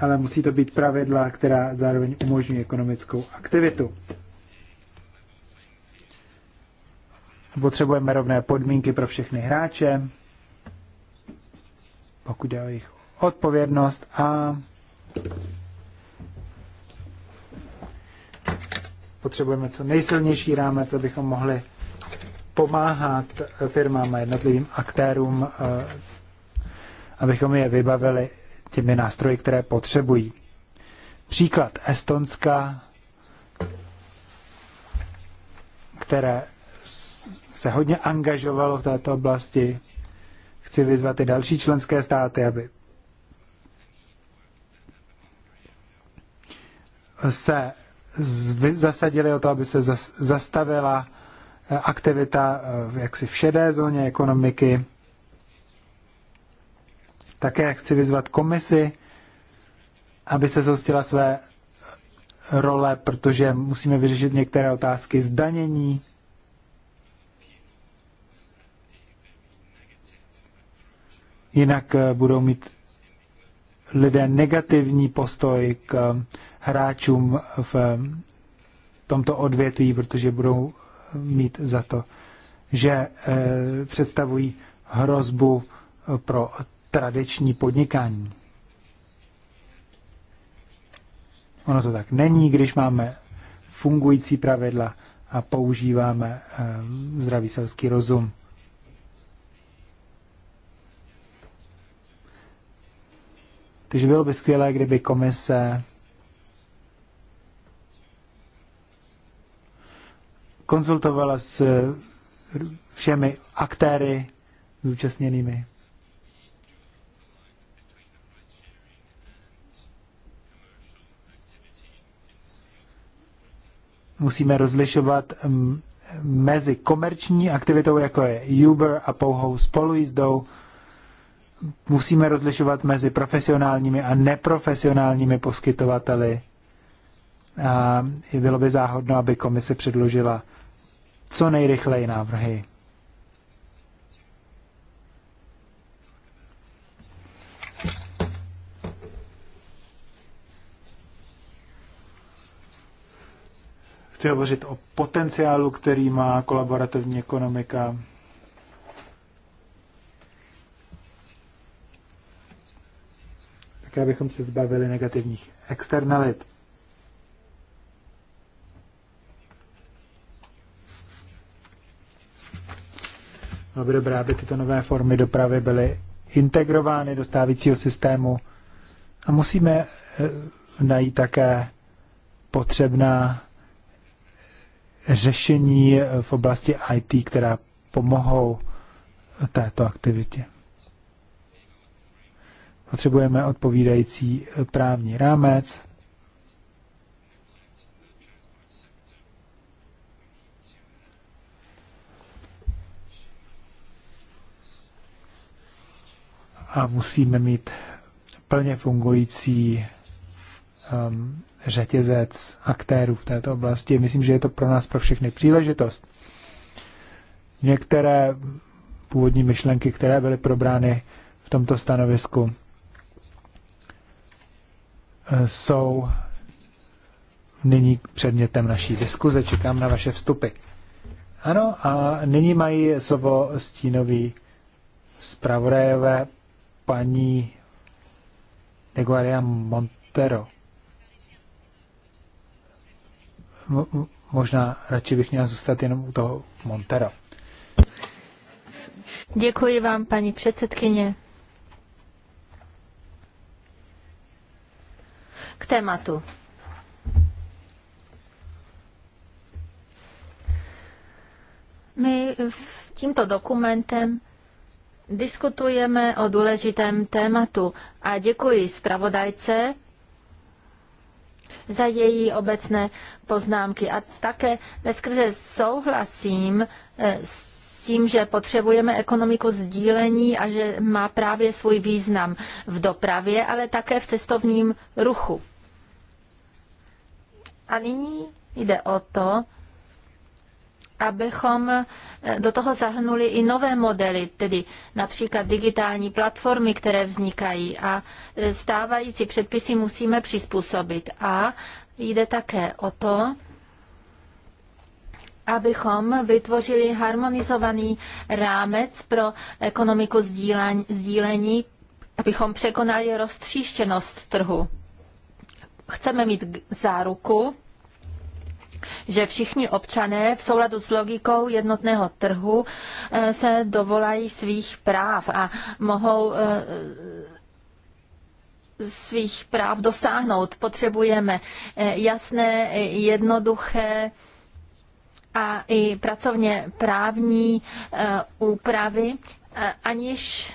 ale musí to být pravidla, která zároveň umožňují ekonomickou aktivitu. Potřebujeme rovné podmínky pro všechny hráče, pokud je o jejich odpovědnost a potřebujeme co nejsilnější rámec, abychom mohli pomáhat firmám a jednotlivým aktérům, eh, abychom je vybavili těmi nástroji, které potřebují. Příklad Estonska, které se hodně angažovalo v této oblasti. Chci vyzvat i další členské státy, aby se zasadili o to, aby se zastavila eh, aktivita eh, jaksi v šedé zóně ekonomiky, také chci vyzvat komisi, aby se zhostila své role, protože musíme vyřešit některé otázky zdanění. Jinak eh, budou mít lidé negativní postoj k eh, hráčům v eh, tomto odvětví, protože budou mít za to, že představují hrozbu pro tradiční podnikání. Ono to tak není, když máme fungující pravidla a používáme eh, zdravý selský rozum. Takže bylo by skvělé, kdyby komise konzultovala s všemi aktéry zúčastněnými. musíme rozlišovat mm, mezi komerční aktivitou, jako je Uber a pouhou spolujízdou. Musíme rozlišovat mezi profesionálními a neprofesionálními poskytovateli. A bylo by záhodno, aby komise předložila co nejrychleji návrhy Chci hovořit o potenciálu, který má kolaborativní ekonomika. Také abychom se zbavili negativních externalit. Bylo no, by dobré, aby tyto nové formy dopravy byly integrovány do stávícího systému a musíme eh, najít také potřebná řešení v oblasti IT, která pomohou této aktivitě. Potřebujeme odpovídající právní rámec, a musíme mít plně fungující um, řetězec aktérů v této oblasti. Myslím, že je to pro nás pro všechny příležitost. Některé původní myšlenky, které byly probrány v tomto stanovisku, eh, jsou nyní předmětem naší diskuze. Čekám na vaše vstupy. Ano, a nyní mají slovo stínový zpravodajové paní de Montero. možná radši bych měla zůstat jenom u toho Montera. Děkuji vám, paní předsedkyně. K tématu. My tímto dokumentem diskutujeme o důležitém tématu a děkuji zpravodajce za její obecné poznámky. A také bezkrze souhlasím eh, s tím, že potřebujeme ekonomiku sdílení a že má právě svůj význam v dopravě, ale také v cestovním ruchu. A nyní jde o to, abychom eh, do toho zahrnuli i nové modely, tedy například digitální platformy, které vznikají a eh, stávající předpisy musíme přizpůsobit. A jde také o to, abychom vytvořili harmonizovaný rámec pro ekonomiku sdílení, abychom překonali roztříštěnost trhu. Chceme mít záruku, že všichni občané v souladu s logikou jednotného trhu eh, se dovolají svých práv a mohou eh, svých práv dosáhnout. Potřebujeme eh, jasné, jednoduché a i pracovně právní úpravy, aniž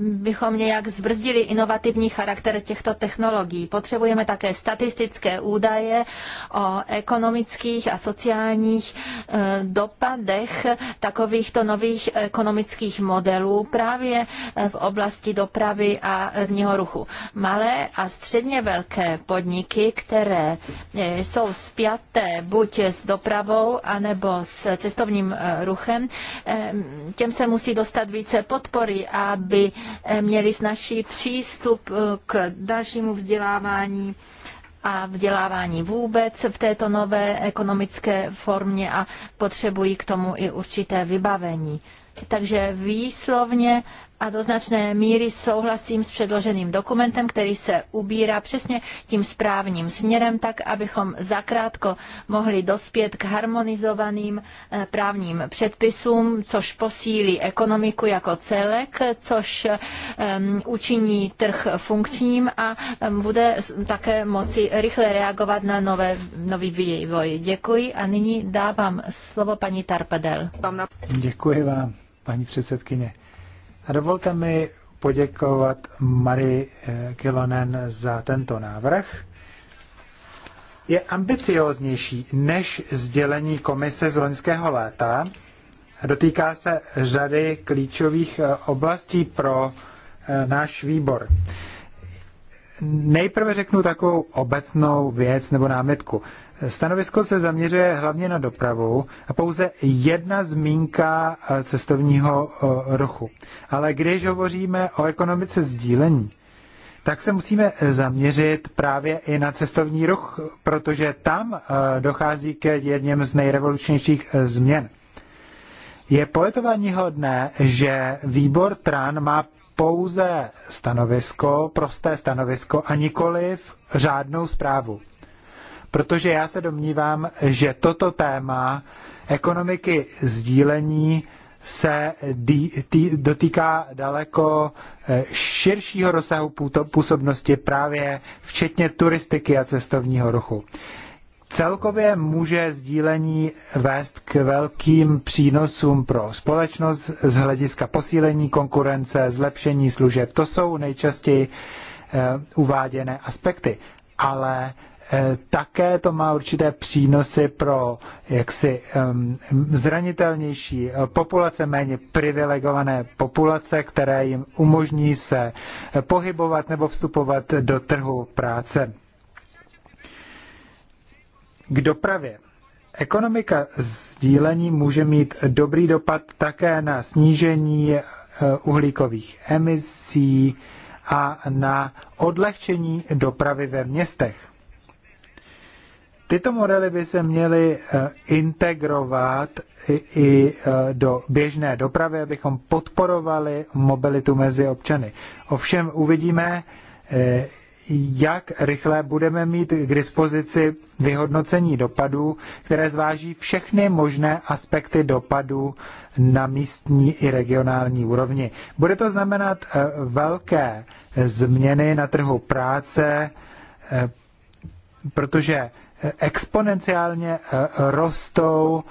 bychom nějak zbrzdili inovativní charakter těchto technologií. Potřebujeme také statistické údaje o ekonomických a sociálních e, dopadech takovýchto nových ekonomických modelů právě e, v oblasti dopravy a vodního ruchu. Malé a středně velké podniky, které e, jsou spjaté buď s dopravou, anebo s cestovním ruchem, těm se musí dostat více podpory, aby Eh, měli snažší přístup eh, k dalšímu vzdělávání a vzdělávání vůbec v této nové ekonomické formě a potřebují k tomu i určité vybavení. Takže výslovně a do značné míry souhlasím s předloženým dokumentem, který se ubírá přesně tím správným směrem, tak abychom zakrátko mohli dospět k harmonizovaným eh, právním předpisům, což posílí ekonomiku jako celek, což um, učiní trh funkčním a ehm, bude také moci rychle reagovat na nové, nový vývoj. Děkuji a nyní dávám slovo paní Tarpedel. Děkuji vám, paní předsedkyně. A dovolte mi poděkovat Marii eh, Kilonen za tento návrh. Je ambicióznější než sdělení komise z loňského léta. Dotýká se řady klíčových eh, oblastí pro eh, náš výbor. Nejprve řeknu takovou obecnou věc nebo námitku. Stanovisko se zaměřuje hlavně na dopravu a pouze jedna zmínka eh, cestovního eh, ruchu. Ale když hovoříme o ekonomice sdílení, tak se musíme zaměřit právě i na cestovní ruch, protože tam eh, dochází k jedním z nejrevolučnějších změn. Je poletování hodné, že výbor TRAN má pouze stanovisko, prosté stanovisko a nikoliv řádnou zprávu. Protože já se domnívám, že toto téma ekonomiky sdílení se dotýká daleko eh, širšího rozsahu působnosti právě včetně turistiky a cestovního ruchu. Celkově může sdílení vést k velkým přínosům pro společnost z hlediska posílení konkurence, zlepšení služeb. To jsou nejčastěji eh, uváděné aspekty. Ale eh, také to má určité přínosy pro jaksi ehm, zranitelnější eh, populace, méně privilegované populace, které jim umožní se pohybovat nebo vstupovat do trhu práce. K dopravě. Ekonomika sdílení může mít dobrý dopad také na snížení eh, uhlíkových emisí a na odlehčení dopravy ve městech. Tyto modely by se měly eh, integrovat i eh, do běžné dopravy, abychom podporovali mobilitu mezi občany. Ovšem uvidíme, jak rychle budeme mít k dispozici vyhodnocení dopadů, které zváží všechny možné aspekty dopadů na místní i regionální úrovni. Bude to znamenat eh, velké změny na trhu práce, eh, protože exponenciálně eh, rostou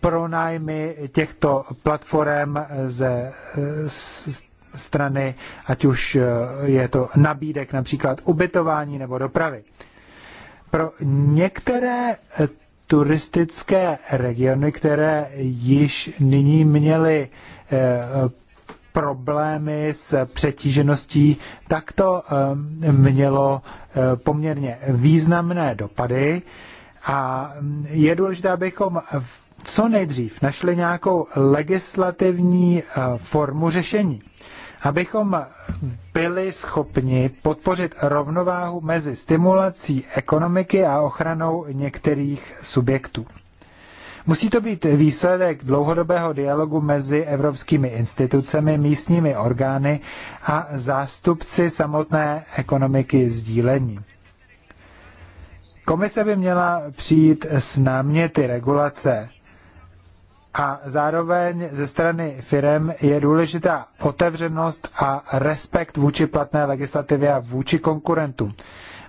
pronájmy těchto platform ze, strany, ať už eh, je to nabídek například ubytování nebo dopravy. Pro některé eh, turistické regiony, které již nyní měly eh, problémy s přetížeností, tak to mělo poměrně významné dopady. A mm, je důležité, abychom co nejdřív našli nějakou legislativní formu řešení abychom byli schopni podpořit rovnováhu mezi stimulací ekonomiky a ochranou některých subjektů. Musí to být výsledek dlouhodobého dialogu mezi evropskými institucemi, místními orgány a zástupci samotné ekonomiky sdílení. Komise by měla přijít s náměty regulace a zároveň ze strany firm je důležitá otevřenost a respekt vůči platné legislativě a vůči konkurentům.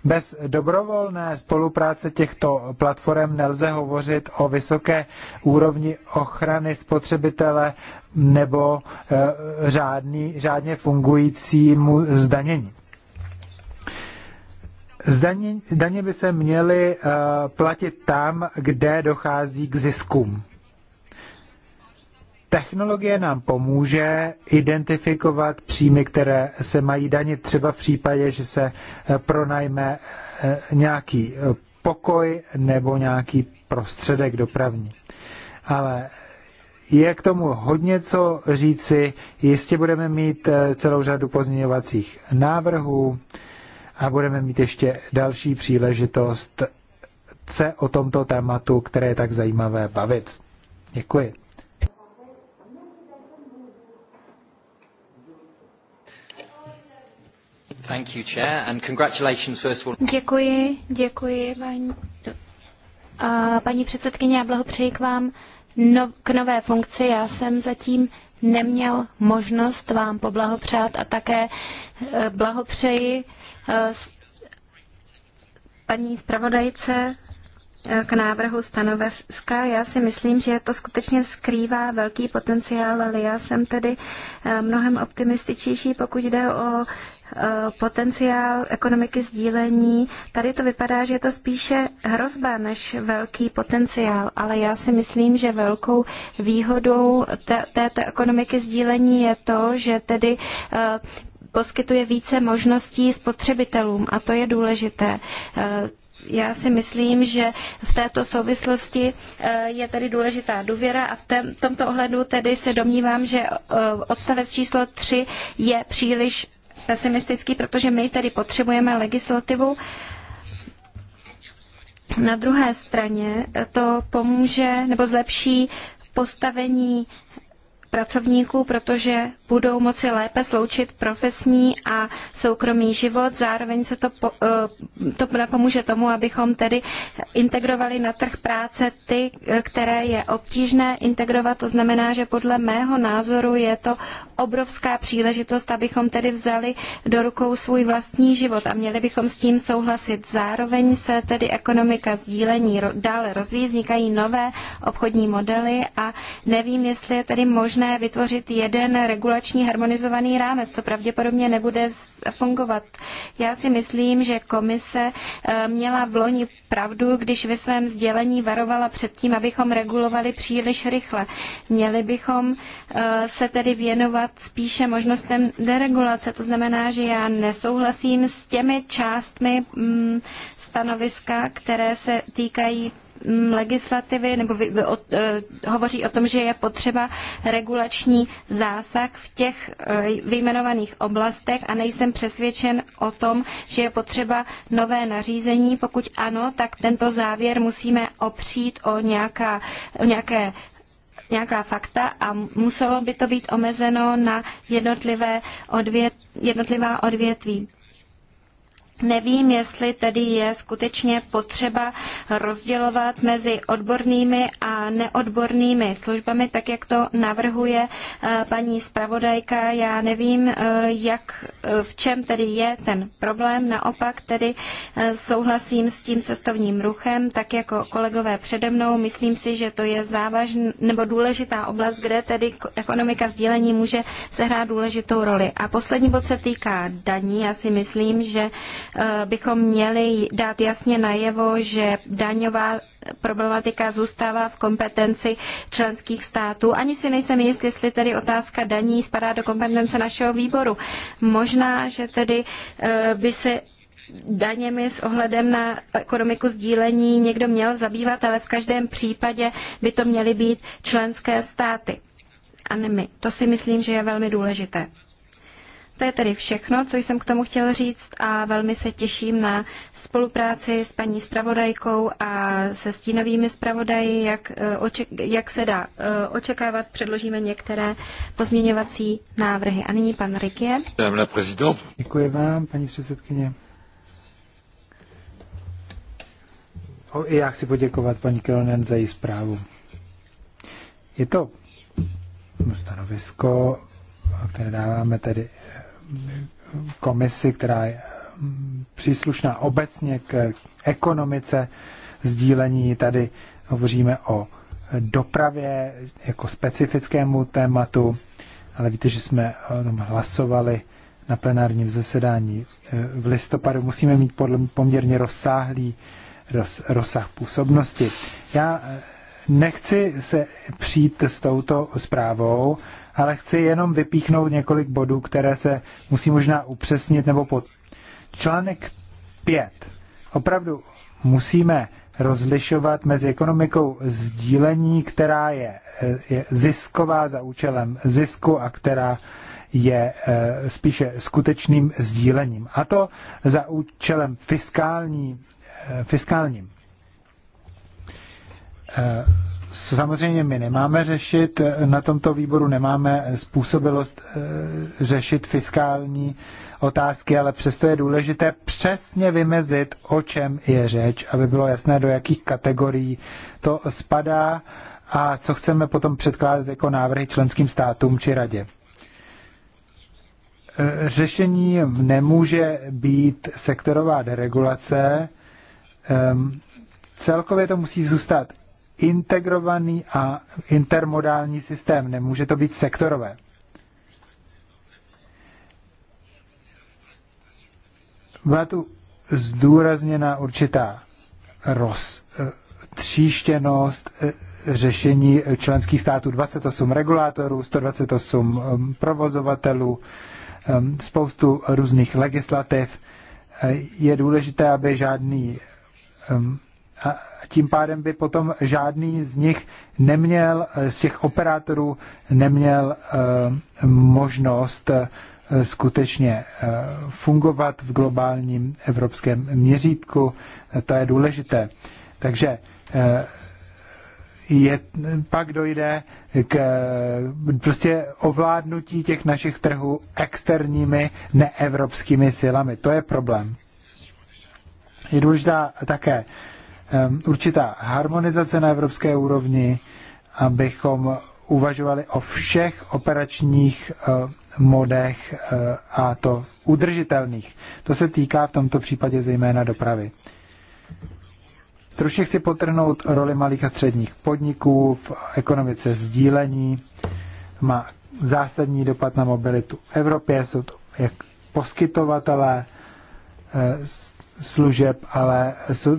Bez dobrovolné spolupráce těchto platform nelze hovořit o vysoké úrovni ochrany spotřebitele nebo eh, řádný, řádně fungujícímu zdanění. Zdaně, daně by se měly eh, platit tam, kde dochází k ziskům. Technologie nám pomůže identifikovat příjmy, které se mají danit třeba v případě, že se eh, pronajme eh, nějaký eh, pokoj nebo nějaký prostředek dopravní. Ale je k tomu hodně co říci. Jistě budeme mít celou řadu pozměňovacích návrhů a budeme mít ještě další příležitost se o tomto tématu, které je tak zajímavé, bavit. Děkuji. Thank you, Chair, and congratulations first of all. Děkuji, děkuji, paní, a paní předsedkyně, a blahopřeji k vám no, k nové funkci. Já jsem zatím neměl možnost vám poblahopřát a také eh, blahopřeji eh, paní zpravodajce eh, k návrhu stanoviska. Já si myslím, že to skutečně skrývá velký potenciál, ale já jsem tedy mnohem optimističtější, pokud jde o Eh, potenciál ekonomiky sdílení. Tady to vypadá, že je to spíše hrozba než velký potenciál, ale já si myslím, že velkou výhodou této ekonomiky sdílení je to, že tedy eh, poskytuje více možností spotřebitelům a to je důležité. Eh, já si myslím, že v této souvislosti je tedy důležitá důvěra a v tomto ohledu tedy se domnívám, že odstavec číslo 3 je příliš pesimistický, protože my tedy potřebujeme legislativu. Na druhé straně to pomůže nebo zlepší postavení pracovníků, protože budou moci lépe sloučit profesní a soukromý život. Zároveň se to, po, eh, to pomůže tomu, abychom tedy integrovali na trh práce ty, které je obtížné integrovat. To znamená, že podle mého názoru je to obrovská příležitost, abychom tedy vzali do rukou svůj vlastní život a měli bychom s tím souhlasit. Zároveň se tedy ekonomika sdílení dále rozvíjí, vznikají nové obchodní modely a nevím, jestli je tedy možné možné vytvořit jeden regulační harmonizovaný rámec. To pravděpodobně nebude fungovat. Já si myslím, že komise eh, měla v loni pravdu, když ve svém sdělení varovala před tím, abychom regulovali příliš rychle. Měli bychom eh, se tedy věnovat spíše možnostem deregulace. To znamená, že já nesouhlasím s těmi částmi mm, stanoviska, které se týkají Mm, legislativy nebo e, hovoří o tom, že je potřeba regulační zásah v těch e, vyjmenovaných oblastech a nejsem přesvědčen o tom, že je potřeba nové nařízení. Pokud ano, tak tento závěr musíme opřít o, nějaká, o nějaké nějaká fakta a muselo by to být omezeno na jednotlivé odvět, jednotlivá odvětví. Nevím, jestli tedy je skutečně potřeba rozdělovat mezi odbornými a neodbornými službami, tak jak to navrhuje eh, paní zpravodajka. Já nevím, eh, jak, eh, v čem tedy je ten problém. Naopak tedy souhlasím s tím cestovním ruchem, tak jako kolegové přede mnou. Myslím si, že to je závažný nebo důležitá oblast, kde tedy ekonomika sdílení může sehrát důležitou roli. A poslední bod se týká daní. Já si myslím, že Eh, bychom měli dát jasně najevo, že daňová problematika zůstává v kompetenci členských států. Ani si nejsem jist, jestli tedy otázka daní spadá do kompetence našeho výboru. Možná, že tedy eh, by se daněmi s ohledem na ekonomiku sdílení někdo měl zabývat, ale v každém případě by to měly být členské státy. A ne my. To si myslím, že je velmi důležité. To je tedy všechno, co jsem k tomu chtěl říct a velmi se těším na spolupráci s paní spravodajkou a se stínovými spravodají, jak, eh, jak se dá eh, očekávat, předložíme některé pozměňovací návrhy. A nyní pan Rikie. Děkuji vám, paní předsedkyně. I já chci poděkovat paní Kronen za její zprávu. Je to stanovisko, které dáváme tedy eh, komisi, která je mm, příslušná obecně k ekonomice sdílení. Tady hovoříme o dopravě jako specifickému tématu, ale víte, že jsme o eh, tom hlasovali na plenárním zasedání eh, v listopadu. Musíme mít podle mě poměrně rozsáhlý roz, rozsah působnosti. Já eh, nechci se přijít s touto zprávou ale chci jenom vypíchnout několik bodů, které se musí možná upřesnit nebo pod. Článek 5. Opravdu musíme rozlišovat mezi ekonomikou sdílení, která je, eh, je zisková za účelem zisku a která je eh, spíše skutečným sdílením. A to za účelem fiskální, eh, fiskálním samozřejmě my nemáme řešit, na tomto výboru nemáme způsobilost eh, řešit fiskální otázky, ale přesto je důležité přesně vymezit, o čem je řeč, aby bylo jasné, do jakých kategorií to spadá a co chceme potom předkládat jako návrhy členským státům či radě. Eh, řešení nemůže být sektorová deregulace, ehm, celkově to musí zůstat integrovaný a intermodální systém, nemůže to být sektorové. Byla tu zdůrazněna určitá roztříštěnost eh, eh, řešení členských států 28 regulátorů, 128 ehm, provozovatelů, ehm, spoustu různých legislativ. Eh, je důležité, aby žádný ehm, a tím pádem by potom žádný z nich neměl, z těch operátorů neměl eh, možnost eh, skutečně eh, fungovat v globálním evropském měřítku. To je důležité. Takže je, pak dojde k prostě ovládnutí těch našich trhů externími neevropskými silami. To je problém. Je důležitá také určitá harmonizace na evropské úrovni, abychom uvažovali o všech operačních eh, modech eh, a to udržitelných. To se týká v tomto případě zejména dopravy. Stručně chci potrhnout roli malých a středních podniků v ekonomice sdílení. Má zásadní dopad na mobilitu v Evropě. Jsou to jak poskytovatelé eh, služeb, ale jsou,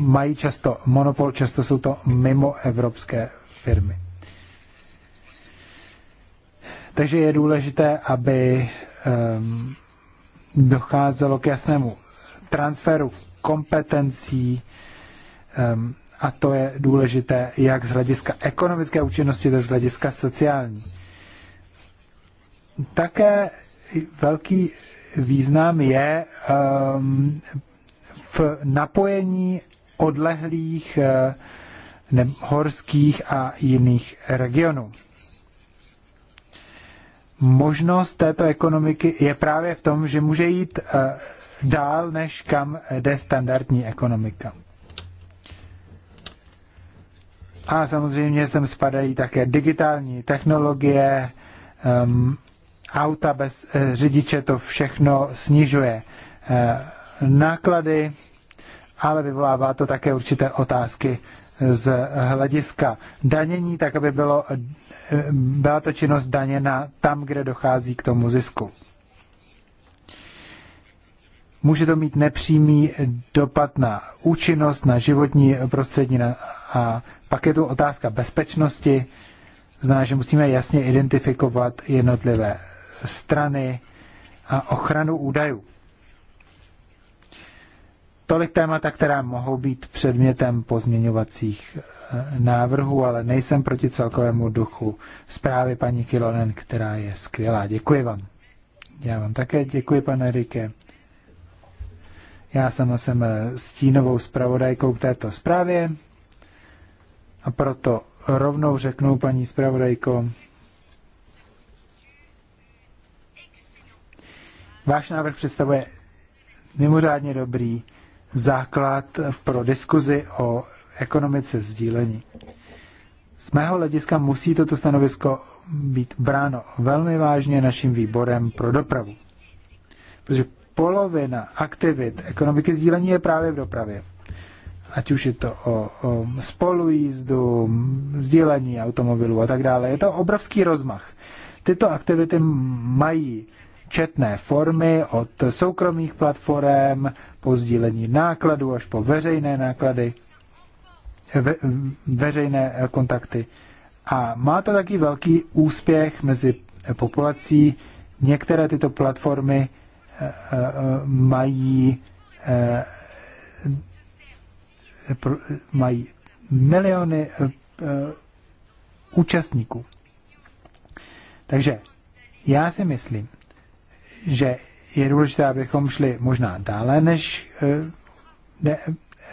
mají často monopol, často jsou to mimo evropské firmy. Takže je důležité, aby um, docházelo k jasnému transferu kompetencí um, a to je důležité jak z hlediska ekonomické účinnosti, tak z hlediska sociální. Také velký význam je um, v napojení odlehlých eh, ne, horských a jiných regionů. Možnost této ekonomiky je právě v tom, že může jít eh, dál, než kam jde standardní ekonomika. A samozřejmě sem spadají také digitální technologie, um, auta bez eh, řidiče, to všechno snižuje náklady, ale vyvolává to také určité otázky z hlediska danění, tak aby bylo, byla to činnost daněna tam, kde dochází k tomu zisku. Může to mít nepřímý dopad na účinnost, na životní prostředí na, a pak je tu otázka bezpečnosti. Znamená, že musíme jasně identifikovat jednotlivé strany a ochranu údajů tolik témata, která mohou být předmětem pozměňovacích eh, návrhů, ale nejsem proti celkovému duchu zprávy paní Kilonen, která je skvělá. Děkuji vám. Já vám také děkuji, pane Rike. Já sama jsem eh, stínovou zpravodajkou k této zprávě a proto rovnou řeknu, paní zpravodajko, váš návrh představuje mimořádně dobrý základ pro diskuzi o ekonomice sdílení. Z mého hlediska musí toto stanovisko být bráno velmi vážně naším výborem pro dopravu. Protože polovina aktivit ekonomiky sdílení je právě v dopravě. Ať už je to o, o spolujízdu, sdílení automobilů a tak dále. Je to obrovský rozmach. Tyto aktivity mají četné formy, od soukromých platform, po sdílení nákladů až po veřejné náklady, ve, veřejné kontakty. A má to taky velký úspěch mezi populací. Některé tyto platformy eh, eh, mají, eh, mají miliony účastníků. Takže já si myslím, že je důležité, abychom šli možná dále než eh, ne,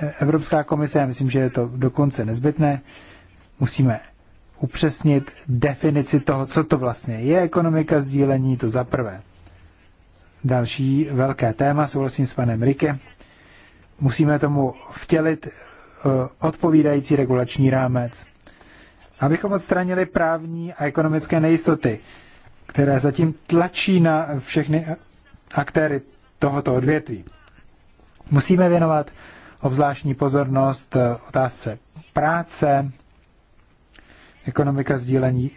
eh, Evropská komise. Já myslím, že je to dokonce nezbytné. Musíme upřesnit definici toho, co to vlastně je ekonomika sdílení, to za prvé. Další velké téma, souhlasím s panem Rike, musíme tomu vtělit eh, odpovídající regulační rámec, abychom odstranili právní a ekonomické nejistoty které zatím tlačí na všechny aktéry tohoto odvětví. Musíme věnovat obzvláštní pozornost eh, otázce práce. Ekonomika sdílení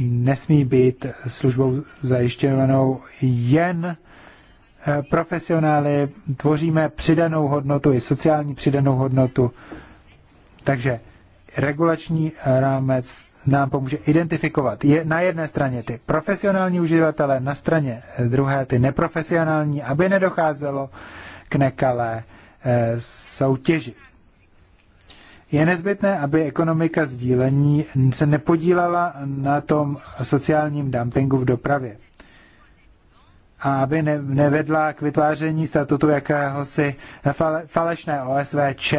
nesmí být službou zajištěnou jen eh, profesionály, tvoříme přidanou hodnotu i sociální přidanou hodnotu. Takže regulační eh, rámec nám pomůže identifikovat je na jedné straně ty profesionální uživatele, na straně eh, druhé ty neprofesionální, aby nedocházelo k nekalé e, soutěži. Je nezbytné, aby ekonomika sdílení se nepodílela na tom sociálním dumpingu v dopravě a aby ne, nevedla k vytváření statutu jakéhosi fale, falešné OSVČ,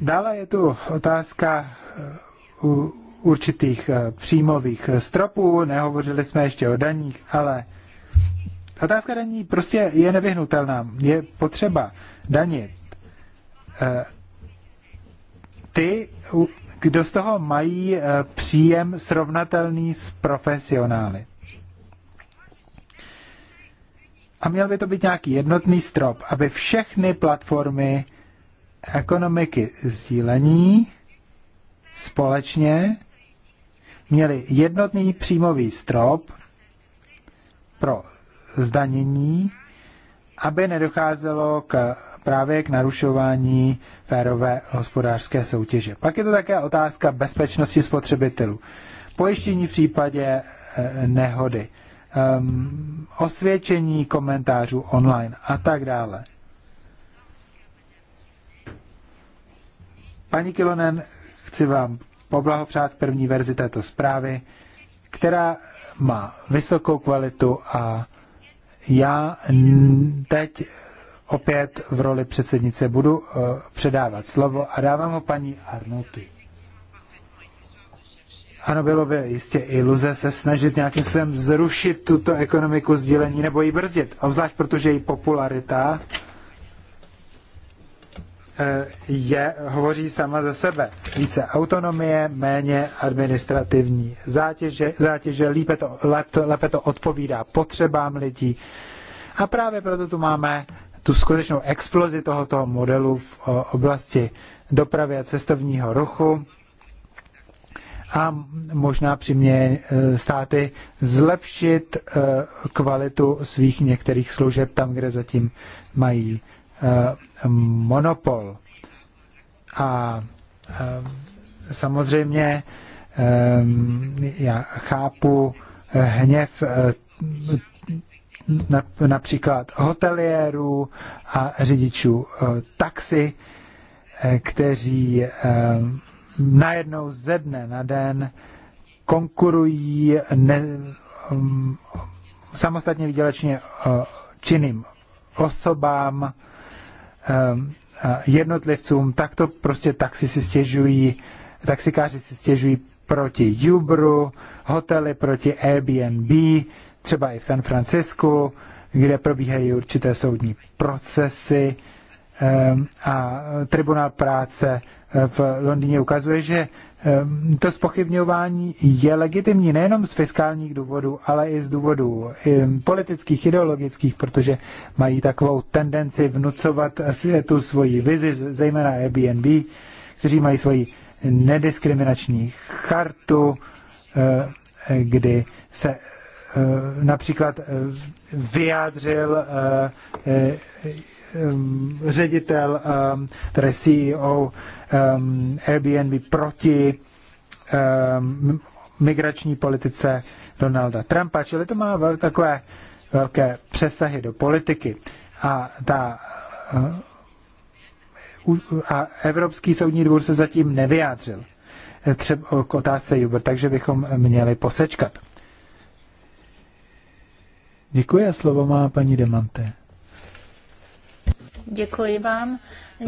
Dále je tu otázka eh, určitých eh, příjmových eh, stropů, nehovořili jsme ještě o daních, ale otázka daní prostě je nevyhnutelná. Je potřeba danit ty, kdo z toho mají příjem srovnatelný s profesionály. A měl by to být nějaký jednotný strop, aby všechny platformy ekonomiky sdílení společně měli jednotný příjmový strop pro zdanění, aby nedocházelo k, právě k narušování férové hospodářské soutěže. Pak je to také otázka bezpečnosti spotřebitelů. Pojištění v případě eh, nehody, um, osvědčení komentářů online a tak dále. Paní Kilonen, chci vám poblahopřát v první verzi této zprávy, která má vysokou kvalitu a já teď opět v roli předsednice budu eh, předávat slovo a dávám ho paní Arnouty. Ano, bylo by jistě iluze se snažit nějakým způsobem zrušit tuto ekonomiku sdílení nebo ji brzdit, obzvlášť protože její popularita Eh, je, hovoří sama za sebe. Více autonomie, méně administrativní zátěže, zátěže lépe, to, lépe, lépe to odpovídá potřebám lidí. A právě proto tu máme tu skutečnou explozi tohoto modelu v oblasti dopravy a cestovního ruchu a možná přiměje eh, státy zlepšit eh, kvalitu svých některých služeb tam, kde zatím mají monopol. A eh, samozřejmě eh, já chápu hněv eh, například hoteliérů a řidičů taxi, kteří najednou ze dne na den konkurují ne, mm, samostatně výdělečně činným osobám, Ehm, jednotlivcům, tak to prostě taxi si stěžují, taxikáři si stěžují proti Uberu, hotely proti Airbnb, třeba i v San Francisku, kde probíhají určité soudní procesy ehm, a tribunál práce v Londýně ukazuje, že to spochybňování je legitimní nejenom z fiskálních důvodů, ale i z důvodů politických, ideologických, protože mají takovou tendenci vnucovat světu svoji vizi, zejména Airbnb, kteří mají svoji nediskriminační chartu, eh, kdy se eh, například eh, vyjádřil Ehm, ředitel, ehm, tedy CEO ehm, Airbnb proti migrační politice Donalda Trumpa, čili to má takové velké přesahy do politiky. A ta eh, a Evropský soudní dvůr se zatím nevyjádřil eh, třeba k otázce Uber, takže bychom měli posečkat. Děkuji a slovo má paní Demante. Děkuji vám,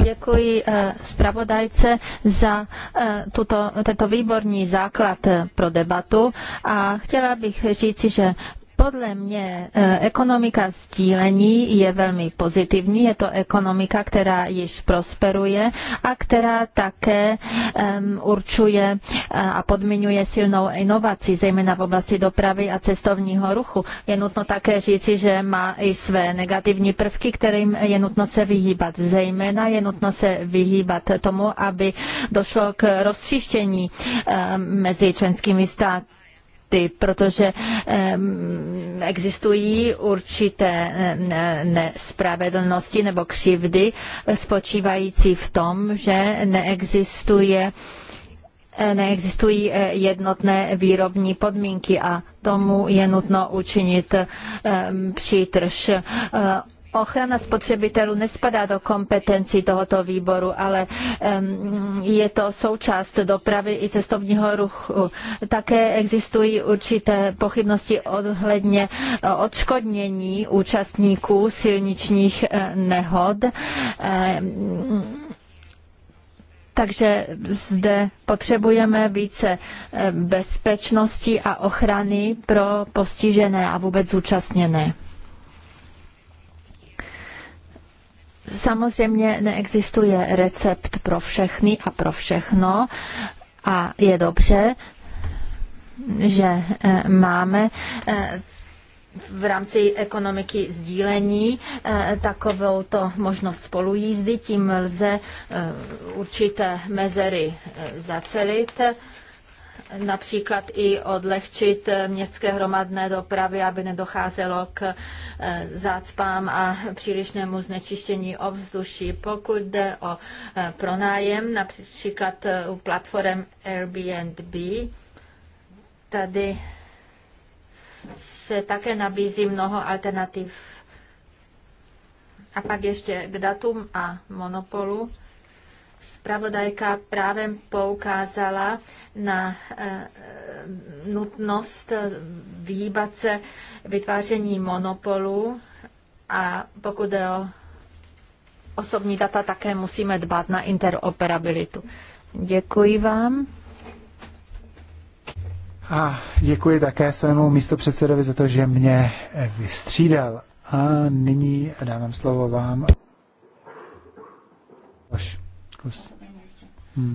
děkuji eh, zpravodajce za eh, tuto, tento výborný základ eh, pro debatu a chtěla bych říci, že podle mě eh, ekonomika sdílení je velmi pozitivní. Je to ekonomika, která již prosperuje a která také určuje eh, a podmiňuje silnou inovaci, zejména v oblasti dopravy a cestovního ruchu. Je nutno také říci, že má i své negativní prvky, kterým je nutno se vyhýbat. Zejména je nutno se vyhýbat tomu, aby došlo k rozčištění eh, mezi členskými státy ty, protože existují určité nespravedlnosti nebo křivdy spočívající v tom, že neexistuje eh, neexistují eh, jednotné výrobní podmínky a tomu je nutno učinit přítrž. Eh, Ochrana spotřebitelů nespadá do kompetencí tohoto výboru, ale je to součást dopravy i cestovního ruchu. Také existují určité pochybnosti ohledně odškodnění účastníků silničních eh, nehod. Takže zde potřebujeme více eh, bezpečnosti a ochrany pro postižené a vůbec zúčastněné. Samozřejmě neexistuje recept pro všechny a pro všechno a je dobře, že eh, máme eh, v rámci ekonomiky sdílení eh, takovou to možnost spolujízdy, tím lze určité mezery zacelit například i odlehčit městské hromadné dopravy, aby nedocházelo k eh, zácpám a přílišnému znečištění ovzduší. Pokud jde o eh, pronájem, například eh, u platform Airbnb, tady se také nabízí mnoho alternativ. A pak ještě k datum a monopolu. Spravodajka právě poukázala na eh, nutnost eh, vyhýbat se vytváření monopolu a pokud je o osobní data, také musíme dbát na interoperabilitu. Děkuji vám. A děkuji také svému místopředsedovi za to, že mě eh, vystřídal. A nyní dávám slovo vám. Už zkusit.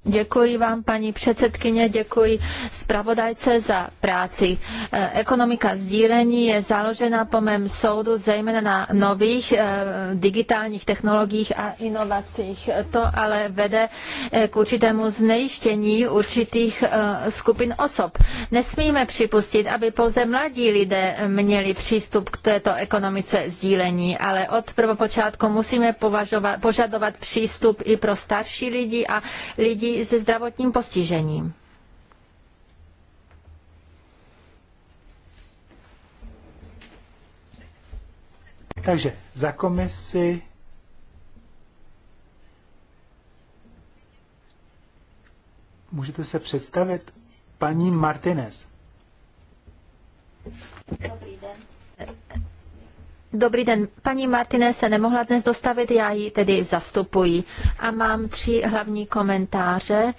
Děkuji vám, paní předsedkyně, děkuji zpravodajce za práci. Eh, ekonomika sdílení je založena po mém soudu zejména na nových eh, digitálních technologiích a inovacích. To ale vede eh, k určitému znejištění určitých skupin osob. Nesmíme připustit, aby pouze mladí lidé měli přístup k této ekonomice sdílení, ale od prvopočátku musíme požadovat přístup i pro starší lidi a lidi, lidí se zdravotním postižením. Takže za komisi můžete se představit paní Martinez. Dobrý Dobrý den, paní Martine se nemohla dnes dostavit, já ji tedy zastupuji. A mám tři hlavní komentáře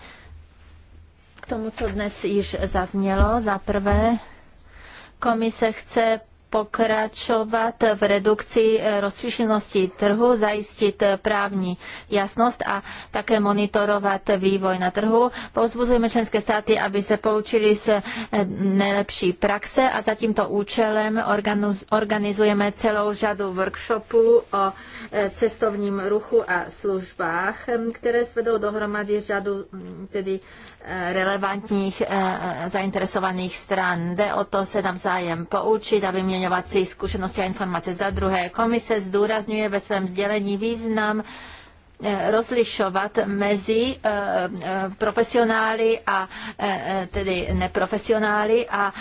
k tomu, co dnes již zaznělo. Za prvé, komise chce pokračovat v redukci eh, rozšířenosti trhu, zajistit eh, právní jasnost a také monitorovat vývoj na trhu. Povzbuzujeme členské státy, aby se poučili z eh, nejlepší praxe a za tímto účelem organizujeme celou řadu workshopů o cestovním ruchu a službách, které svedou dohromady řadu mm, tedy relevantních zainteresovaných stran. Jde o to se zájem poučit, aby mě vyměňovat si zkušenosti a informace. Za druhé, komise zdůrazňuje ve svém sdělení význam Eh, rozlišovat mezi eh, eh, profesionály a tedy neprofesionály a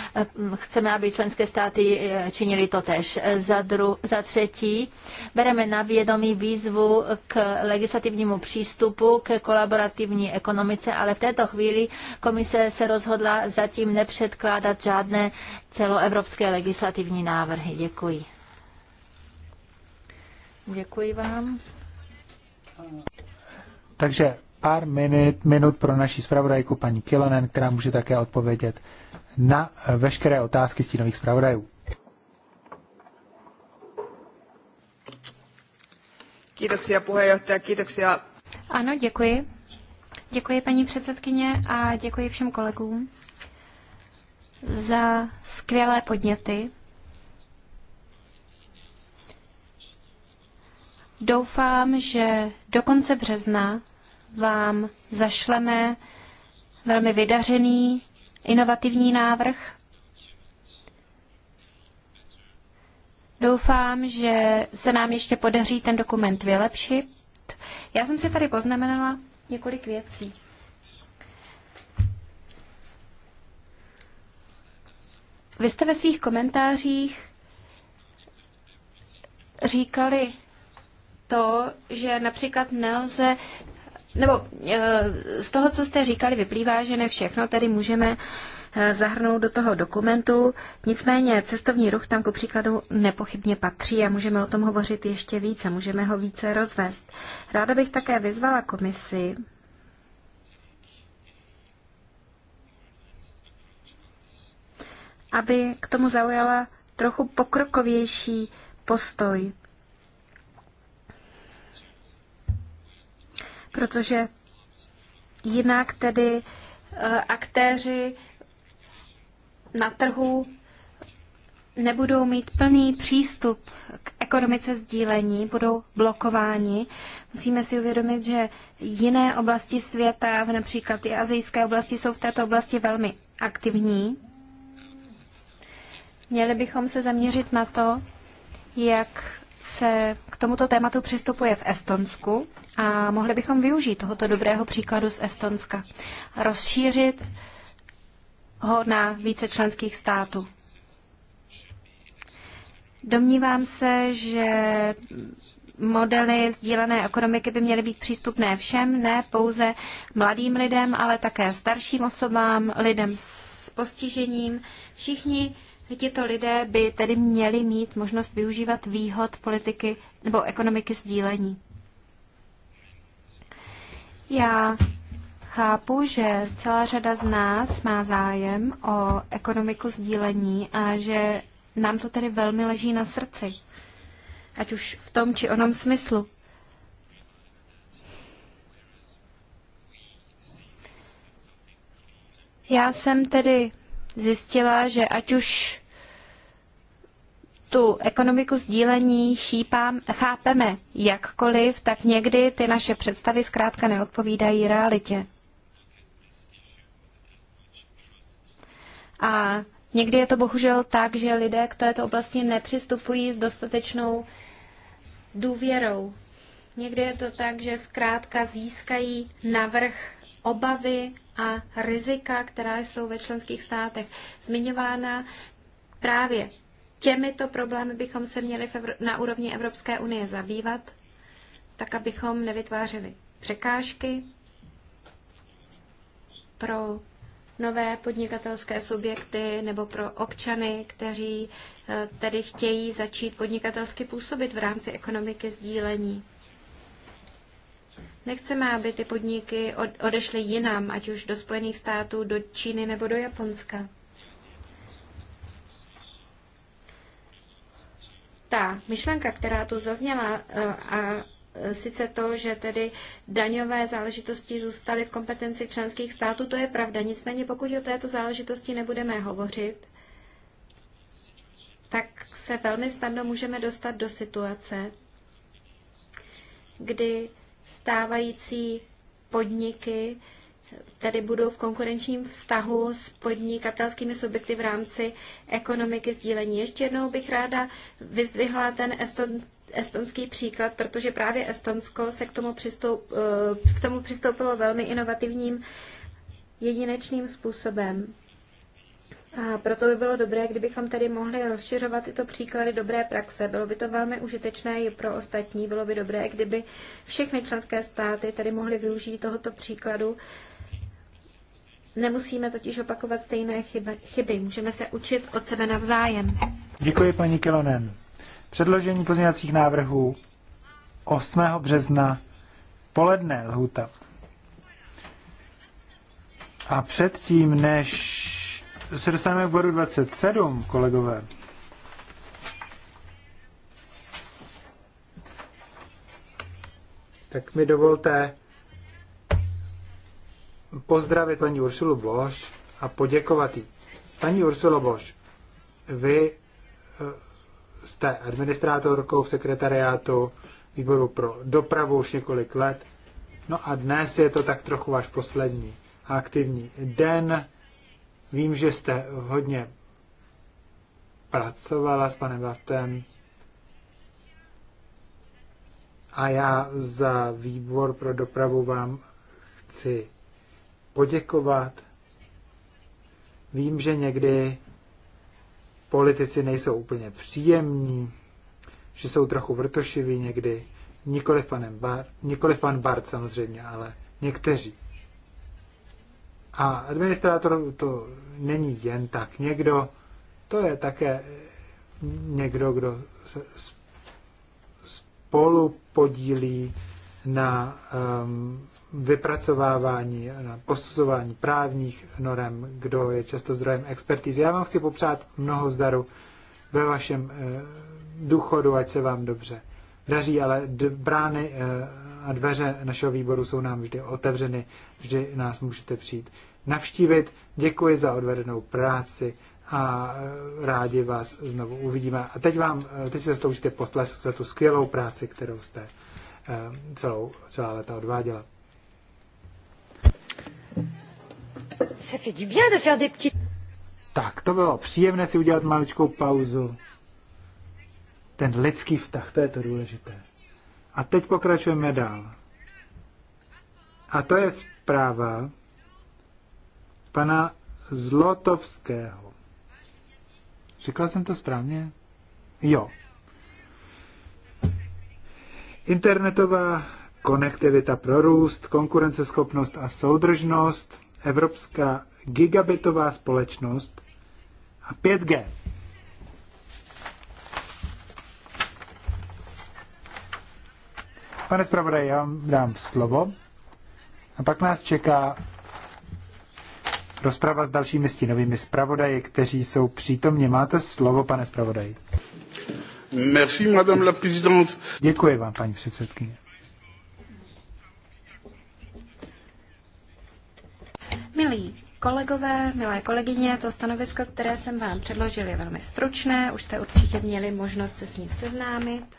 chceme, aby členské státy činili to tež. Za, dru, za třetí, bereme na vědomí výzvu k legislativnímu přístupu, k kolaborativní ekonomice, ale v této chvíli komise se rozhodla zatím nepředkládat žádné celoevropské legislativní návrhy. Děkuji. Děkuji vám. Takže pár minut, minut pro naší zpravodajku paní Kilonen, která může také odpovědět na veškeré otázky stínových zpravodajů. Kiitoksia puheenjohtaja, Ano, děkuji. Děkuji paní předsedkyně a děkuji všem kolegům za skvělé podněty. Doufám, že do konce března vám zašleme velmi vydařený, inovativní návrh. Doufám, že se nám ještě podaří ten dokument vylepšit. Já jsem si tady poznamenala několik věcí. Vy jste ve svých komentářích říkali to, že například nelze nebo e, z toho, co jste říkali, vyplývá, že ne všechno tedy můžeme e, zahrnout do toho dokumentu. Nicméně cestovní ruch tam ku příkladu nepochybně patří a můžeme o tom hovořit ještě více, můžeme ho více rozvést. Ráda bych také vyzvala komisi, aby k tomu zaujala trochu pokrokovější postoj. protože jinak tedy eh, aktéři na trhu nebudou mít plný přístup k ekonomice sdílení, budou blokováni. Musíme si uvědomit, že jiné oblasti světa, například i azijské oblasti, jsou v této oblasti velmi aktivní. Měli bychom se zaměřit na to, jak se k tomuto tématu přistupuje v Estonsku a mohli bychom využít tohoto dobrého příkladu z Estonska. Rozšířit ho na více členských států. Domnívám se, že modely sdílené ekonomiky by měly být přístupné všem, ne pouze mladým lidem, ale také starším osobám, lidem s postižením. Všichni Tito lidé by tedy měli mít možnost využívat výhod politiky nebo ekonomiky sdílení. Já chápu, že celá řada z nás má zájem o ekonomiku sdílení a že nám to tedy velmi leží na srdci, ať už v tom či onom smyslu. Já jsem tedy zjistila, že ať už tu ekonomiku sdílení chýpám, chápeme jakkoliv, tak někdy ty naše představy zkrátka neodpovídají realitě. A někdy je to bohužel tak, že lidé k této oblasti nepřistupují s dostatečnou důvěrou. Někdy je to tak, že zkrátka získají navrh obavy a rizika, která jsou ve členských státech zmiňována právě těmito problémy bychom se měli na úrovni Evropské unie zabývat, tak abychom nevytvářeli překážky pro nové podnikatelské subjekty nebo pro občany, kteří eh, tedy chtějí začít podnikatelsky působit v rámci ekonomiky sdílení. Nechceme, aby ty podniky odešly jinam, ať už do Spojených států, do Číny nebo do Japonska. Ta myšlenka, která tu zazněla, e, a e, sice to, že tedy daňové záležitosti zůstaly v kompetenci členských států, to je pravda. Nicméně pokud o této záležitosti nebudeme hovořit, tak se velmi snadno můžeme dostat do situace, kdy stávající podniky tedy budou v konkurenčním vztahu s podnikatelskými subjekty v rámci ekonomiky sdílení. Ještě jednou bych ráda vyzdvihla ten eston, estonský příklad, protože právě Estonsko se k tomu, přistoup, eh, k tomu přistoupilo velmi inovativním jedinečným způsobem. A proto by bylo dobré, kdybychom tady mohli rozšiřovat tyto příklady dobré praxe. Bylo by to velmi užitečné i pro ostatní. Bylo by dobré, kdyby všechny členské státy tady mohly využít tohoto příkladu. Nemusíme totiž opakovat stejné chyby. chyby. Můžeme se učit od sebe navzájem. Děkuji, paní Kilonen. Předložení pozměňovacích návrhů 8. března v poledne lhuta. A předtím, než se dostaneme k bodu 27, kolegové. Tak mi dovolte pozdravit paní Ursulu Boš a poděkovat jí. Paní Ursulo Boš, vy eh, jste administrátorkou v sekretariátu výboru pro dopravu už několik let. No a dnes je to tak trochu váš poslední aktivní den Vím, že jste hodně pracovala s panem Bartem a já za výbor pro dopravu vám chci poděkovat. Vím, že někdy politici nejsou úplně příjemní, že jsou trochu vrtošiví někdy. Nikoliv, panem Bar, nikoliv pan Bart samozřejmě, ale někteří. A administrátor to není jen tak někdo, to je také někdo, kdo se spolu podílí na um, vypracovávání, na posuzování právních norem, kdo je často zdrojem expertízy. Já vám chci popřát mnoho zdaru ve vašem e, důchodu, ať se vám dobře daří, ale d- brány e, a dveře našeho výboru jsou nám vždy otevřeny, vždy nás můžete přijít navštívit. Děkuji za odvedenou práci a eh, rádi vás znovu uvidíme. A teď vám, eh, teď se zasloužíte potlesk za tu skvělou práci, kterou jste eh, celou, celá leta odváděla. Ça fait du bien de faire des petits... Tak, to bylo příjemné si udělat maličkou pauzu. Ten lidský vztah, to je to důležité. A teď pokračujeme dál. A to je zpráva pana Zlotovského. Řekla jsem to správně? Jo. Internetová konektivita pro růst, konkurenceschopnost a soudržnost, evropská gigabitová společnost a 5G. Pane zpravodaj, já vám dám slovo. A pak nás čeká rozprava s dalšími stínovými zpravodaji, kteří jsou přítomně. Máte slovo, pane zpravodaj. Merci, madame la présidente. Děkuji vám, paní předsedkyně. Milí kolegové, milé kolegyně, to stanovisko, které jsem vám předložil, je velmi stručné. Už jste určitě měli možnost se s ním seznámit.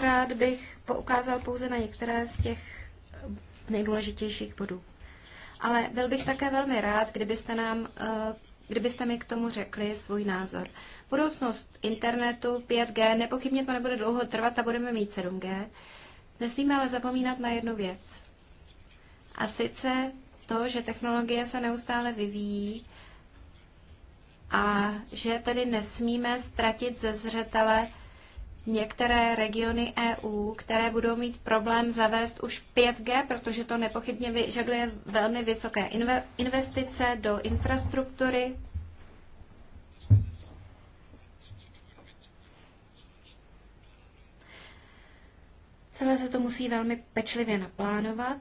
Rád bych poukázal pouze na některé z těch nejdůležitějších bodů. Ale byl bych také velmi rád, kdybyste nám eh, kdybyste mi k tomu řekli svůj názor. Budoucnost internetu 5G, nepochybně to nebude dlouho trvat a budeme mít 7G. Nesmíme ale zapomínat na jednu věc. A sice to, že technologie se neustále vyvíjí a že tedy nesmíme ztratit ze zřetele některé regiony EU, které budou mít problém zavést už 5G, protože to nepochybně vyžaduje velmi vysoké investice do infrastruktury. Celé se to musí velmi pečlivě naplánovat.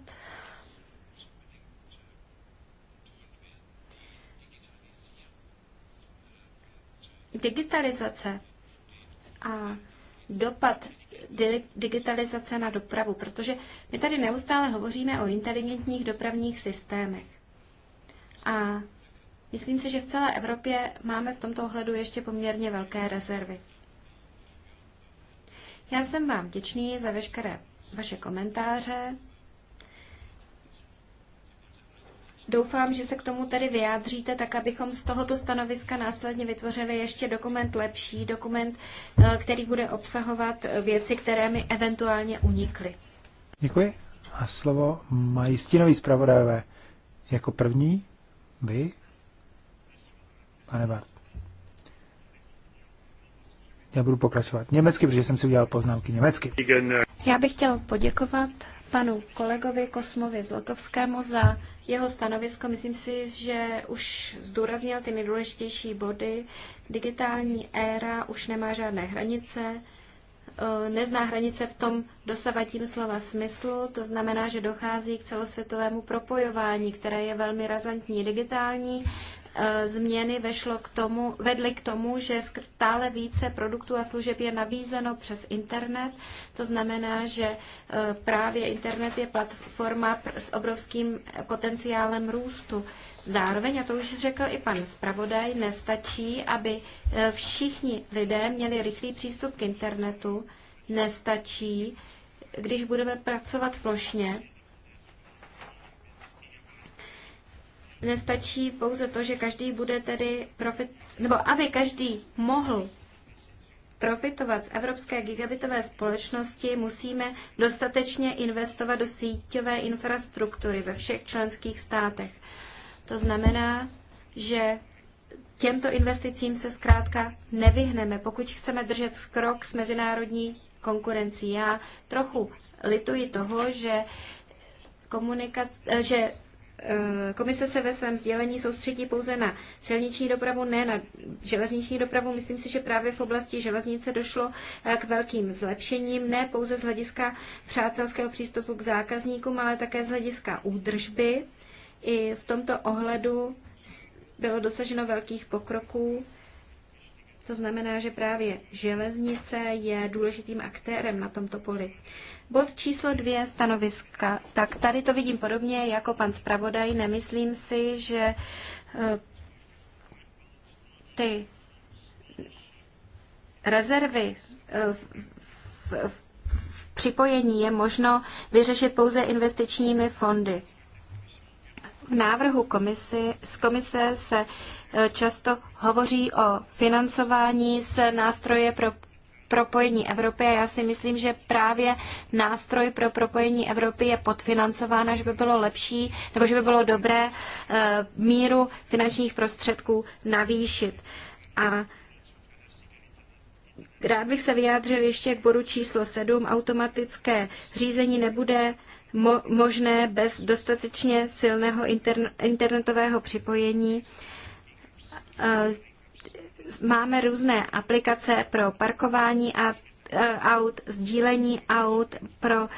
Digitalizace a dopad digitalizace na dopravu, protože my tady neustále hovoříme o inteligentních dopravních systémech. A myslím si, že v celé Evropě máme v tomto ohledu ještě poměrně velké rezervy. Já jsem vám vděčný za veškeré vaše komentáře, Doufám, že se k tomu tedy vyjádříte, tak abychom z tohoto stanoviska následně vytvořili ještě dokument lepší, dokument, eh, který bude obsahovat eh, věci, které mi eventuálně unikly. Děkuji. A slovo mají stínoví zpravodajové. Jako první vy, pane Bart. Já budu pokračovat německy, protože jsem si udělal poznámky německy. Eh, Já bych chtěl poděkovat panu kolegovi Kosmovi Zlotovskému za jeho stanovisko. Myslím si, že už zdůraznil ty nejdůležitější body. Digitální éra už nemá žádné hranice, e, nezná hranice v tom dosavadním slova smyslu, to znamená, že dochází k celosvětovému propojování, které je velmi razantní. Digitální E, změny vešlo k tomu, vedly k tomu, že stále více produktů a služeb je nabízeno přes internet. To znamená, že e, právě internet je platforma s obrovským potenciálem růstu. Zároveň, a to už řekl i pan zpravodaj, nestačí, aby e, všichni lidé měli rychlý přístup k internetu. Nestačí, když budeme pracovat plošně, nestačí pouze to, že každý bude tedy profit, nebo aby každý mohl profitovat z evropské gigabitové společnosti, musíme dostatečně investovat do síťové infrastruktury ve všech členských státech. To znamená, že těmto investicím se zkrátka nevyhneme, pokud chceme držet krok s mezinárodní konkurencí. Já trochu lituji toho, že komunikace, že Eh, komise se ve svém sdělení soustředí pouze na silniční dopravu, ne na železniční dopravu. Myslím si, že právě v oblasti železnice došlo eh, k velkým zlepšením, ne pouze z hlediska přátelského přístupu k zákazníkům, ale také z hlediska údržby. I v tomto ohledu bylo dosaženo velkých pokroků. To znamená, že právě železnice je důležitým aktérem na tomto poli. Bod číslo dvě stanoviska. Tak tady to vidím podobně jako pan zpravodaj. Nemyslím si, že eh, ty rezervy eh, v, v, v připojení je možno vyřešit pouze investičními fondy. V návrhu komisi, z komise se eh, často hovoří o financování z nástroje pro propojení Evropy a já si myslím, že právě nástroj pro propojení Evropy je podfinancován že by bylo lepší nebo že by bylo dobré eh, míru finančních prostředků navýšit. A Rád bych se vyjádřil ještě k bodu číslo 7. Automatické řízení nebude mo- možné bez dostatečně silného internetového připojení. Eh, máme různé aplikace pro parkování a e, aut, sdílení aut pro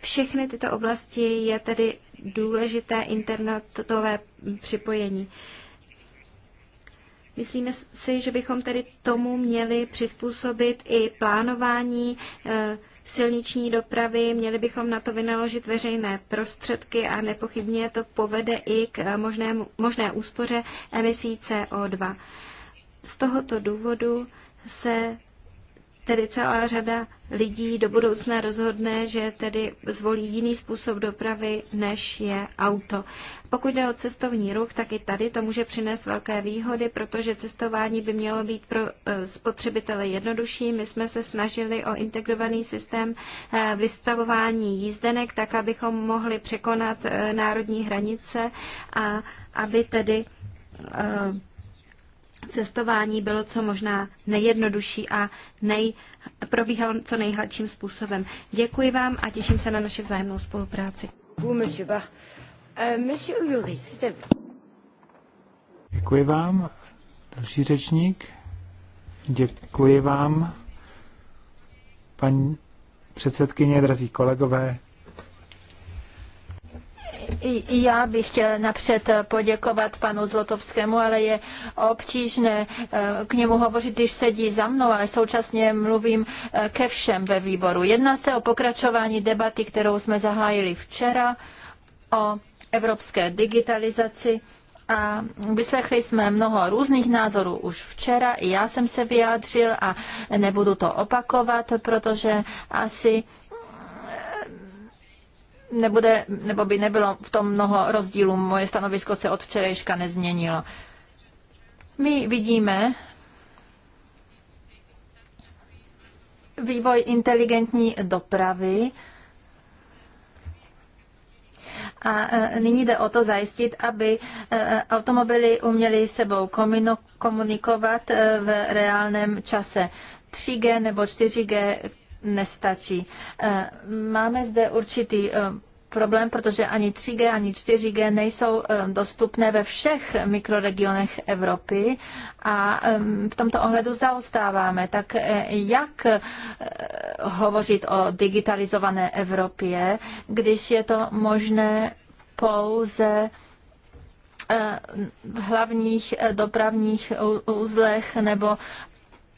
všechny tyto oblasti je tedy důležité internetové připojení. Myslíme si, že bychom tedy tomu měli přizpůsobit i plánování e, silniční dopravy, měli bychom na to vynaložit veřejné prostředky a nepochybně to povede i k e, možnému, možné úspoře emisí CO2. Z tohoto důvodu se tedy celá řada lidí do budoucna rozhodne, že tedy zvolí jiný způsob dopravy, než je auto. Pokud jde o cestovní ruch, tak i tady to může přinést velké výhody, protože cestování by mělo být pro eh, spotřebitele jednodušší. My jsme se snažili o integrovaný systém eh, vystavování jízdenek, tak abychom mohli překonat eh, národní hranice a aby tedy cestování bylo co možná nejjednodušší a nej, probíhalo co nejhladším způsobem. Děkuji vám a těším se na naši vzájemnou spolupráci. Euh, Děkuji vám. Další řečník. Děkuji vám, paní předsedkyně, drazí kolegové já bych chtěl napřed poděkovat panu Zlotovskému, ale je obtížné eh, k němu hovořit, když sedí za mnou, ale současně mluvím eh, ke všem ve výboru. Jedná se o pokračování debaty, kterou jsme zahájili včera o evropské digitalizaci. A vyslechli jsme mnoho různých názorů už včera, i já jsem se vyjádřil a nebudu to opakovat, protože asi nebude, nebo by nebylo v tom mnoho rozdílů. Moje stanovisko se od včerejška nezměnilo. My vidíme vývoj inteligentní dopravy a e, nyní jde o to zajistit, aby e, automobily uměly sebou komunikovat e, v reálném čase. 3G nebo 4G nestačí. Eh, máme zde určitý eh, problém, protože ani 3G, ani 4G nejsou eh, dostupné ve všech mikroregionech Evropy a v tomto ohledu zaostáváme. Tak jak hovořit o digitalizované Evropě, když je to možné pouze v hlavních dopravních uzlech nebo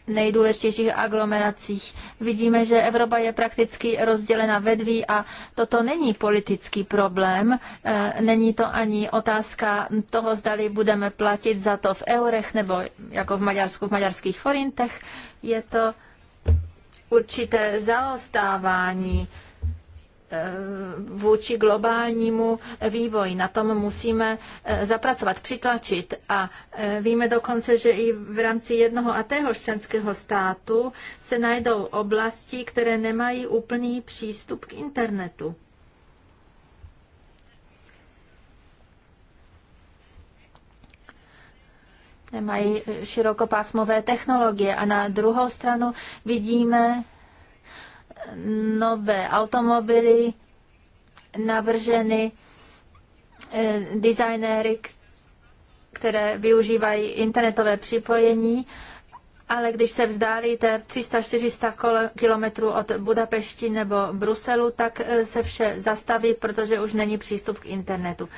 nejdůležitějších aglomeracích. Vidíme, že Evropa je prakticky rozdělena ve dví a toto není politický problém. E, není to ani otázka toho, zdali budeme platit za to v eurech nebo jako v Maďarsku v maďarských forintech. Je to určité zaostávání Eh, vůči globálnímu vývoji. Na tom musíme eh, zapracovat, přitlačit a eh, víme dokonce, že i v rámci jednoho a téhož členského státu se najdou oblasti, které nemají úplný přístup k internetu. Nemají širokopásmové technologie a na druhou stranu vidíme nové automobily navrženy eh, designéry, které využívají internetové připojení, ale když se vzdálíte 300-400 kilometrů od Budapešti nebo Bruselu, tak eh, se vše zastaví, protože už není přístup k internetu.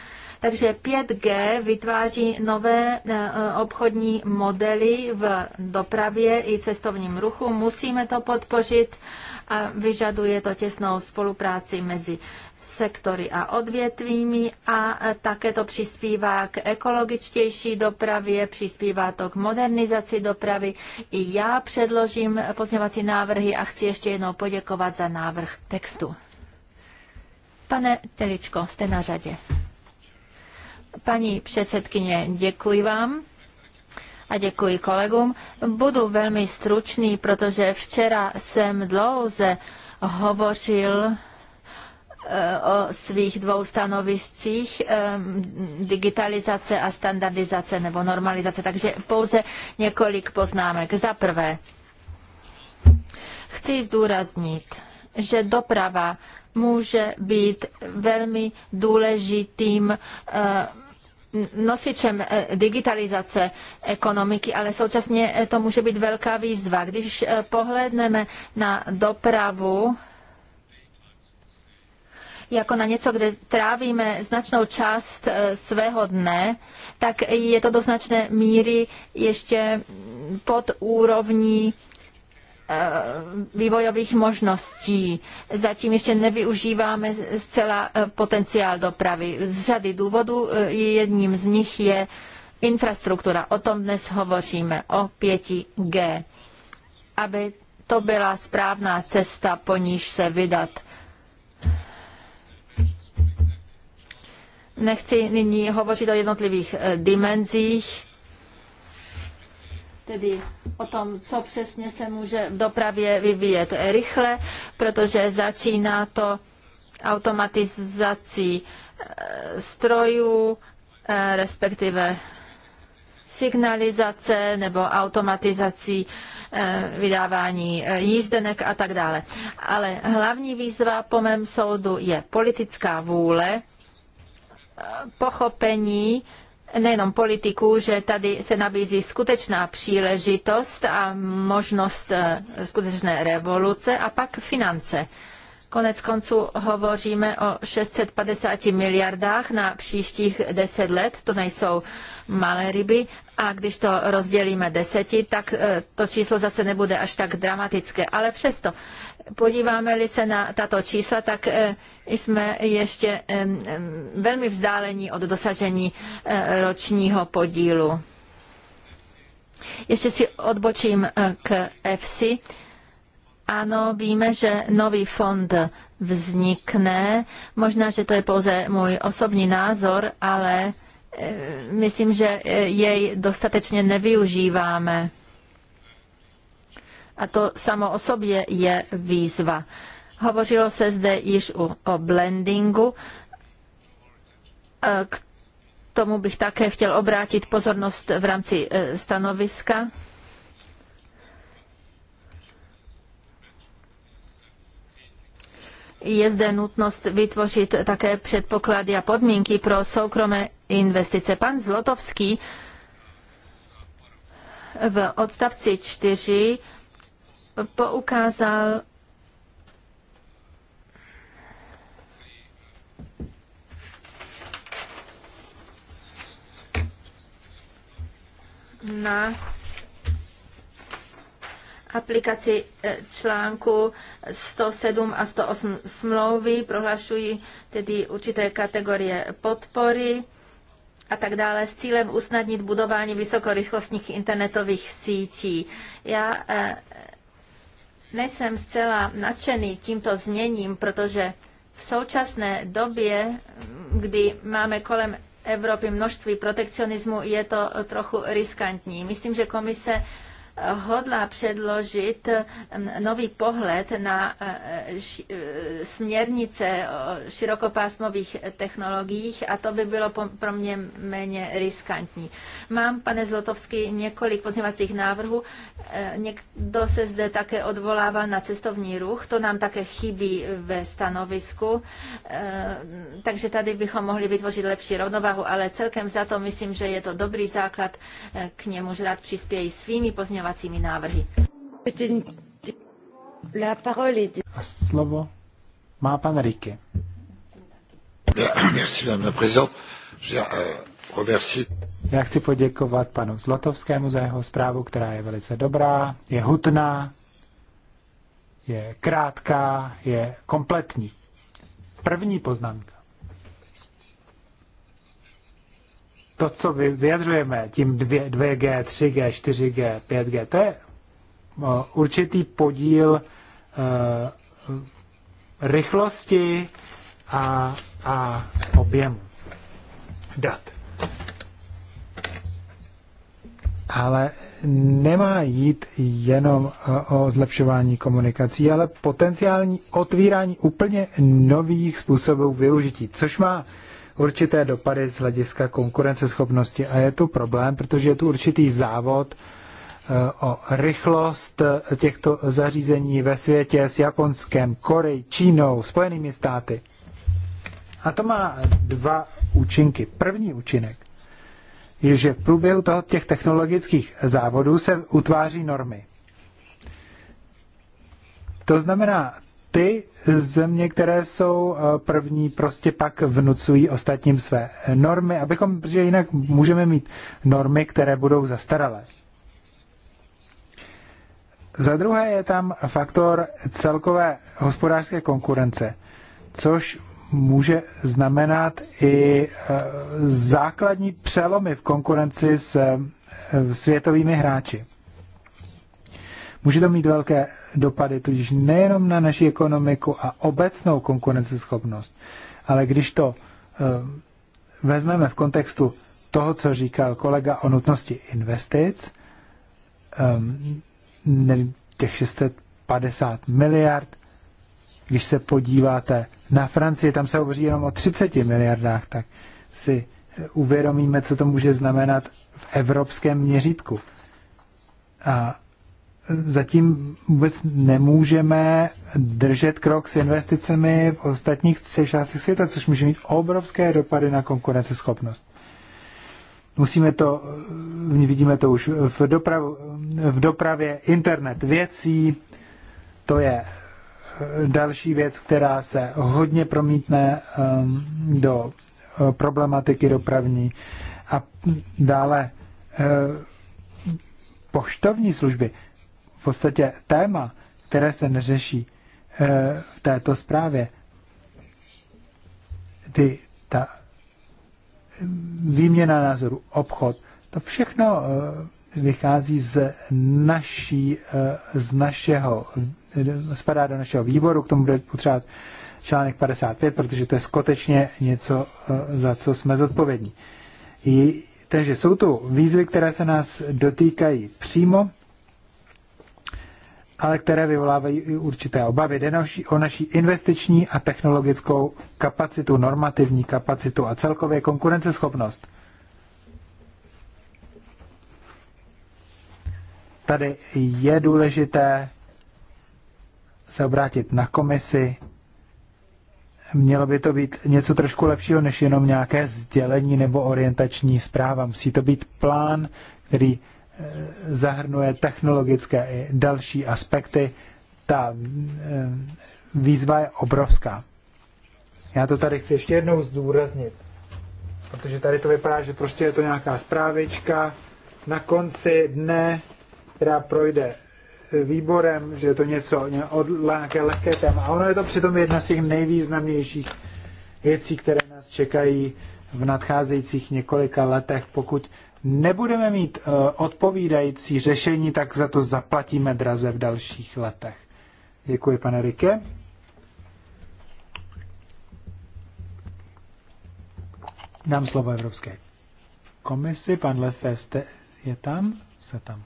Takže 5G vytváří nové eh, eh, obchodní modely v dopravě i cestovním ruchu. Musíme to podpořit a vyžaduje to těsnou spolupráci mezi sektory a odvětvími a eh, také to přispívá k ekologičtější dopravě, přispívá to k modernizaci dopravy. I já předložím pozměňovací návrhy a chci ještě jednou poděkovat za návrh textu. Pane Teličko, jste na řadě. Paní předsedkyně, děkuji vám a děkuji kolegům. Budu velmi stručný, protože včera jsem dlouze hovořil eh, o svých dvou stanoviscích eh, digitalizace a standardizace nebo normalizace. Takže pouze několik poznámek. Za prvé, chci zdůraznit, že doprava může být velmi důležitým eh, nosičem eh, digitalizace ekonomiky, ale současně eh, to může být velká výzva. Když pohledneme na dopravu, jako na něco, kde trávíme značnou část svého dne, tak je to do značné míry ještě pod úrovní Eh, vývojových možností. Zatím ještě nevyužíváme zcela eh, potenciál dopravy. Z řady důvodů eh, jedním z nich je infrastruktura. O tom dnes hovoříme, o 5G. Aby to byla správná cesta, po níž se vydat. Nechci nyní hovořit o jednotlivých dimenzích tedy o tom, co přesně se může v dopravě vyvíjet rychle, protože začíná to automatizací eh, strojů, eh, respektive signalizace nebo automatizací eh, vydávání jízdenek a tak dále. Ale hlavní výzva po mém soudu je politická vůle, pochopení nejenom politiků, že tady se nabízí skutečná příležitost a možnost eh, skutečné revoluce a pak finance. Konec konců hovoříme o 650 miliardách na příštích 10 let, to nejsou malé ryby, a když to rozdělíme deseti, tak e, to číslo zase nebude až tak dramatické. Ale přesto, podíváme-li se na tato čísla, tak e, jsme ještě e, velmi vzdáleni od dosažení ročního podílu. Ještě si odbočím k EFSI. Ano, víme, že nový fond vznikne. Možná, že to je pouze můj osobní názor, ale e, myslím, že e, jej dostatečně nevyužíváme. A to samo o sobě je výzva. Hovořilo se zde již o blendingu. E, k tomu bych také chtěl obrátit pozornost v rámci stanoviska. je zde nutnost vytvořit také předpoklady a podmínky pro soukromé investice. Pan Zlotovský v odstavci 4 poukázal na aplikaci eh, článku 107 a 108 smlouvy, prohlašují tedy určité kategorie podpory a tak dále s cílem usnadnit budování vysokorychlostních internetových sítí. Já eh, nejsem zcela nadšený tímto zněním, protože v současné době, kdy máme kolem Evropy množství protekcionismu, je to trochu riskantní. Myslím, že komise hodlá předložit eh, nový pohled na eh, eh, směrnice o širokopásmových technologiích a to by bylo pro mě méně riskantní. Mám, pane Zlotovský, několik pozměvacích návrhů. Někdo se zde také odvolával na cestovní ruch, to nám také chybí ve stanovisku, takže tady bychom mohli vytvořit lepší rovnováhu, ale celkem za to myslím, že je to dobrý základ, k němuž rád přispějí svými pozměvacími pozměňovacími návrhy. A slovo má pan Riky. Euh, Já chci poděkovat panu Zlotovskému za jeho zprávu, která je velice dobrá, je hutná, je krátká, je kompletní. První poznámka. to, co vyjadřujeme tím 2G, 3G, 4G, 5G, to je eh, určitý podíl uh, rychlosti a, a objemu dat. Ale nemá jít jenom eh, o zlepšování komunikací, ale potenciální otvírání úplně nových způsobů využití, což má určité dopady z hlediska konkurenceschopnosti. A je tu problém, protože je tu určitý závod eh, o rychlost těchto zařízení ve světě s Japonskem, Korej, Čínou, Spojenými státy. A to má dva účinky. První účinek je, že v průběhu toho, těch technologických závodů se utváří normy. To znamená, ty země, které jsou eh, první, prostě pak vnucují ostatním své normy, abychom, protože jinak můžeme mít normy, které budou zastaralé. Za druhé je tam faktor celkové hospodářské konkurence, což může znamenat i eh, základní přelomy v konkurenci s eh, světovými hráči. Může to mít velké dopady tudíž nejenom na naši ekonomiku a obecnou konkurenceschopnost, ale když to eh, vezmeme v kontextu toho, co říkal kolega o nutnosti investic, eh, těch 650 miliard, když se podíváte na Francii, tam se hovoří jenom o 30 miliardách, tak si eh, uvědomíme, co to může znamenat v evropském měřítku. A zatím vůbec nemůžeme držet krok s investicemi v ostatních částech světa, což může mít obrovské dopady na konkurenceschopnost. Musíme to, vidíme to už v, doprav, v dopravě, internet věcí, to je další věc, která se hodně promítne um, do uh, problematiky dopravní. A dále uh, poštovní služby v podstatě téma, které se neřeší eh, v této zprávě. Ty, ta výměna názoru, obchod, to všechno eh, vychází z, naší, eh, z našeho, spadá do našeho výboru, k tomu bude potřebovat článek 55, protože to je skutečně něco, za co jsme zodpovědní. I, takže jsou tu výzvy, které se nás dotýkají přímo ale které vyvolávají i určité obavy. Jde o naší investiční a technologickou kapacitu, normativní kapacitu a celkově konkurenceschopnost. Tady je důležité se obrátit na komisi. Mělo by to být něco trošku lepšího, než jenom nějaké sdělení nebo orientační zpráva. Musí to být plán, který zahrnuje technologické i další aspekty. Ta eh, výzva je obrovská. Já to tady chci ještě jednou zdůraznit, protože tady to vypadá, že prostě je to nějaká zprávička na konci dne, která projde eh, výborem, že je to něco, nějaké lehké téma. A ono je to přitom jedna z těch nejvýznamnějších věcí, které nás čekají v nadcházejících několika letech, pokud nebudeme mít eh, odpovídající řešení, tak za to zaplatíme draze v dalších letech. Děkuji, pane Rike. Dám slovo Evropské komisi. Pan Lefev, je tam? Jste tam.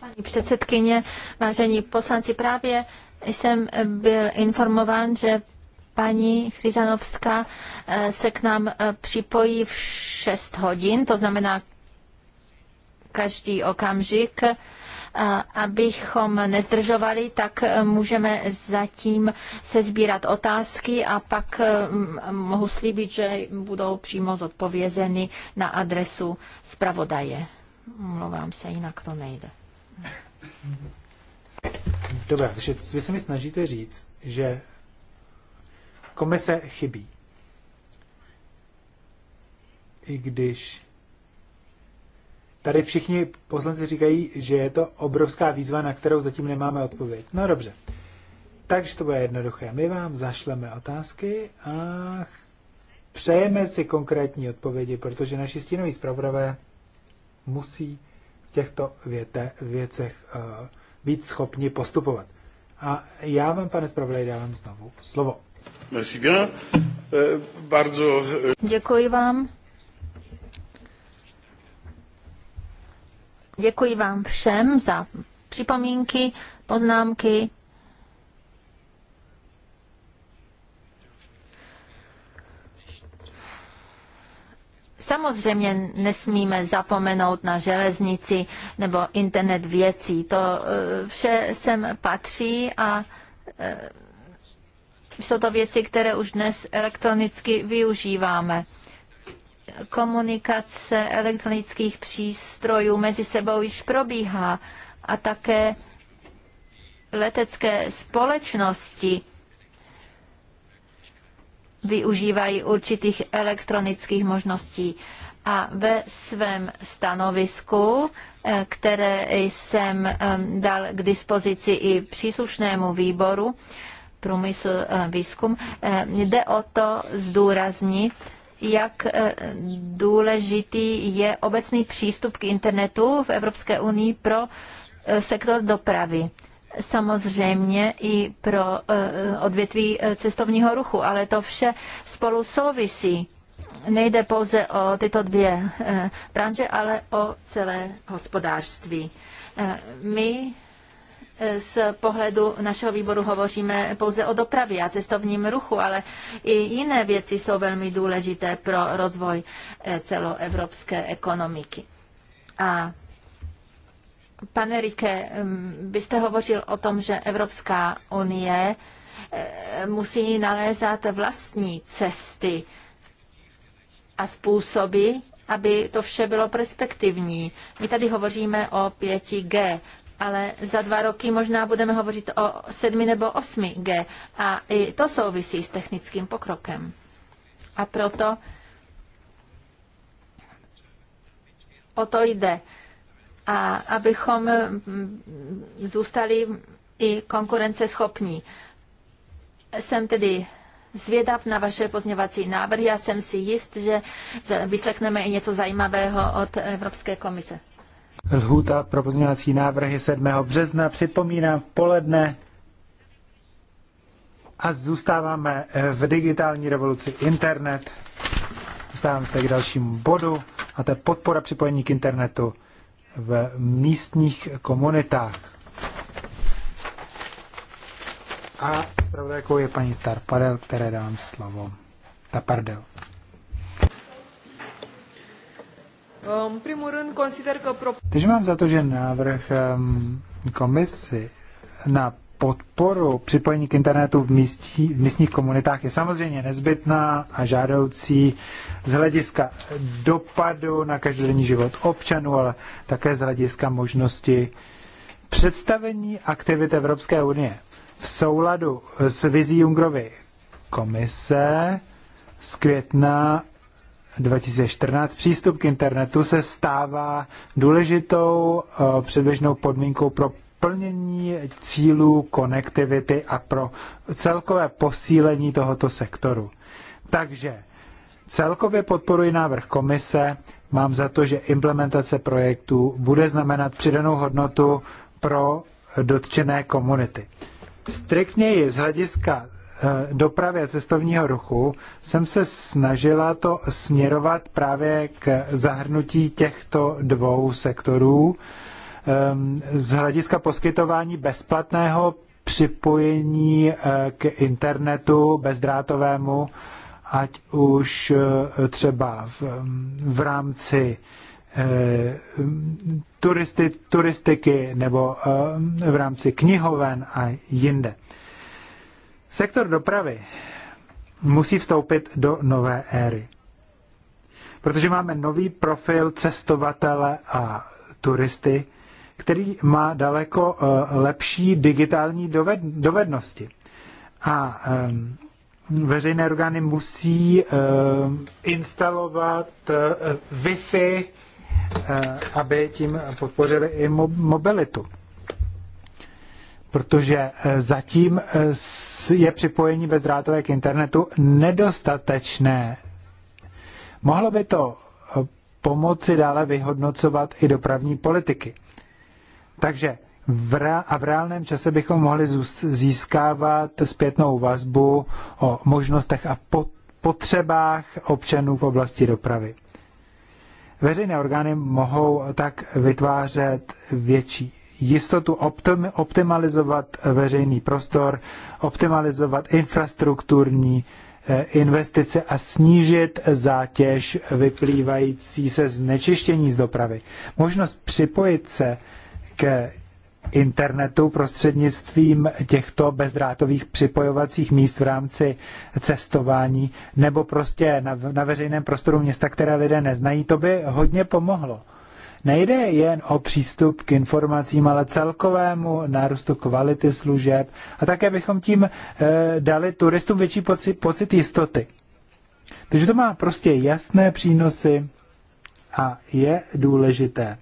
Paní předsedkyně, vážení poslanci, právě jsem byl informován, že paní Chryzanovská eh, se k nám eh, připojí v 6 hodin, to znamená každý okamžik. Eh, abychom nezdržovali, tak můžeme zatím se sbírat otázky a pak mohu slíbit, že budou přímo zodpovězeny na adresu zpravodaje. Mluvám se, jinak to nejde. Dobrá, takže vy se mi snažíte říct, že komise chybí. I když tady všichni poslanci říkají, že je to obrovská výzva, na kterou zatím nemáme odpověď. No dobře. Takže to bude jednoduché. My vám zašleme otázky a přejeme si konkrétní odpovědi, protože naši stínoví zpravodové musí v těchto věte, věcech uh, být schopni postupovat. A já vám, pane zpravodaj, dávám znovu slovo. Merci bien. E, bardzo... E, Děkuji vám. Děkuji vám všem za připomínky, poznámky. Samozřejmě nesmíme zapomenout na železnici nebo internet věcí. To e, vše sem patří a jsou to věci, které už dnes elektronicky využíváme. Komunikace elektronických přístrojů mezi sebou již probíhá a také letecké společnosti využívají určitých elektronických možností. A ve svém stanovisku, eh, které jsem ehm, dal k dispozici i příslušnému výboru, průmysl, eh, výzkum. Eh, jde o to zdůraznit, jak eh, důležitý je obecný přístup k internetu v Evropské unii pro sektor dopravy. Samozřejmě i pro odvětví cestovního ruchu, ale to vše spolu souvisí. Nejde pouze o tyto dvě branže, ale o celé hospodářství. My z pohledu našeho výboru hovoříme pouze o dopravě a cestovním ruchu, ale i jiné věci jsou velmi důležité pro rozvoj eh, celoevropské ekonomiky. A pane Rike, mm, byste hovořil o tom, že Evropská unie eh, musí nalézat vlastní cesty a způsoby, aby to vše bylo perspektivní. My tady hovoříme o 5G ale za dva roky možná budeme hovořit o 7 nebo 8 G a i to souvisí s technickým pokrokem. A proto o to jde. A abychom mm, zůstali i konkurenceschopní. Jsem tedy zvědav na vaše pozměvací návrhy a jsem si jist, že vyslechneme i něco zajímavého od Evropské komise. Lhůta pro pozměňovací návrhy 7. března, připomíná v poledne. A zůstáváme v digitální revoluci internet. Zůstávám se k dalšímu bodu a to je podpora připojení k internetu v místních komunitách. A zpravodajkou je paní Tarpadel, které dám slovo. Tarpadel. Takže mám za to, že návrh komisy um, na podporu připojení k internetu v, místí, v místních komunitách je samozřejmě nezbytná a žádoucí z hlediska dopadu na každodenní život občanů, ale také z hlediska možnosti představení aktivit Evropské unie v souladu s vizí Jungrovy komise z května 2014 přístup k internetu se stává důležitou eh, předběžnou podmínkou pro plnění cílů konektivity a pro celkové posílení tohoto sektoru. Takže celkově podporuji návrh komise, mám za to, že implementace projektů bude znamenat přidanou hodnotu pro dotčené komunity. Striktněji z hlediska Eh, dopravě cestovního ruchu jsem se snažila to směrovat právě k zahrnutí těchto dvou sektorů ehm, z hlediska poskytování bezplatného připojení eh, k internetu bezdrátovému, ať už eh, třeba v, ehm, v rámci turisty, turistiky nebo ehm, v rámci knihoven a jinde. Sektor dopravy musí vstoupit do nové éry. Protože máme nový profil cestovatele a turisty, který má daleko eh, lepší digitální dovednosti. A ehm, veřejné orgány musí ehm, instalovat eh, Wi-Fi, eh, aby tím podpořili i mobilitu protože eh, zatím eh, je připojení bezdrátové k internetu nedostatečné. Mohlo by to eh, pomoci dále vyhodnocovat i dopravní politiky. Takže v a v reálném čase bychom mohli získávat zpětnou vazbu o možnostech a potřebách občanů v oblasti dopravy. Veřejné orgány mohou tak vytvářet větší jistotu optim, optimalizovat veřejný prostor, optimalizovat infrastrukturní eh, investice a snížit zátěž vyplývající se znečištění z dopravy. Možnost připojit se k internetu prostřednictvím těchto bezdrátových připojovacích míst v rámci cestování nebo prostě na, na veřejném prostoru města, které lidé neznají, to by hodně pomohlo. Nejde jen o přístup k informacím, ale celkovému nárůstu kvality služeb a také bychom tím eh, dali turistům větší pocit, pocit jistoty. Takže to má prostě jasné přínosy a je důležité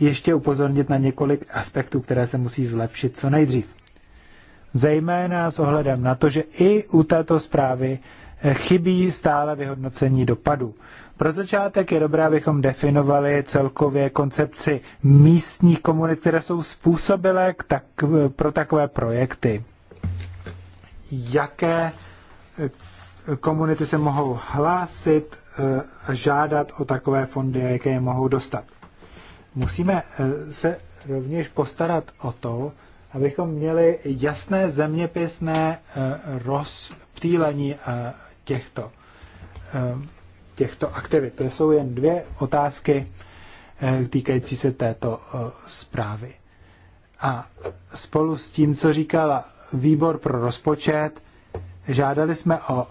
ještě upozornit na několik aspektů, které se musí zlepšit co nejdřív. Zejména s ohledem na to, že i u této zprávy chybí stále vyhodnocení dopadu. Pro začátek je dobré, abychom definovali celkově koncepci místních komunit, které jsou způsobilé k tak, pro takové projekty. Jaké eh, komunity se mohou hlásit eh, a žádat o takové fondy a jaké je mohou dostat. Musíme eh, se rovněž postarat o to, abychom měli jasné zeměpisné rozptýlení těchto, eh, těchto aktivit. To jsou jen dvě otázky eh, týkající se této eh, zprávy. A spolu s tím, co říkala výbor pro rozpočet, žádali jsme o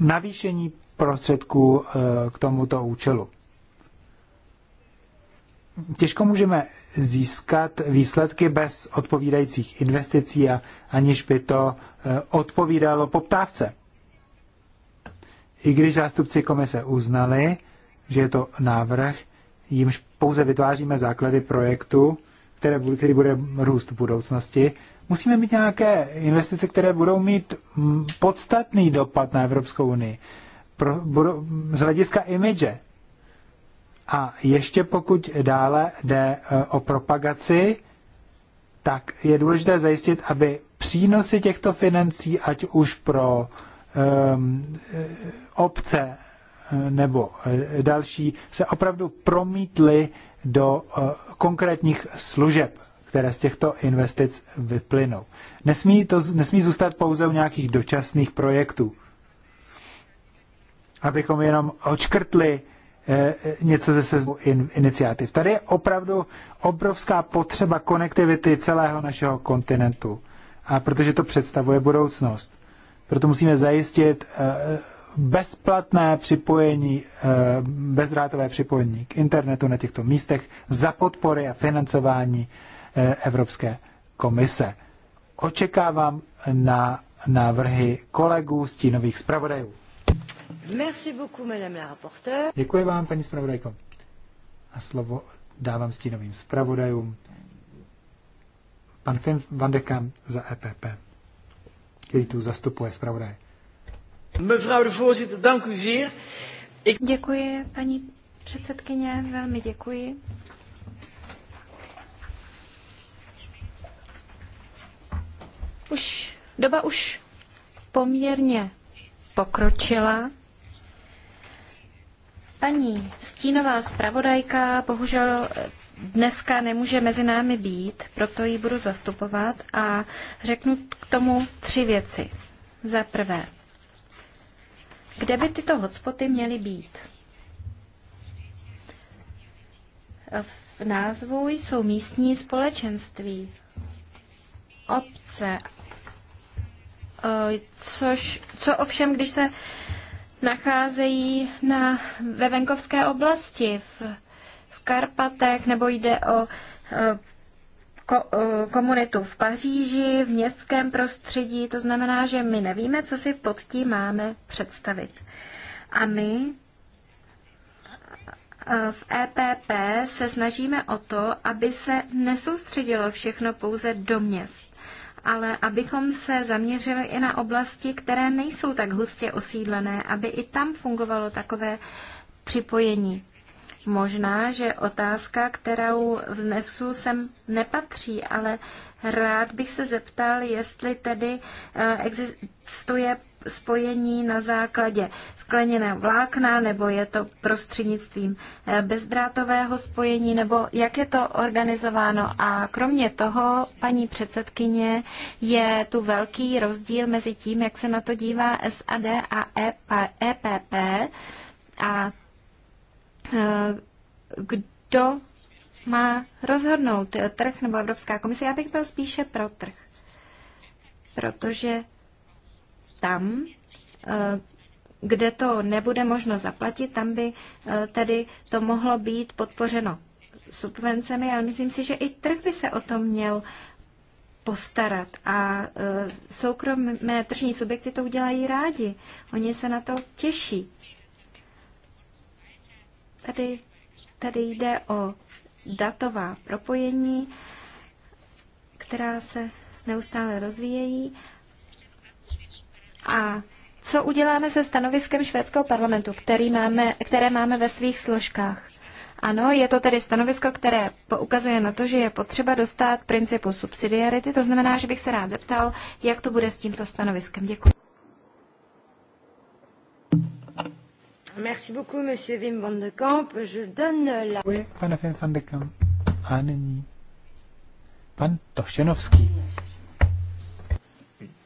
navýšení prostředků k tomuto účelu. Těžko můžeme získat výsledky bez odpovídajících investicí, a aniž by to odpovídalo poptávce i když zástupci komise uznali, že je to návrh, jimž pouze vytváříme základy projektu, které, který bude růst v budoucnosti, musíme mít nějaké investice, které budou mít podstatný dopad na Evropskou unii pro, budou, z hlediska imidže. A ještě pokud dále jde e, o propagaci, tak je důležité zajistit, aby přínosy těchto financí, ať už pro um, obce eh, nebo eh, další se opravdu promítly do eh, konkrétních služeb, které z těchto investic vyplynou. Nesmí, to, nesmí zůstat pouze u nějakých dočasných projektů, abychom jenom očkrtli něco ze seznamu iniciativ. Tady je opravdu obrovská potřeba konektivity celého našeho kontinentu, a protože to představuje budoucnost. Proto musíme zajistit bezplatné připojení, eh, bezdrátové připojení k internetu na těchto místech za podpory a financování eh, Evropské komise. Očekávám na návrhy kolegů stínových zpravodajů. Merci beaucoup, madame la Děkuji vám, paní zpravodajko. A slovo dávám stínovým zpravodajům. Pan Finn Vandekam za EPP, který tu zastupuje zpravodaje. Mevrouw de voorzitter, dank u zeer. Děkuji, paní předsedkyně, velmi děkuji. Už doba už poměrně pokročila. Paní stínová zpravodajka bohužel dneska nemůže mezi námi být, proto ji budu zastupovat a řeknu k tomu tři věci. Za prvé, kde by tyto hotspoty měly být? V názvu jsou místní společenství, obce, e, což, co ovšem, když se nacházejí na, ve venkovské oblasti, v, v Karpatech, nebo jde o e, Eh, komunitu v Paříži, v městském prostředí. To znamená, že my nevíme, co si pod tím máme představit. A my eh, v EPP se snažíme o to, aby se nesoustředilo všechno pouze do měst, ale abychom se zaměřili i na oblasti, které nejsou tak hustě osídlené, aby i tam fungovalo takové připojení. Možná, že otázka, kterou vnesu, sem nepatří, ale rád bych se zeptal, jestli tedy eh, existuje spojení na základě skleněného vlákna, nebo je to prostřednictvím eh, bezdrátového spojení, nebo jak je to organizováno. A kromě toho, paní předsedkyně, je tu velký rozdíl mezi tím, jak se na to dívá SAD a EPP. A e Eh, kdo má rozhodnout, eh, trh nebo Evropská komise. Já bych byl spíše pro trh, protože tam, eh, kde to nebude možno zaplatit, tam by tedy to mohlo být podpořeno subvencemi, ale myslím si, že i trh by se o to měl postarat a soukromé tržní subjekty to udělají rádi. Oni se na to těší. Tady, tady jde o datová propojení, která se neustále rozvíjejí. A co uděláme se stanoviskem švédského parlamentu, který máme, které máme ve svých složkách? Ano, je to tedy stanovisko, které poukazuje na to, že je potřeba dostat principu subsidiarity, to znamená, že bych se rád zeptal, jak to bude s tímto stanoviskem. Děkuji. Merci beaucoup, monsieur Wim van de Kamp. Je donne la... Děkuji, pane Wim van de Kamp. A nyní pan Tošenovský.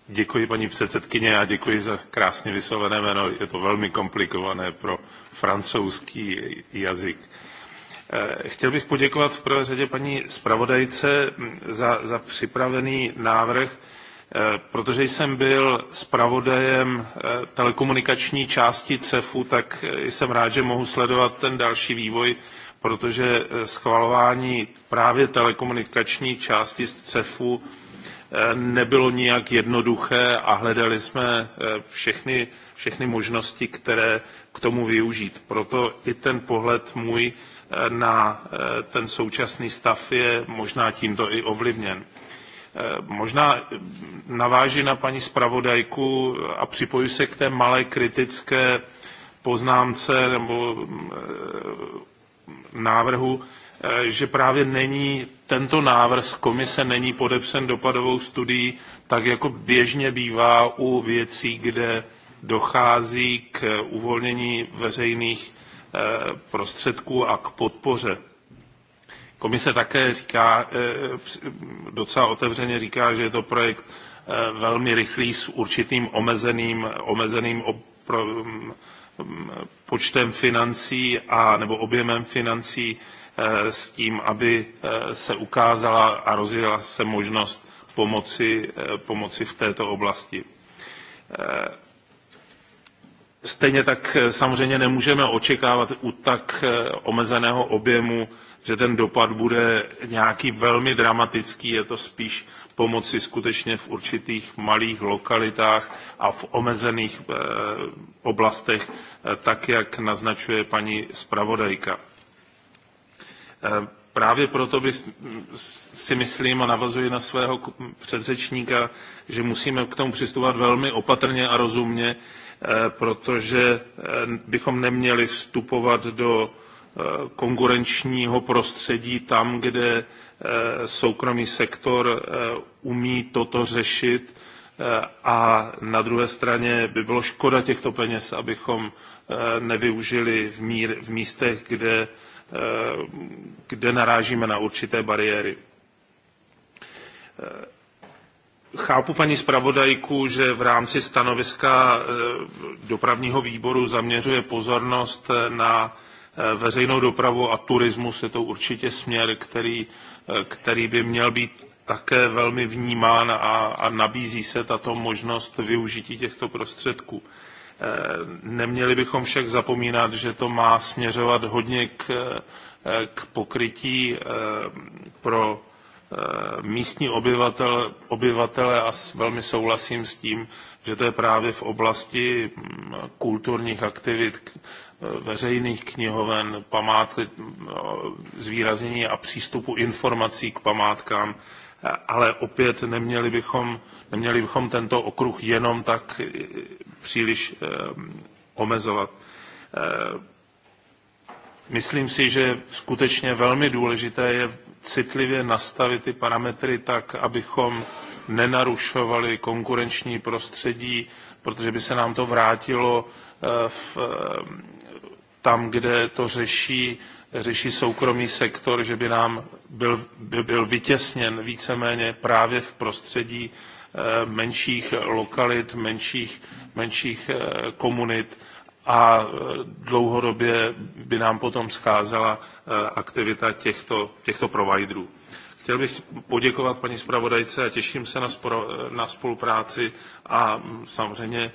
Děkuji, paní předsedkyně, a děkuji za krásně vyslovené jméno. Je to velmi komplikované pro francouzský jazyk. Eh, chtěl bych poděkovat v prvé řadě paní zpravodajce mm, za, za připravený návrh Eh, protože jsem byl zpravodajem eh, telekomunikační části CEFu, tak eh, jsem rád, že mohu sledovat ten další vývoj, protože schvalování právě telekomunikační části z CEFu nebylo nijak jednoduché a hledali jsme všechny, všechny možnosti, které k tomu využít. Proto i ten pohled můj na ten současný stav je možná tímto i ovlivněn. Možná naváži na paní zpravodajku a připoju se k té malé kritické poznámce nebo eh, návrhu, eh, že právě není tento návrh z komise není podepsen dopadovou studií, tak jako běžně bývá u věcí, kde dochází k uvolnění veřejných eh, prostředků a k podpoře Komise také říká, e, docela otevřeně říká, že je to projekt e, velmi rychlý s určitým omezeným, omezeným opro, počtem financí a nebo objemem financí e, s tím, aby se ukázala a rozjela se možnost pomoci, pomoci v této oblasti. Stejně tak samozřejmě nemůžeme očekávat u tak omezeného objemu že ten dopad bude nějaký velmi dramatický, je to spíš pomoci skutečně v určitých malých lokalitách a v omezených eh, oblastech, eh, tak jak naznačuje paní zpravodajka. Eh, právě proto by si myslím a navazuji na svého předřečníka, že musíme k tomu přistupovat velmi opatrně a rozumně, protože bychom neměli vstupovat do konkurenčního prostředí tam, kde eh, soukromý sektor eh, umí toto řešit eh, a na druhé straně by bylo škoda těchto peněz, abychom nevyužili v, mír, v místech, kde, kde narážíme na určité bariéry. Chápu paní zpravodajku, že v rámci stanoviska dopravního výboru zaměřuje pozornost na veřejnou dopravu a turismus je to určitě směr, který, který by měl být také velmi vnímán a, a nabízí se tato možnost využití těchto prostředků. Eh, neměli bychom však zapomínat, že to má směřovat hodně k, eh, k pokrytí eh, pro místní obyvatel, obyvatele a velmi souhlasím s tím, že to je právě v oblasti mm, kulturních aktivit, eh, veřejných knihoven, památky, eh, zvýraznění a přístupu informací k památkám, eh, ale opět neměli bychom, neměli bychom tento okruh jenom tak příliš omezovat. Myslím si, že skutečně velmi důležité je citlivě nastavit ty parametry tak, abychom nenarušovali konkurenční prostředí, protože by se nám to vrátilo eh, v, eh, tam, kde to řeší, řeší soukromý sektor, že by nám byl, by byl vytěsněn víceméně právě v prostředí eh, menších lokalit, menších, menších komunit a dlouhodobě by nám potom scházela aktivita těchto, těchto providerů. Chtěl bych poděkovat paní zpravodajce a těším se na, na spolupráci a mm, samozřejmě e,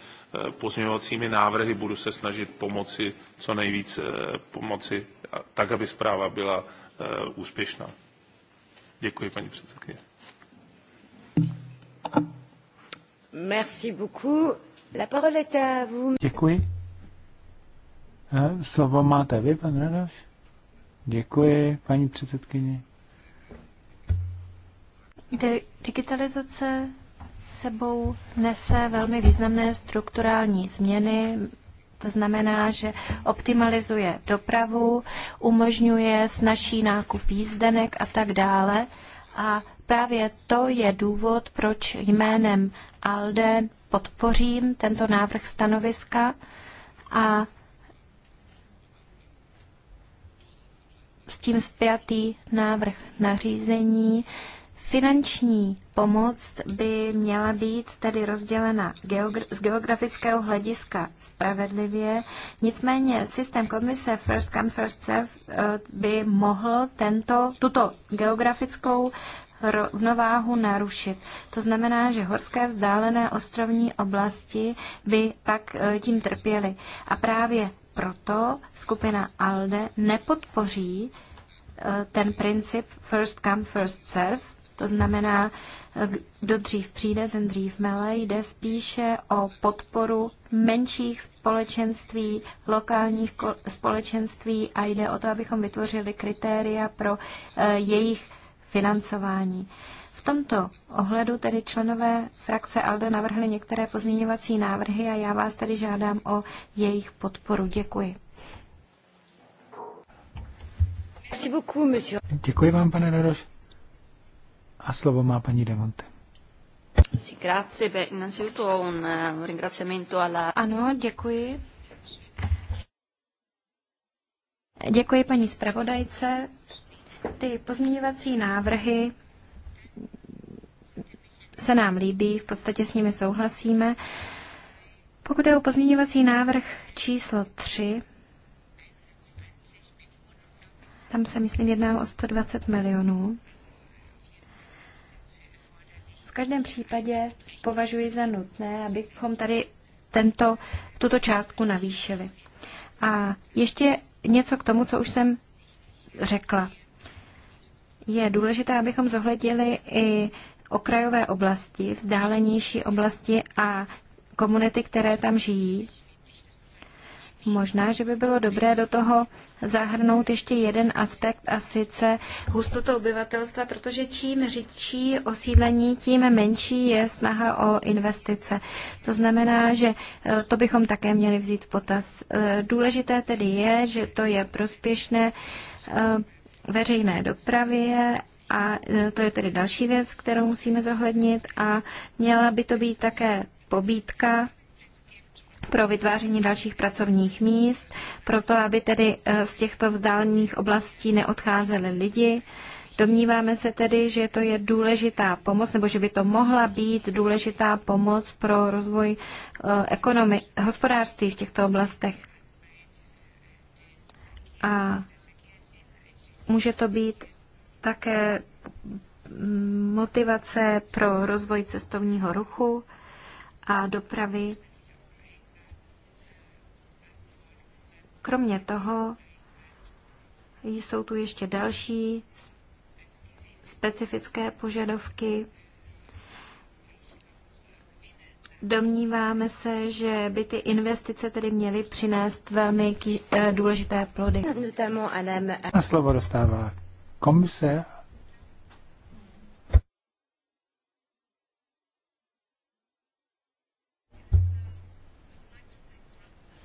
pozměňovacími návrhy budu se snažit pomoci co nejvíc e, pomoci, tak aby zpráva byla e, úspěšná. Děkuji, paní předsedkyně. Merci beaucoup. La parole est à vous. Děkuji. Slovo máte vy, pan Radoš. Děkuji, paní předsedkyně. De- digitalizace sebou nese velmi významné strukturální změny. To znamená, že optimalizuje dopravu, umožňuje snažší nákup jízdenek a tak dále. A právě to je důvod, proč jménem ALDE podpořím tento návrh stanoviska a s tím zpětý návrh nařízení Finanční pomoc by měla být tedy rozdělena geogra z geografického hlediska spravedlivě, nicméně systém komise First Come First Serve eh, by mohl tento, tuto geografickou rovnováhu narušit. To znamená, že horské vzdálené ostrovní oblasti by pak eh, tím trpěly. A právě proto skupina ALDE nepodpoří eh, ten princip first come, first serve, to znamená, eh, kdo dřív přijde, ten dřív mele. Jde spíše o podporu menších společenství, lokálních společenství a jde o to, abychom vytvořili kritéria pro eh, jejich financování. V tomto ohledu tedy členové frakce ALDE navrhli některé pozměňovací návrhy a já vás tedy žádám o jejich podporu. Děkuji. Děkuji vám, pane Radoš. A slovo má paní Devonte. Eh, ano, děkuji. Děkuji paní zpravodajce. Ty pozměňovací návrhy se nám líbí, v podstatě s nimi souhlasíme. Pokud je o pozměňovací návrh číslo 3, tam se, myslím, jedná o 120 milionů. V každém případě považuji za nutné, abychom tady tento, tuto částku navýšili. A ještě něco k tomu, co už jsem řekla. Je důležité, abychom zohlednili i okrajové oblasti, vzdálenější oblasti a komunity, které tam žijí. Možná, že by bylo dobré do toho zahrnout ještě jeden aspekt a sice hustotu obyvatelstva, protože čím řidší osídlení, tím menší je snaha o investice. To znamená, že e, to bychom také měli vzít v potaz. E, důležité tedy je, že to je prospěšné e, veřejné dopravě a to je tedy další věc, kterou musíme zohlednit a měla by to být také pobítka pro vytváření dalších pracovních míst, pro to, aby tedy eh, z těchto vzdálených oblastí neodcházeli lidi. Domníváme se tedy, že to je důležitá pomoc, nebo že by to mohla být důležitá pomoc pro rozvoj eh, ekonomi- hospodářství v těchto oblastech. A může to být také mm, motivace pro rozvoj cestovního ruchu a dopravy Kromě toho jsou tu ještě další specifické požadovky. Domníváme se, že by ty investice tedy měly přinést velmi eh, důležité plody. Na slovo dostává komise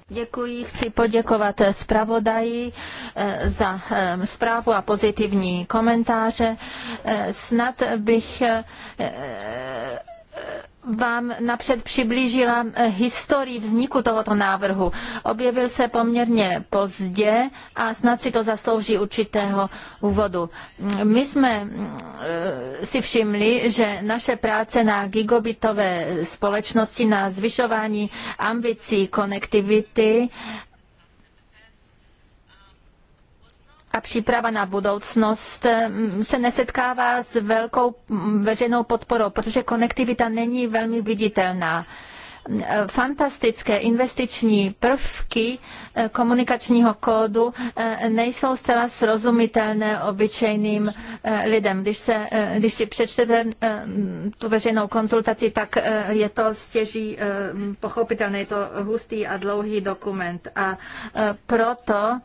Děkuji, chci poděkovat zpravodaji eh, za eh, zprávu a pozitivní komentáře. Eh, snad bych vám napřed přiblížila eh, historii vzniku tohoto návrhu. Objevil se poměrně pozdě a snad si to zaslouží určitého úvodu. Mm, my jsme mm, eh, si všimli, že naše práce na gigabitové společnosti, na zvyšování ambicí konektivity a příprava na budoucnost mm, se nesetkává s velkou mm, veřejnou podporou, protože konektivita není velmi viditelná mm, e, fantastické investiční prvky e, komunikačního kódu e, nejsou zcela srozumitelné obyčejným lidem. Když, se, když si přečtete tu veřejnou konzultaci, tak je to stěží pochopitelné. Je to hustý a dlouhý dokument. A proto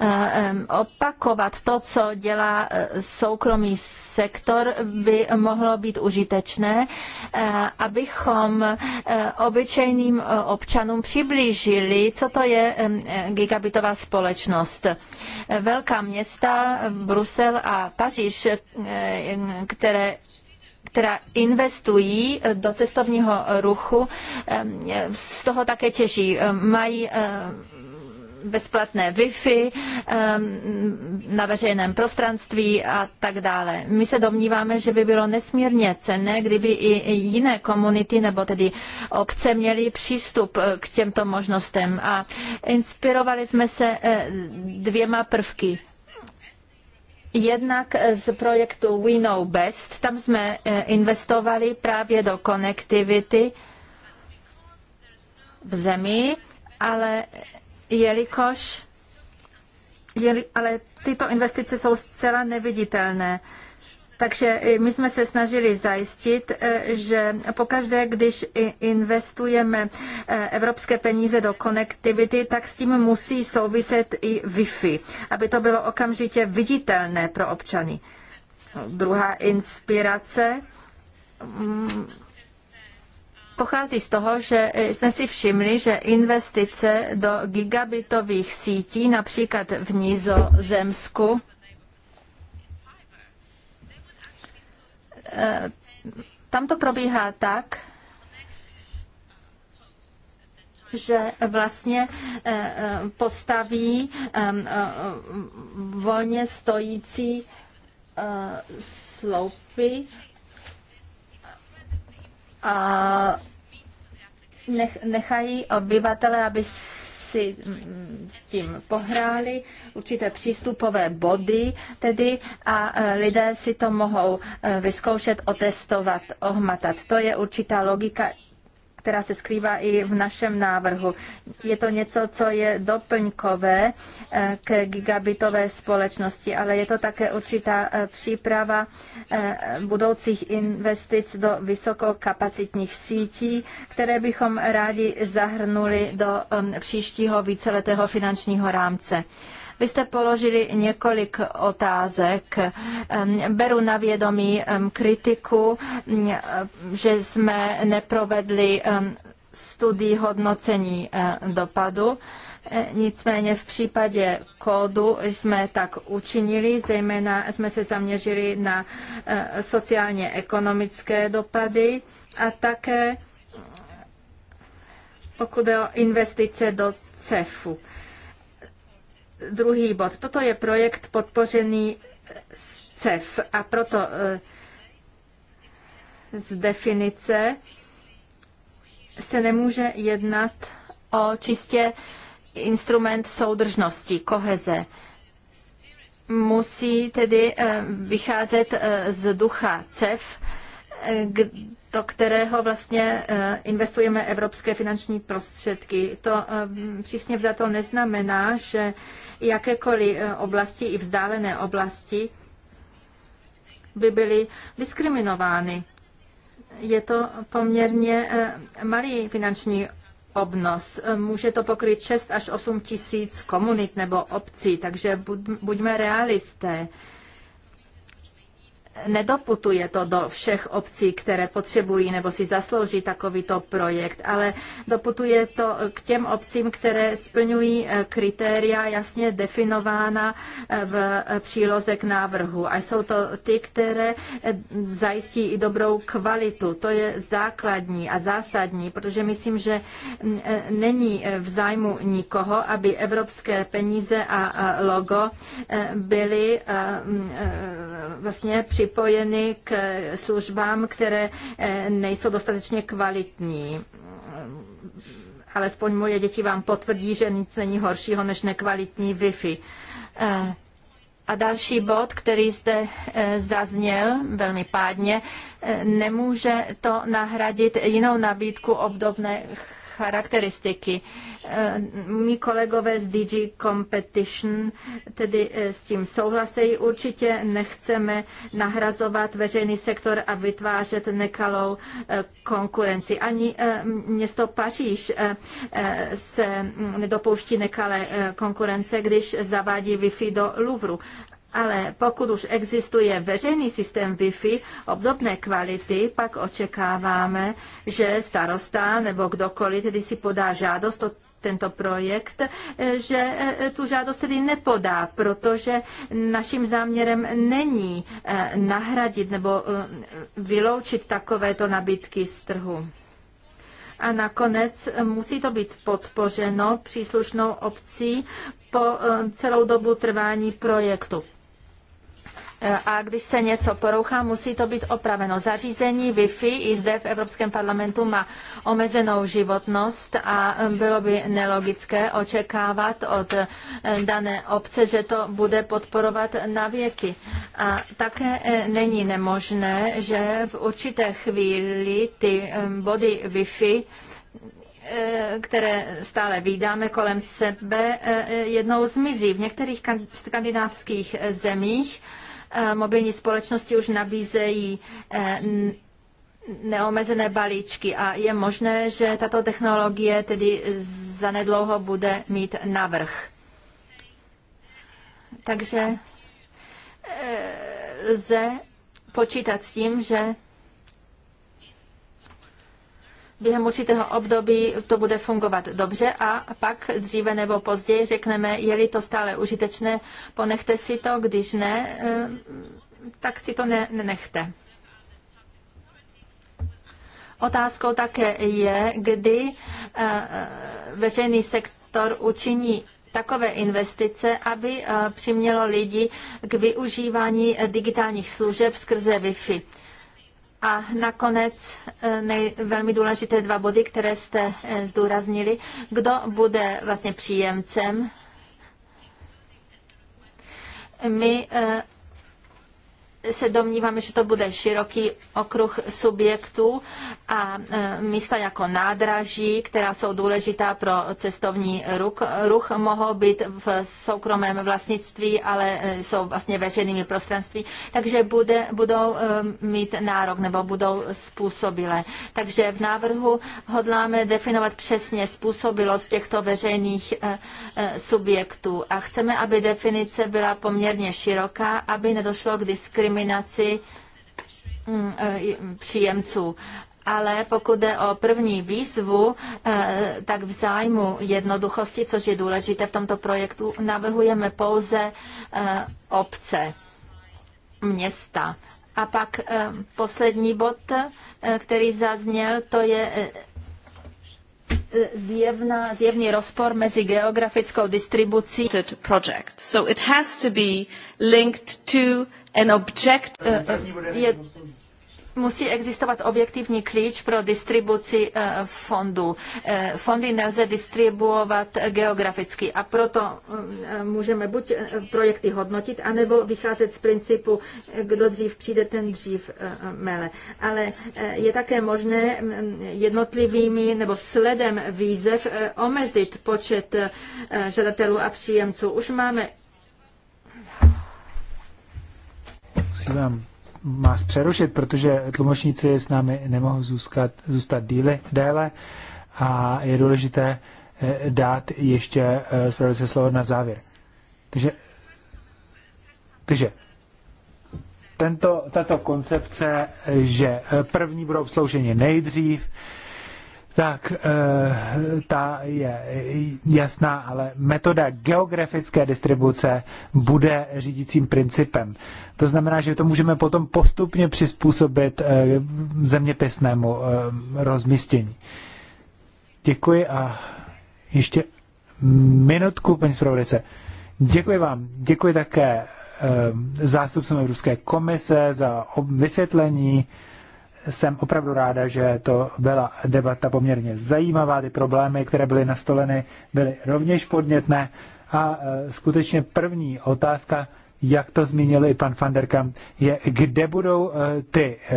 Eh, opakovat to, co dělá eh, soukromý sektor, by mohlo být užitečné, eh, abychom obyčejným občanům přiblížili, co to je gigabitová společnost. Velká města, Brusel a Paříž, které která investují do cestovního ruchu, z toho také těží. Mají bezplatné Wi-Fi ehm, na veřejném prostranství a tak dále. My se domníváme, že by bylo nesmírně cenné, kdyby i jiné komunity nebo tedy obce měly přístup eh, k těmto možnostem. A inspirovali jsme se eh, dvěma prvky jednak eh, z projektu We Know Best. Tam jsme investovali právě do konektivity v zemi, ale jelikož jeli, ale tyto investice jsou zcela neviditelné. Takže my jsme se snažili zajistit, eh, že pokaždé, když investujeme eh, evropské peníze do konektivity, tak s tím musí souviset i Wi-Fi, aby to bylo okamžitě viditelné pro občany. Druhá inspirace mm, pochází z toho, že e, jsme si všimli, že investice do gigabitových sítí, například v Nizozemsku, e, tam to probíhá tak, že vlastně e, postaví volně stojící sloupy a nechají obyvatele, aby si mm, s tím pohráli, určité přístupové body tedy a e, lidé si to mohou e, vyzkoušet, otestovat, ohmatat. To je určitá logika která se skrývá i v našem návrhu. Je to něco, co je doplňkové eh, k gigabitové společnosti, ale je to také určitá eh, příprava eh, budoucích investic do vysokokapacitních sítí, které bychom rádi zahrnuli do příštího víceletého finančního rámce. Vy jste položili několik otázek. Beru na vědomí kritiku, že jsme neprovedli studii hodnocení e, dopadu. E, nicméně v případě kódu jsme tak učinili, zejména jsme se zaměřili na e, sociálně-ekonomické dopady a také pokud je o investice do CEFu druhý bod. Toto je projekt podpořený z CEF a proto eh, z definice se nemůže jednat o čistě instrument soudržnosti, koheze. Musí tedy eh, vycházet eh, z ducha CEF do kterého vlastně eh, investujeme evropské finanční prostředky. To eh, přísně vzato neznamená, že jakékoliv eh, oblasti, i vzdálené oblasti, by byly diskriminovány. Je to poměrně malý finanční obnos. Může to pokryt 6 až 8 tisíc komunit nebo obcí, takže buďme realisté nedoputuje to do všech obcí, které potřebují nebo si zaslouží takovýto projekt, ale doputuje to k těm obcím, které splňují eh, kritéria jasně definována eh, v eh, příloze k návrhu. A jsou to ty, které zajistí i dobrou kvalitu. To je základní a zásadní, protože myslím, že mm, není v zájmu nikoho, aby evropské peníze a logo byly mm, vlastně při připojeny k službám, které eh, nejsou dostatečně kvalitní alespoň moje děti vám potvrdí, že nic není horšího než nekvalitní Wi-Fi. Eh, a další bod, který zde eh, zazněl velmi pádně, nemůže to nahradit jinou nabídku obdobných charakteristiky. Eh, Mí kolegové z DG Competition tedy eh, s tím souhlasejí. Určitě nechceme nahrazovat veřejný sektor a vytvářet nekalou eh, konkurenci. Ani město Paříž se nedopouští nekalé konkurence, když zavádí Wi-Fi do Louvru. Ale pokud už existuje veřejný systém Wi-Fi obdobné kvality, pak očekáváme, že starosta nebo kdokoliv tedy si podá žádost o tento projekt, eh, že eh, tu žádost tedy nepodá, protože naším záměrem není eh, nahradit nebo vyloučit takovéto nabídky z trhu. A nakonec musí to být podpořeno příslušnou obcí po celou dobu trvání projektu. Eh, a když se něco porouchá, musí to být opraveno. Zařízení Wi-Fi i zde v Evropském parlamentu má omezenou životnost a eh, bylo by nelogické očekávat od eh, dané obce, že to bude podporovat na věky. A také není nemožné, že v určité chvíli ty body Wi-Fi které stále vydáme kolem sebe, jednou zmizí. V některých skandinávských zemích mobilní společnosti už nabízejí eh, neomezené balíčky a je možné, že tato technologie tedy zanedlouho bude mít navrh. Takže eh, lze počítat s tím, že během určitého období to bude fungovat dobře a pak dříve nebo později řekneme, je-li to stále užitečné, ponechte si to, když ne, eh, tak si to ne, nenechte. Otázkou také je, kdy eh, veřejný sektor učiní takové investice, aby eh, přimělo lidi k využívání digitálních služeb skrze Wi-Fi. A nakonec e, nej, velmi důležité dva body, které jste e, zdůraznili. Kdo bude vlastně příjemcem my e, se domníváme, že to bude široký okruh subjektů a e, místa jako nádraží, která jsou důležitá pro cestovní ruch, ruch mohou být v soukromém vlastnictví, ale e, jsou vlastně veřejnými prostranství, takže bude, budou e, mít nárok nebo budou způsobilé. Takže v návrhu hodláme definovat přesně způsobilost těchto veřejných subjektů a chceme, aby definice byla poměrně široká, aby nedošlo k diskriminaci diskriminaci mm, e, příjemců. Ale pokud jde o první výzvu, e, tak v zájmu jednoduchosti, což je důležité v tomto projektu, navrhujeme pouze e, obce, města. A pak poslední bod, který zazněl, to je zjevná, zjevný rozpor mezi geografickou distribucí. Project. So it has to be linked to an object, eh, eh, je, musí existovat objektivní klíč pro distribuci eh, fondů. Fondy nelze distribuovat geograficky a proto můžeme buď projekty hodnotit, anebo vycházet z principu, kdo dřív přijde, ten dřív mele. Ale je také možné mm, jednotlivými nebo sledem výzev omezit počet žadatelů a příjemců. Už máme musím vám vás přerušit, protože tlumočníci s námi nemohou zůstat, zůstat díle déle a je důležité eh, dát ještě eh, se slovo na závěr. Takže, takže tento, tato koncepce, že eh, první budou sloužení nejdřív, tak eh, ta je jasná, ale metoda geografické distribuce bude řídícím principem. To znamená, že to můžeme potom postupně přizpůsobit eh, zeměpisnému eh, rozmístění. Děkuji a ještě minutku, paní zpravodajce. Děkuji vám. Děkuji také zástupcům Evropské komise za vysvětlení jsem opravdu ráda, že to byla debata poměrně zajímavá. Ty problémy, které byly nastoleny, byly rovněž podnětné. A e, skutečně první otázka, jak to zmínil i pan van der Kamp, je, kde budou e, ty e,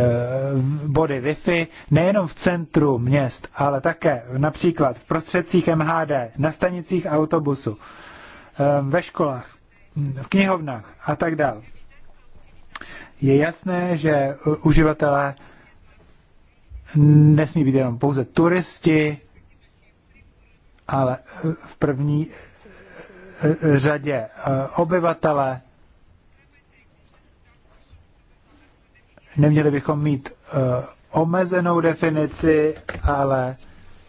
body Wi-Fi nejenom v centru měst, ale také například v prostředcích MHD, na stanicích autobusu, ve školách, v knihovnách a tak dále. Je jasné, že uživatelé nesmí být jenom pouze turisti, ale v první řadě eh, obyvatele. Neměli bychom mít eh, omezenou definici, ale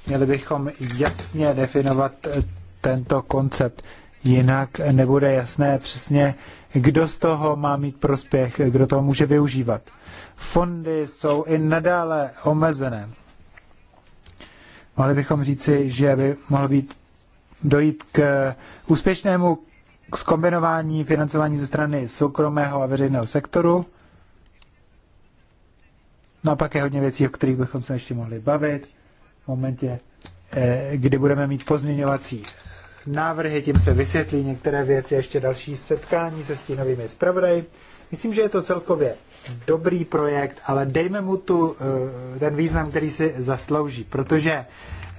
měli bychom jasně definovat eh, tento koncept. Jinak nebude jasné přesně, kdo z toho má mít prospěch, kdo toho může využívat. Fondy jsou i nadále omezené. Mohli bychom říci, že by mohl být dojít k úspěšnému zkombinování financování ze strany soukromého a veřejného sektoru. No a pak je hodně věcí, o kterých bychom se ještě mohli bavit v momentě, eh, kdy budeme mít pozměňovací návrhy, tím se vysvětlí některé věci, ještě další setkání se stínovými zpravodaji. Myslím, že je to celkově dobrý projekt, ale dejme mu tu, eh, ten význam, který si zaslouží, protože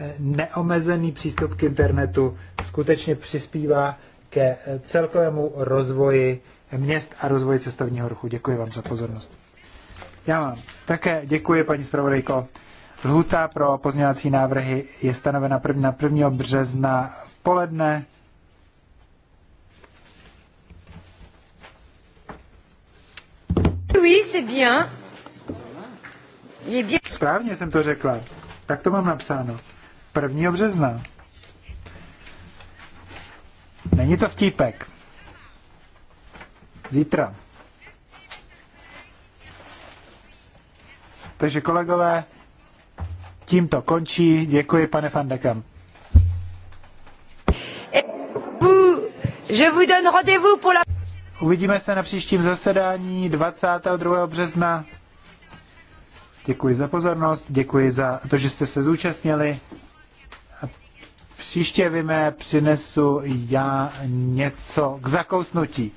eh, neomezený přístup k internetu skutečně přispívá ke eh, celkovému rozvoji měst a rozvoji cestovního ruchu. Děkuji vám za pozornost. Já vám také děkuji, paní zpravodajko. Lhuta pro pozměňovací návrhy je stanovena na 1. března poledne. Oui, c'est bien. Je bien. Správně jsem to řekla. Tak to mám napsáno. 1. března. Není to vtípek. Zítra. Takže kolegové, tímto končí. Děkuji, pane Fandekamp. Je vous donne rendez-vous pour la... Uvidíme se na příštím zasedání 22. března. Děkuji za pozornost, děkuji za to, že jste se zúčastnili. A příště vy mé přinesu já něco k zakousnutí.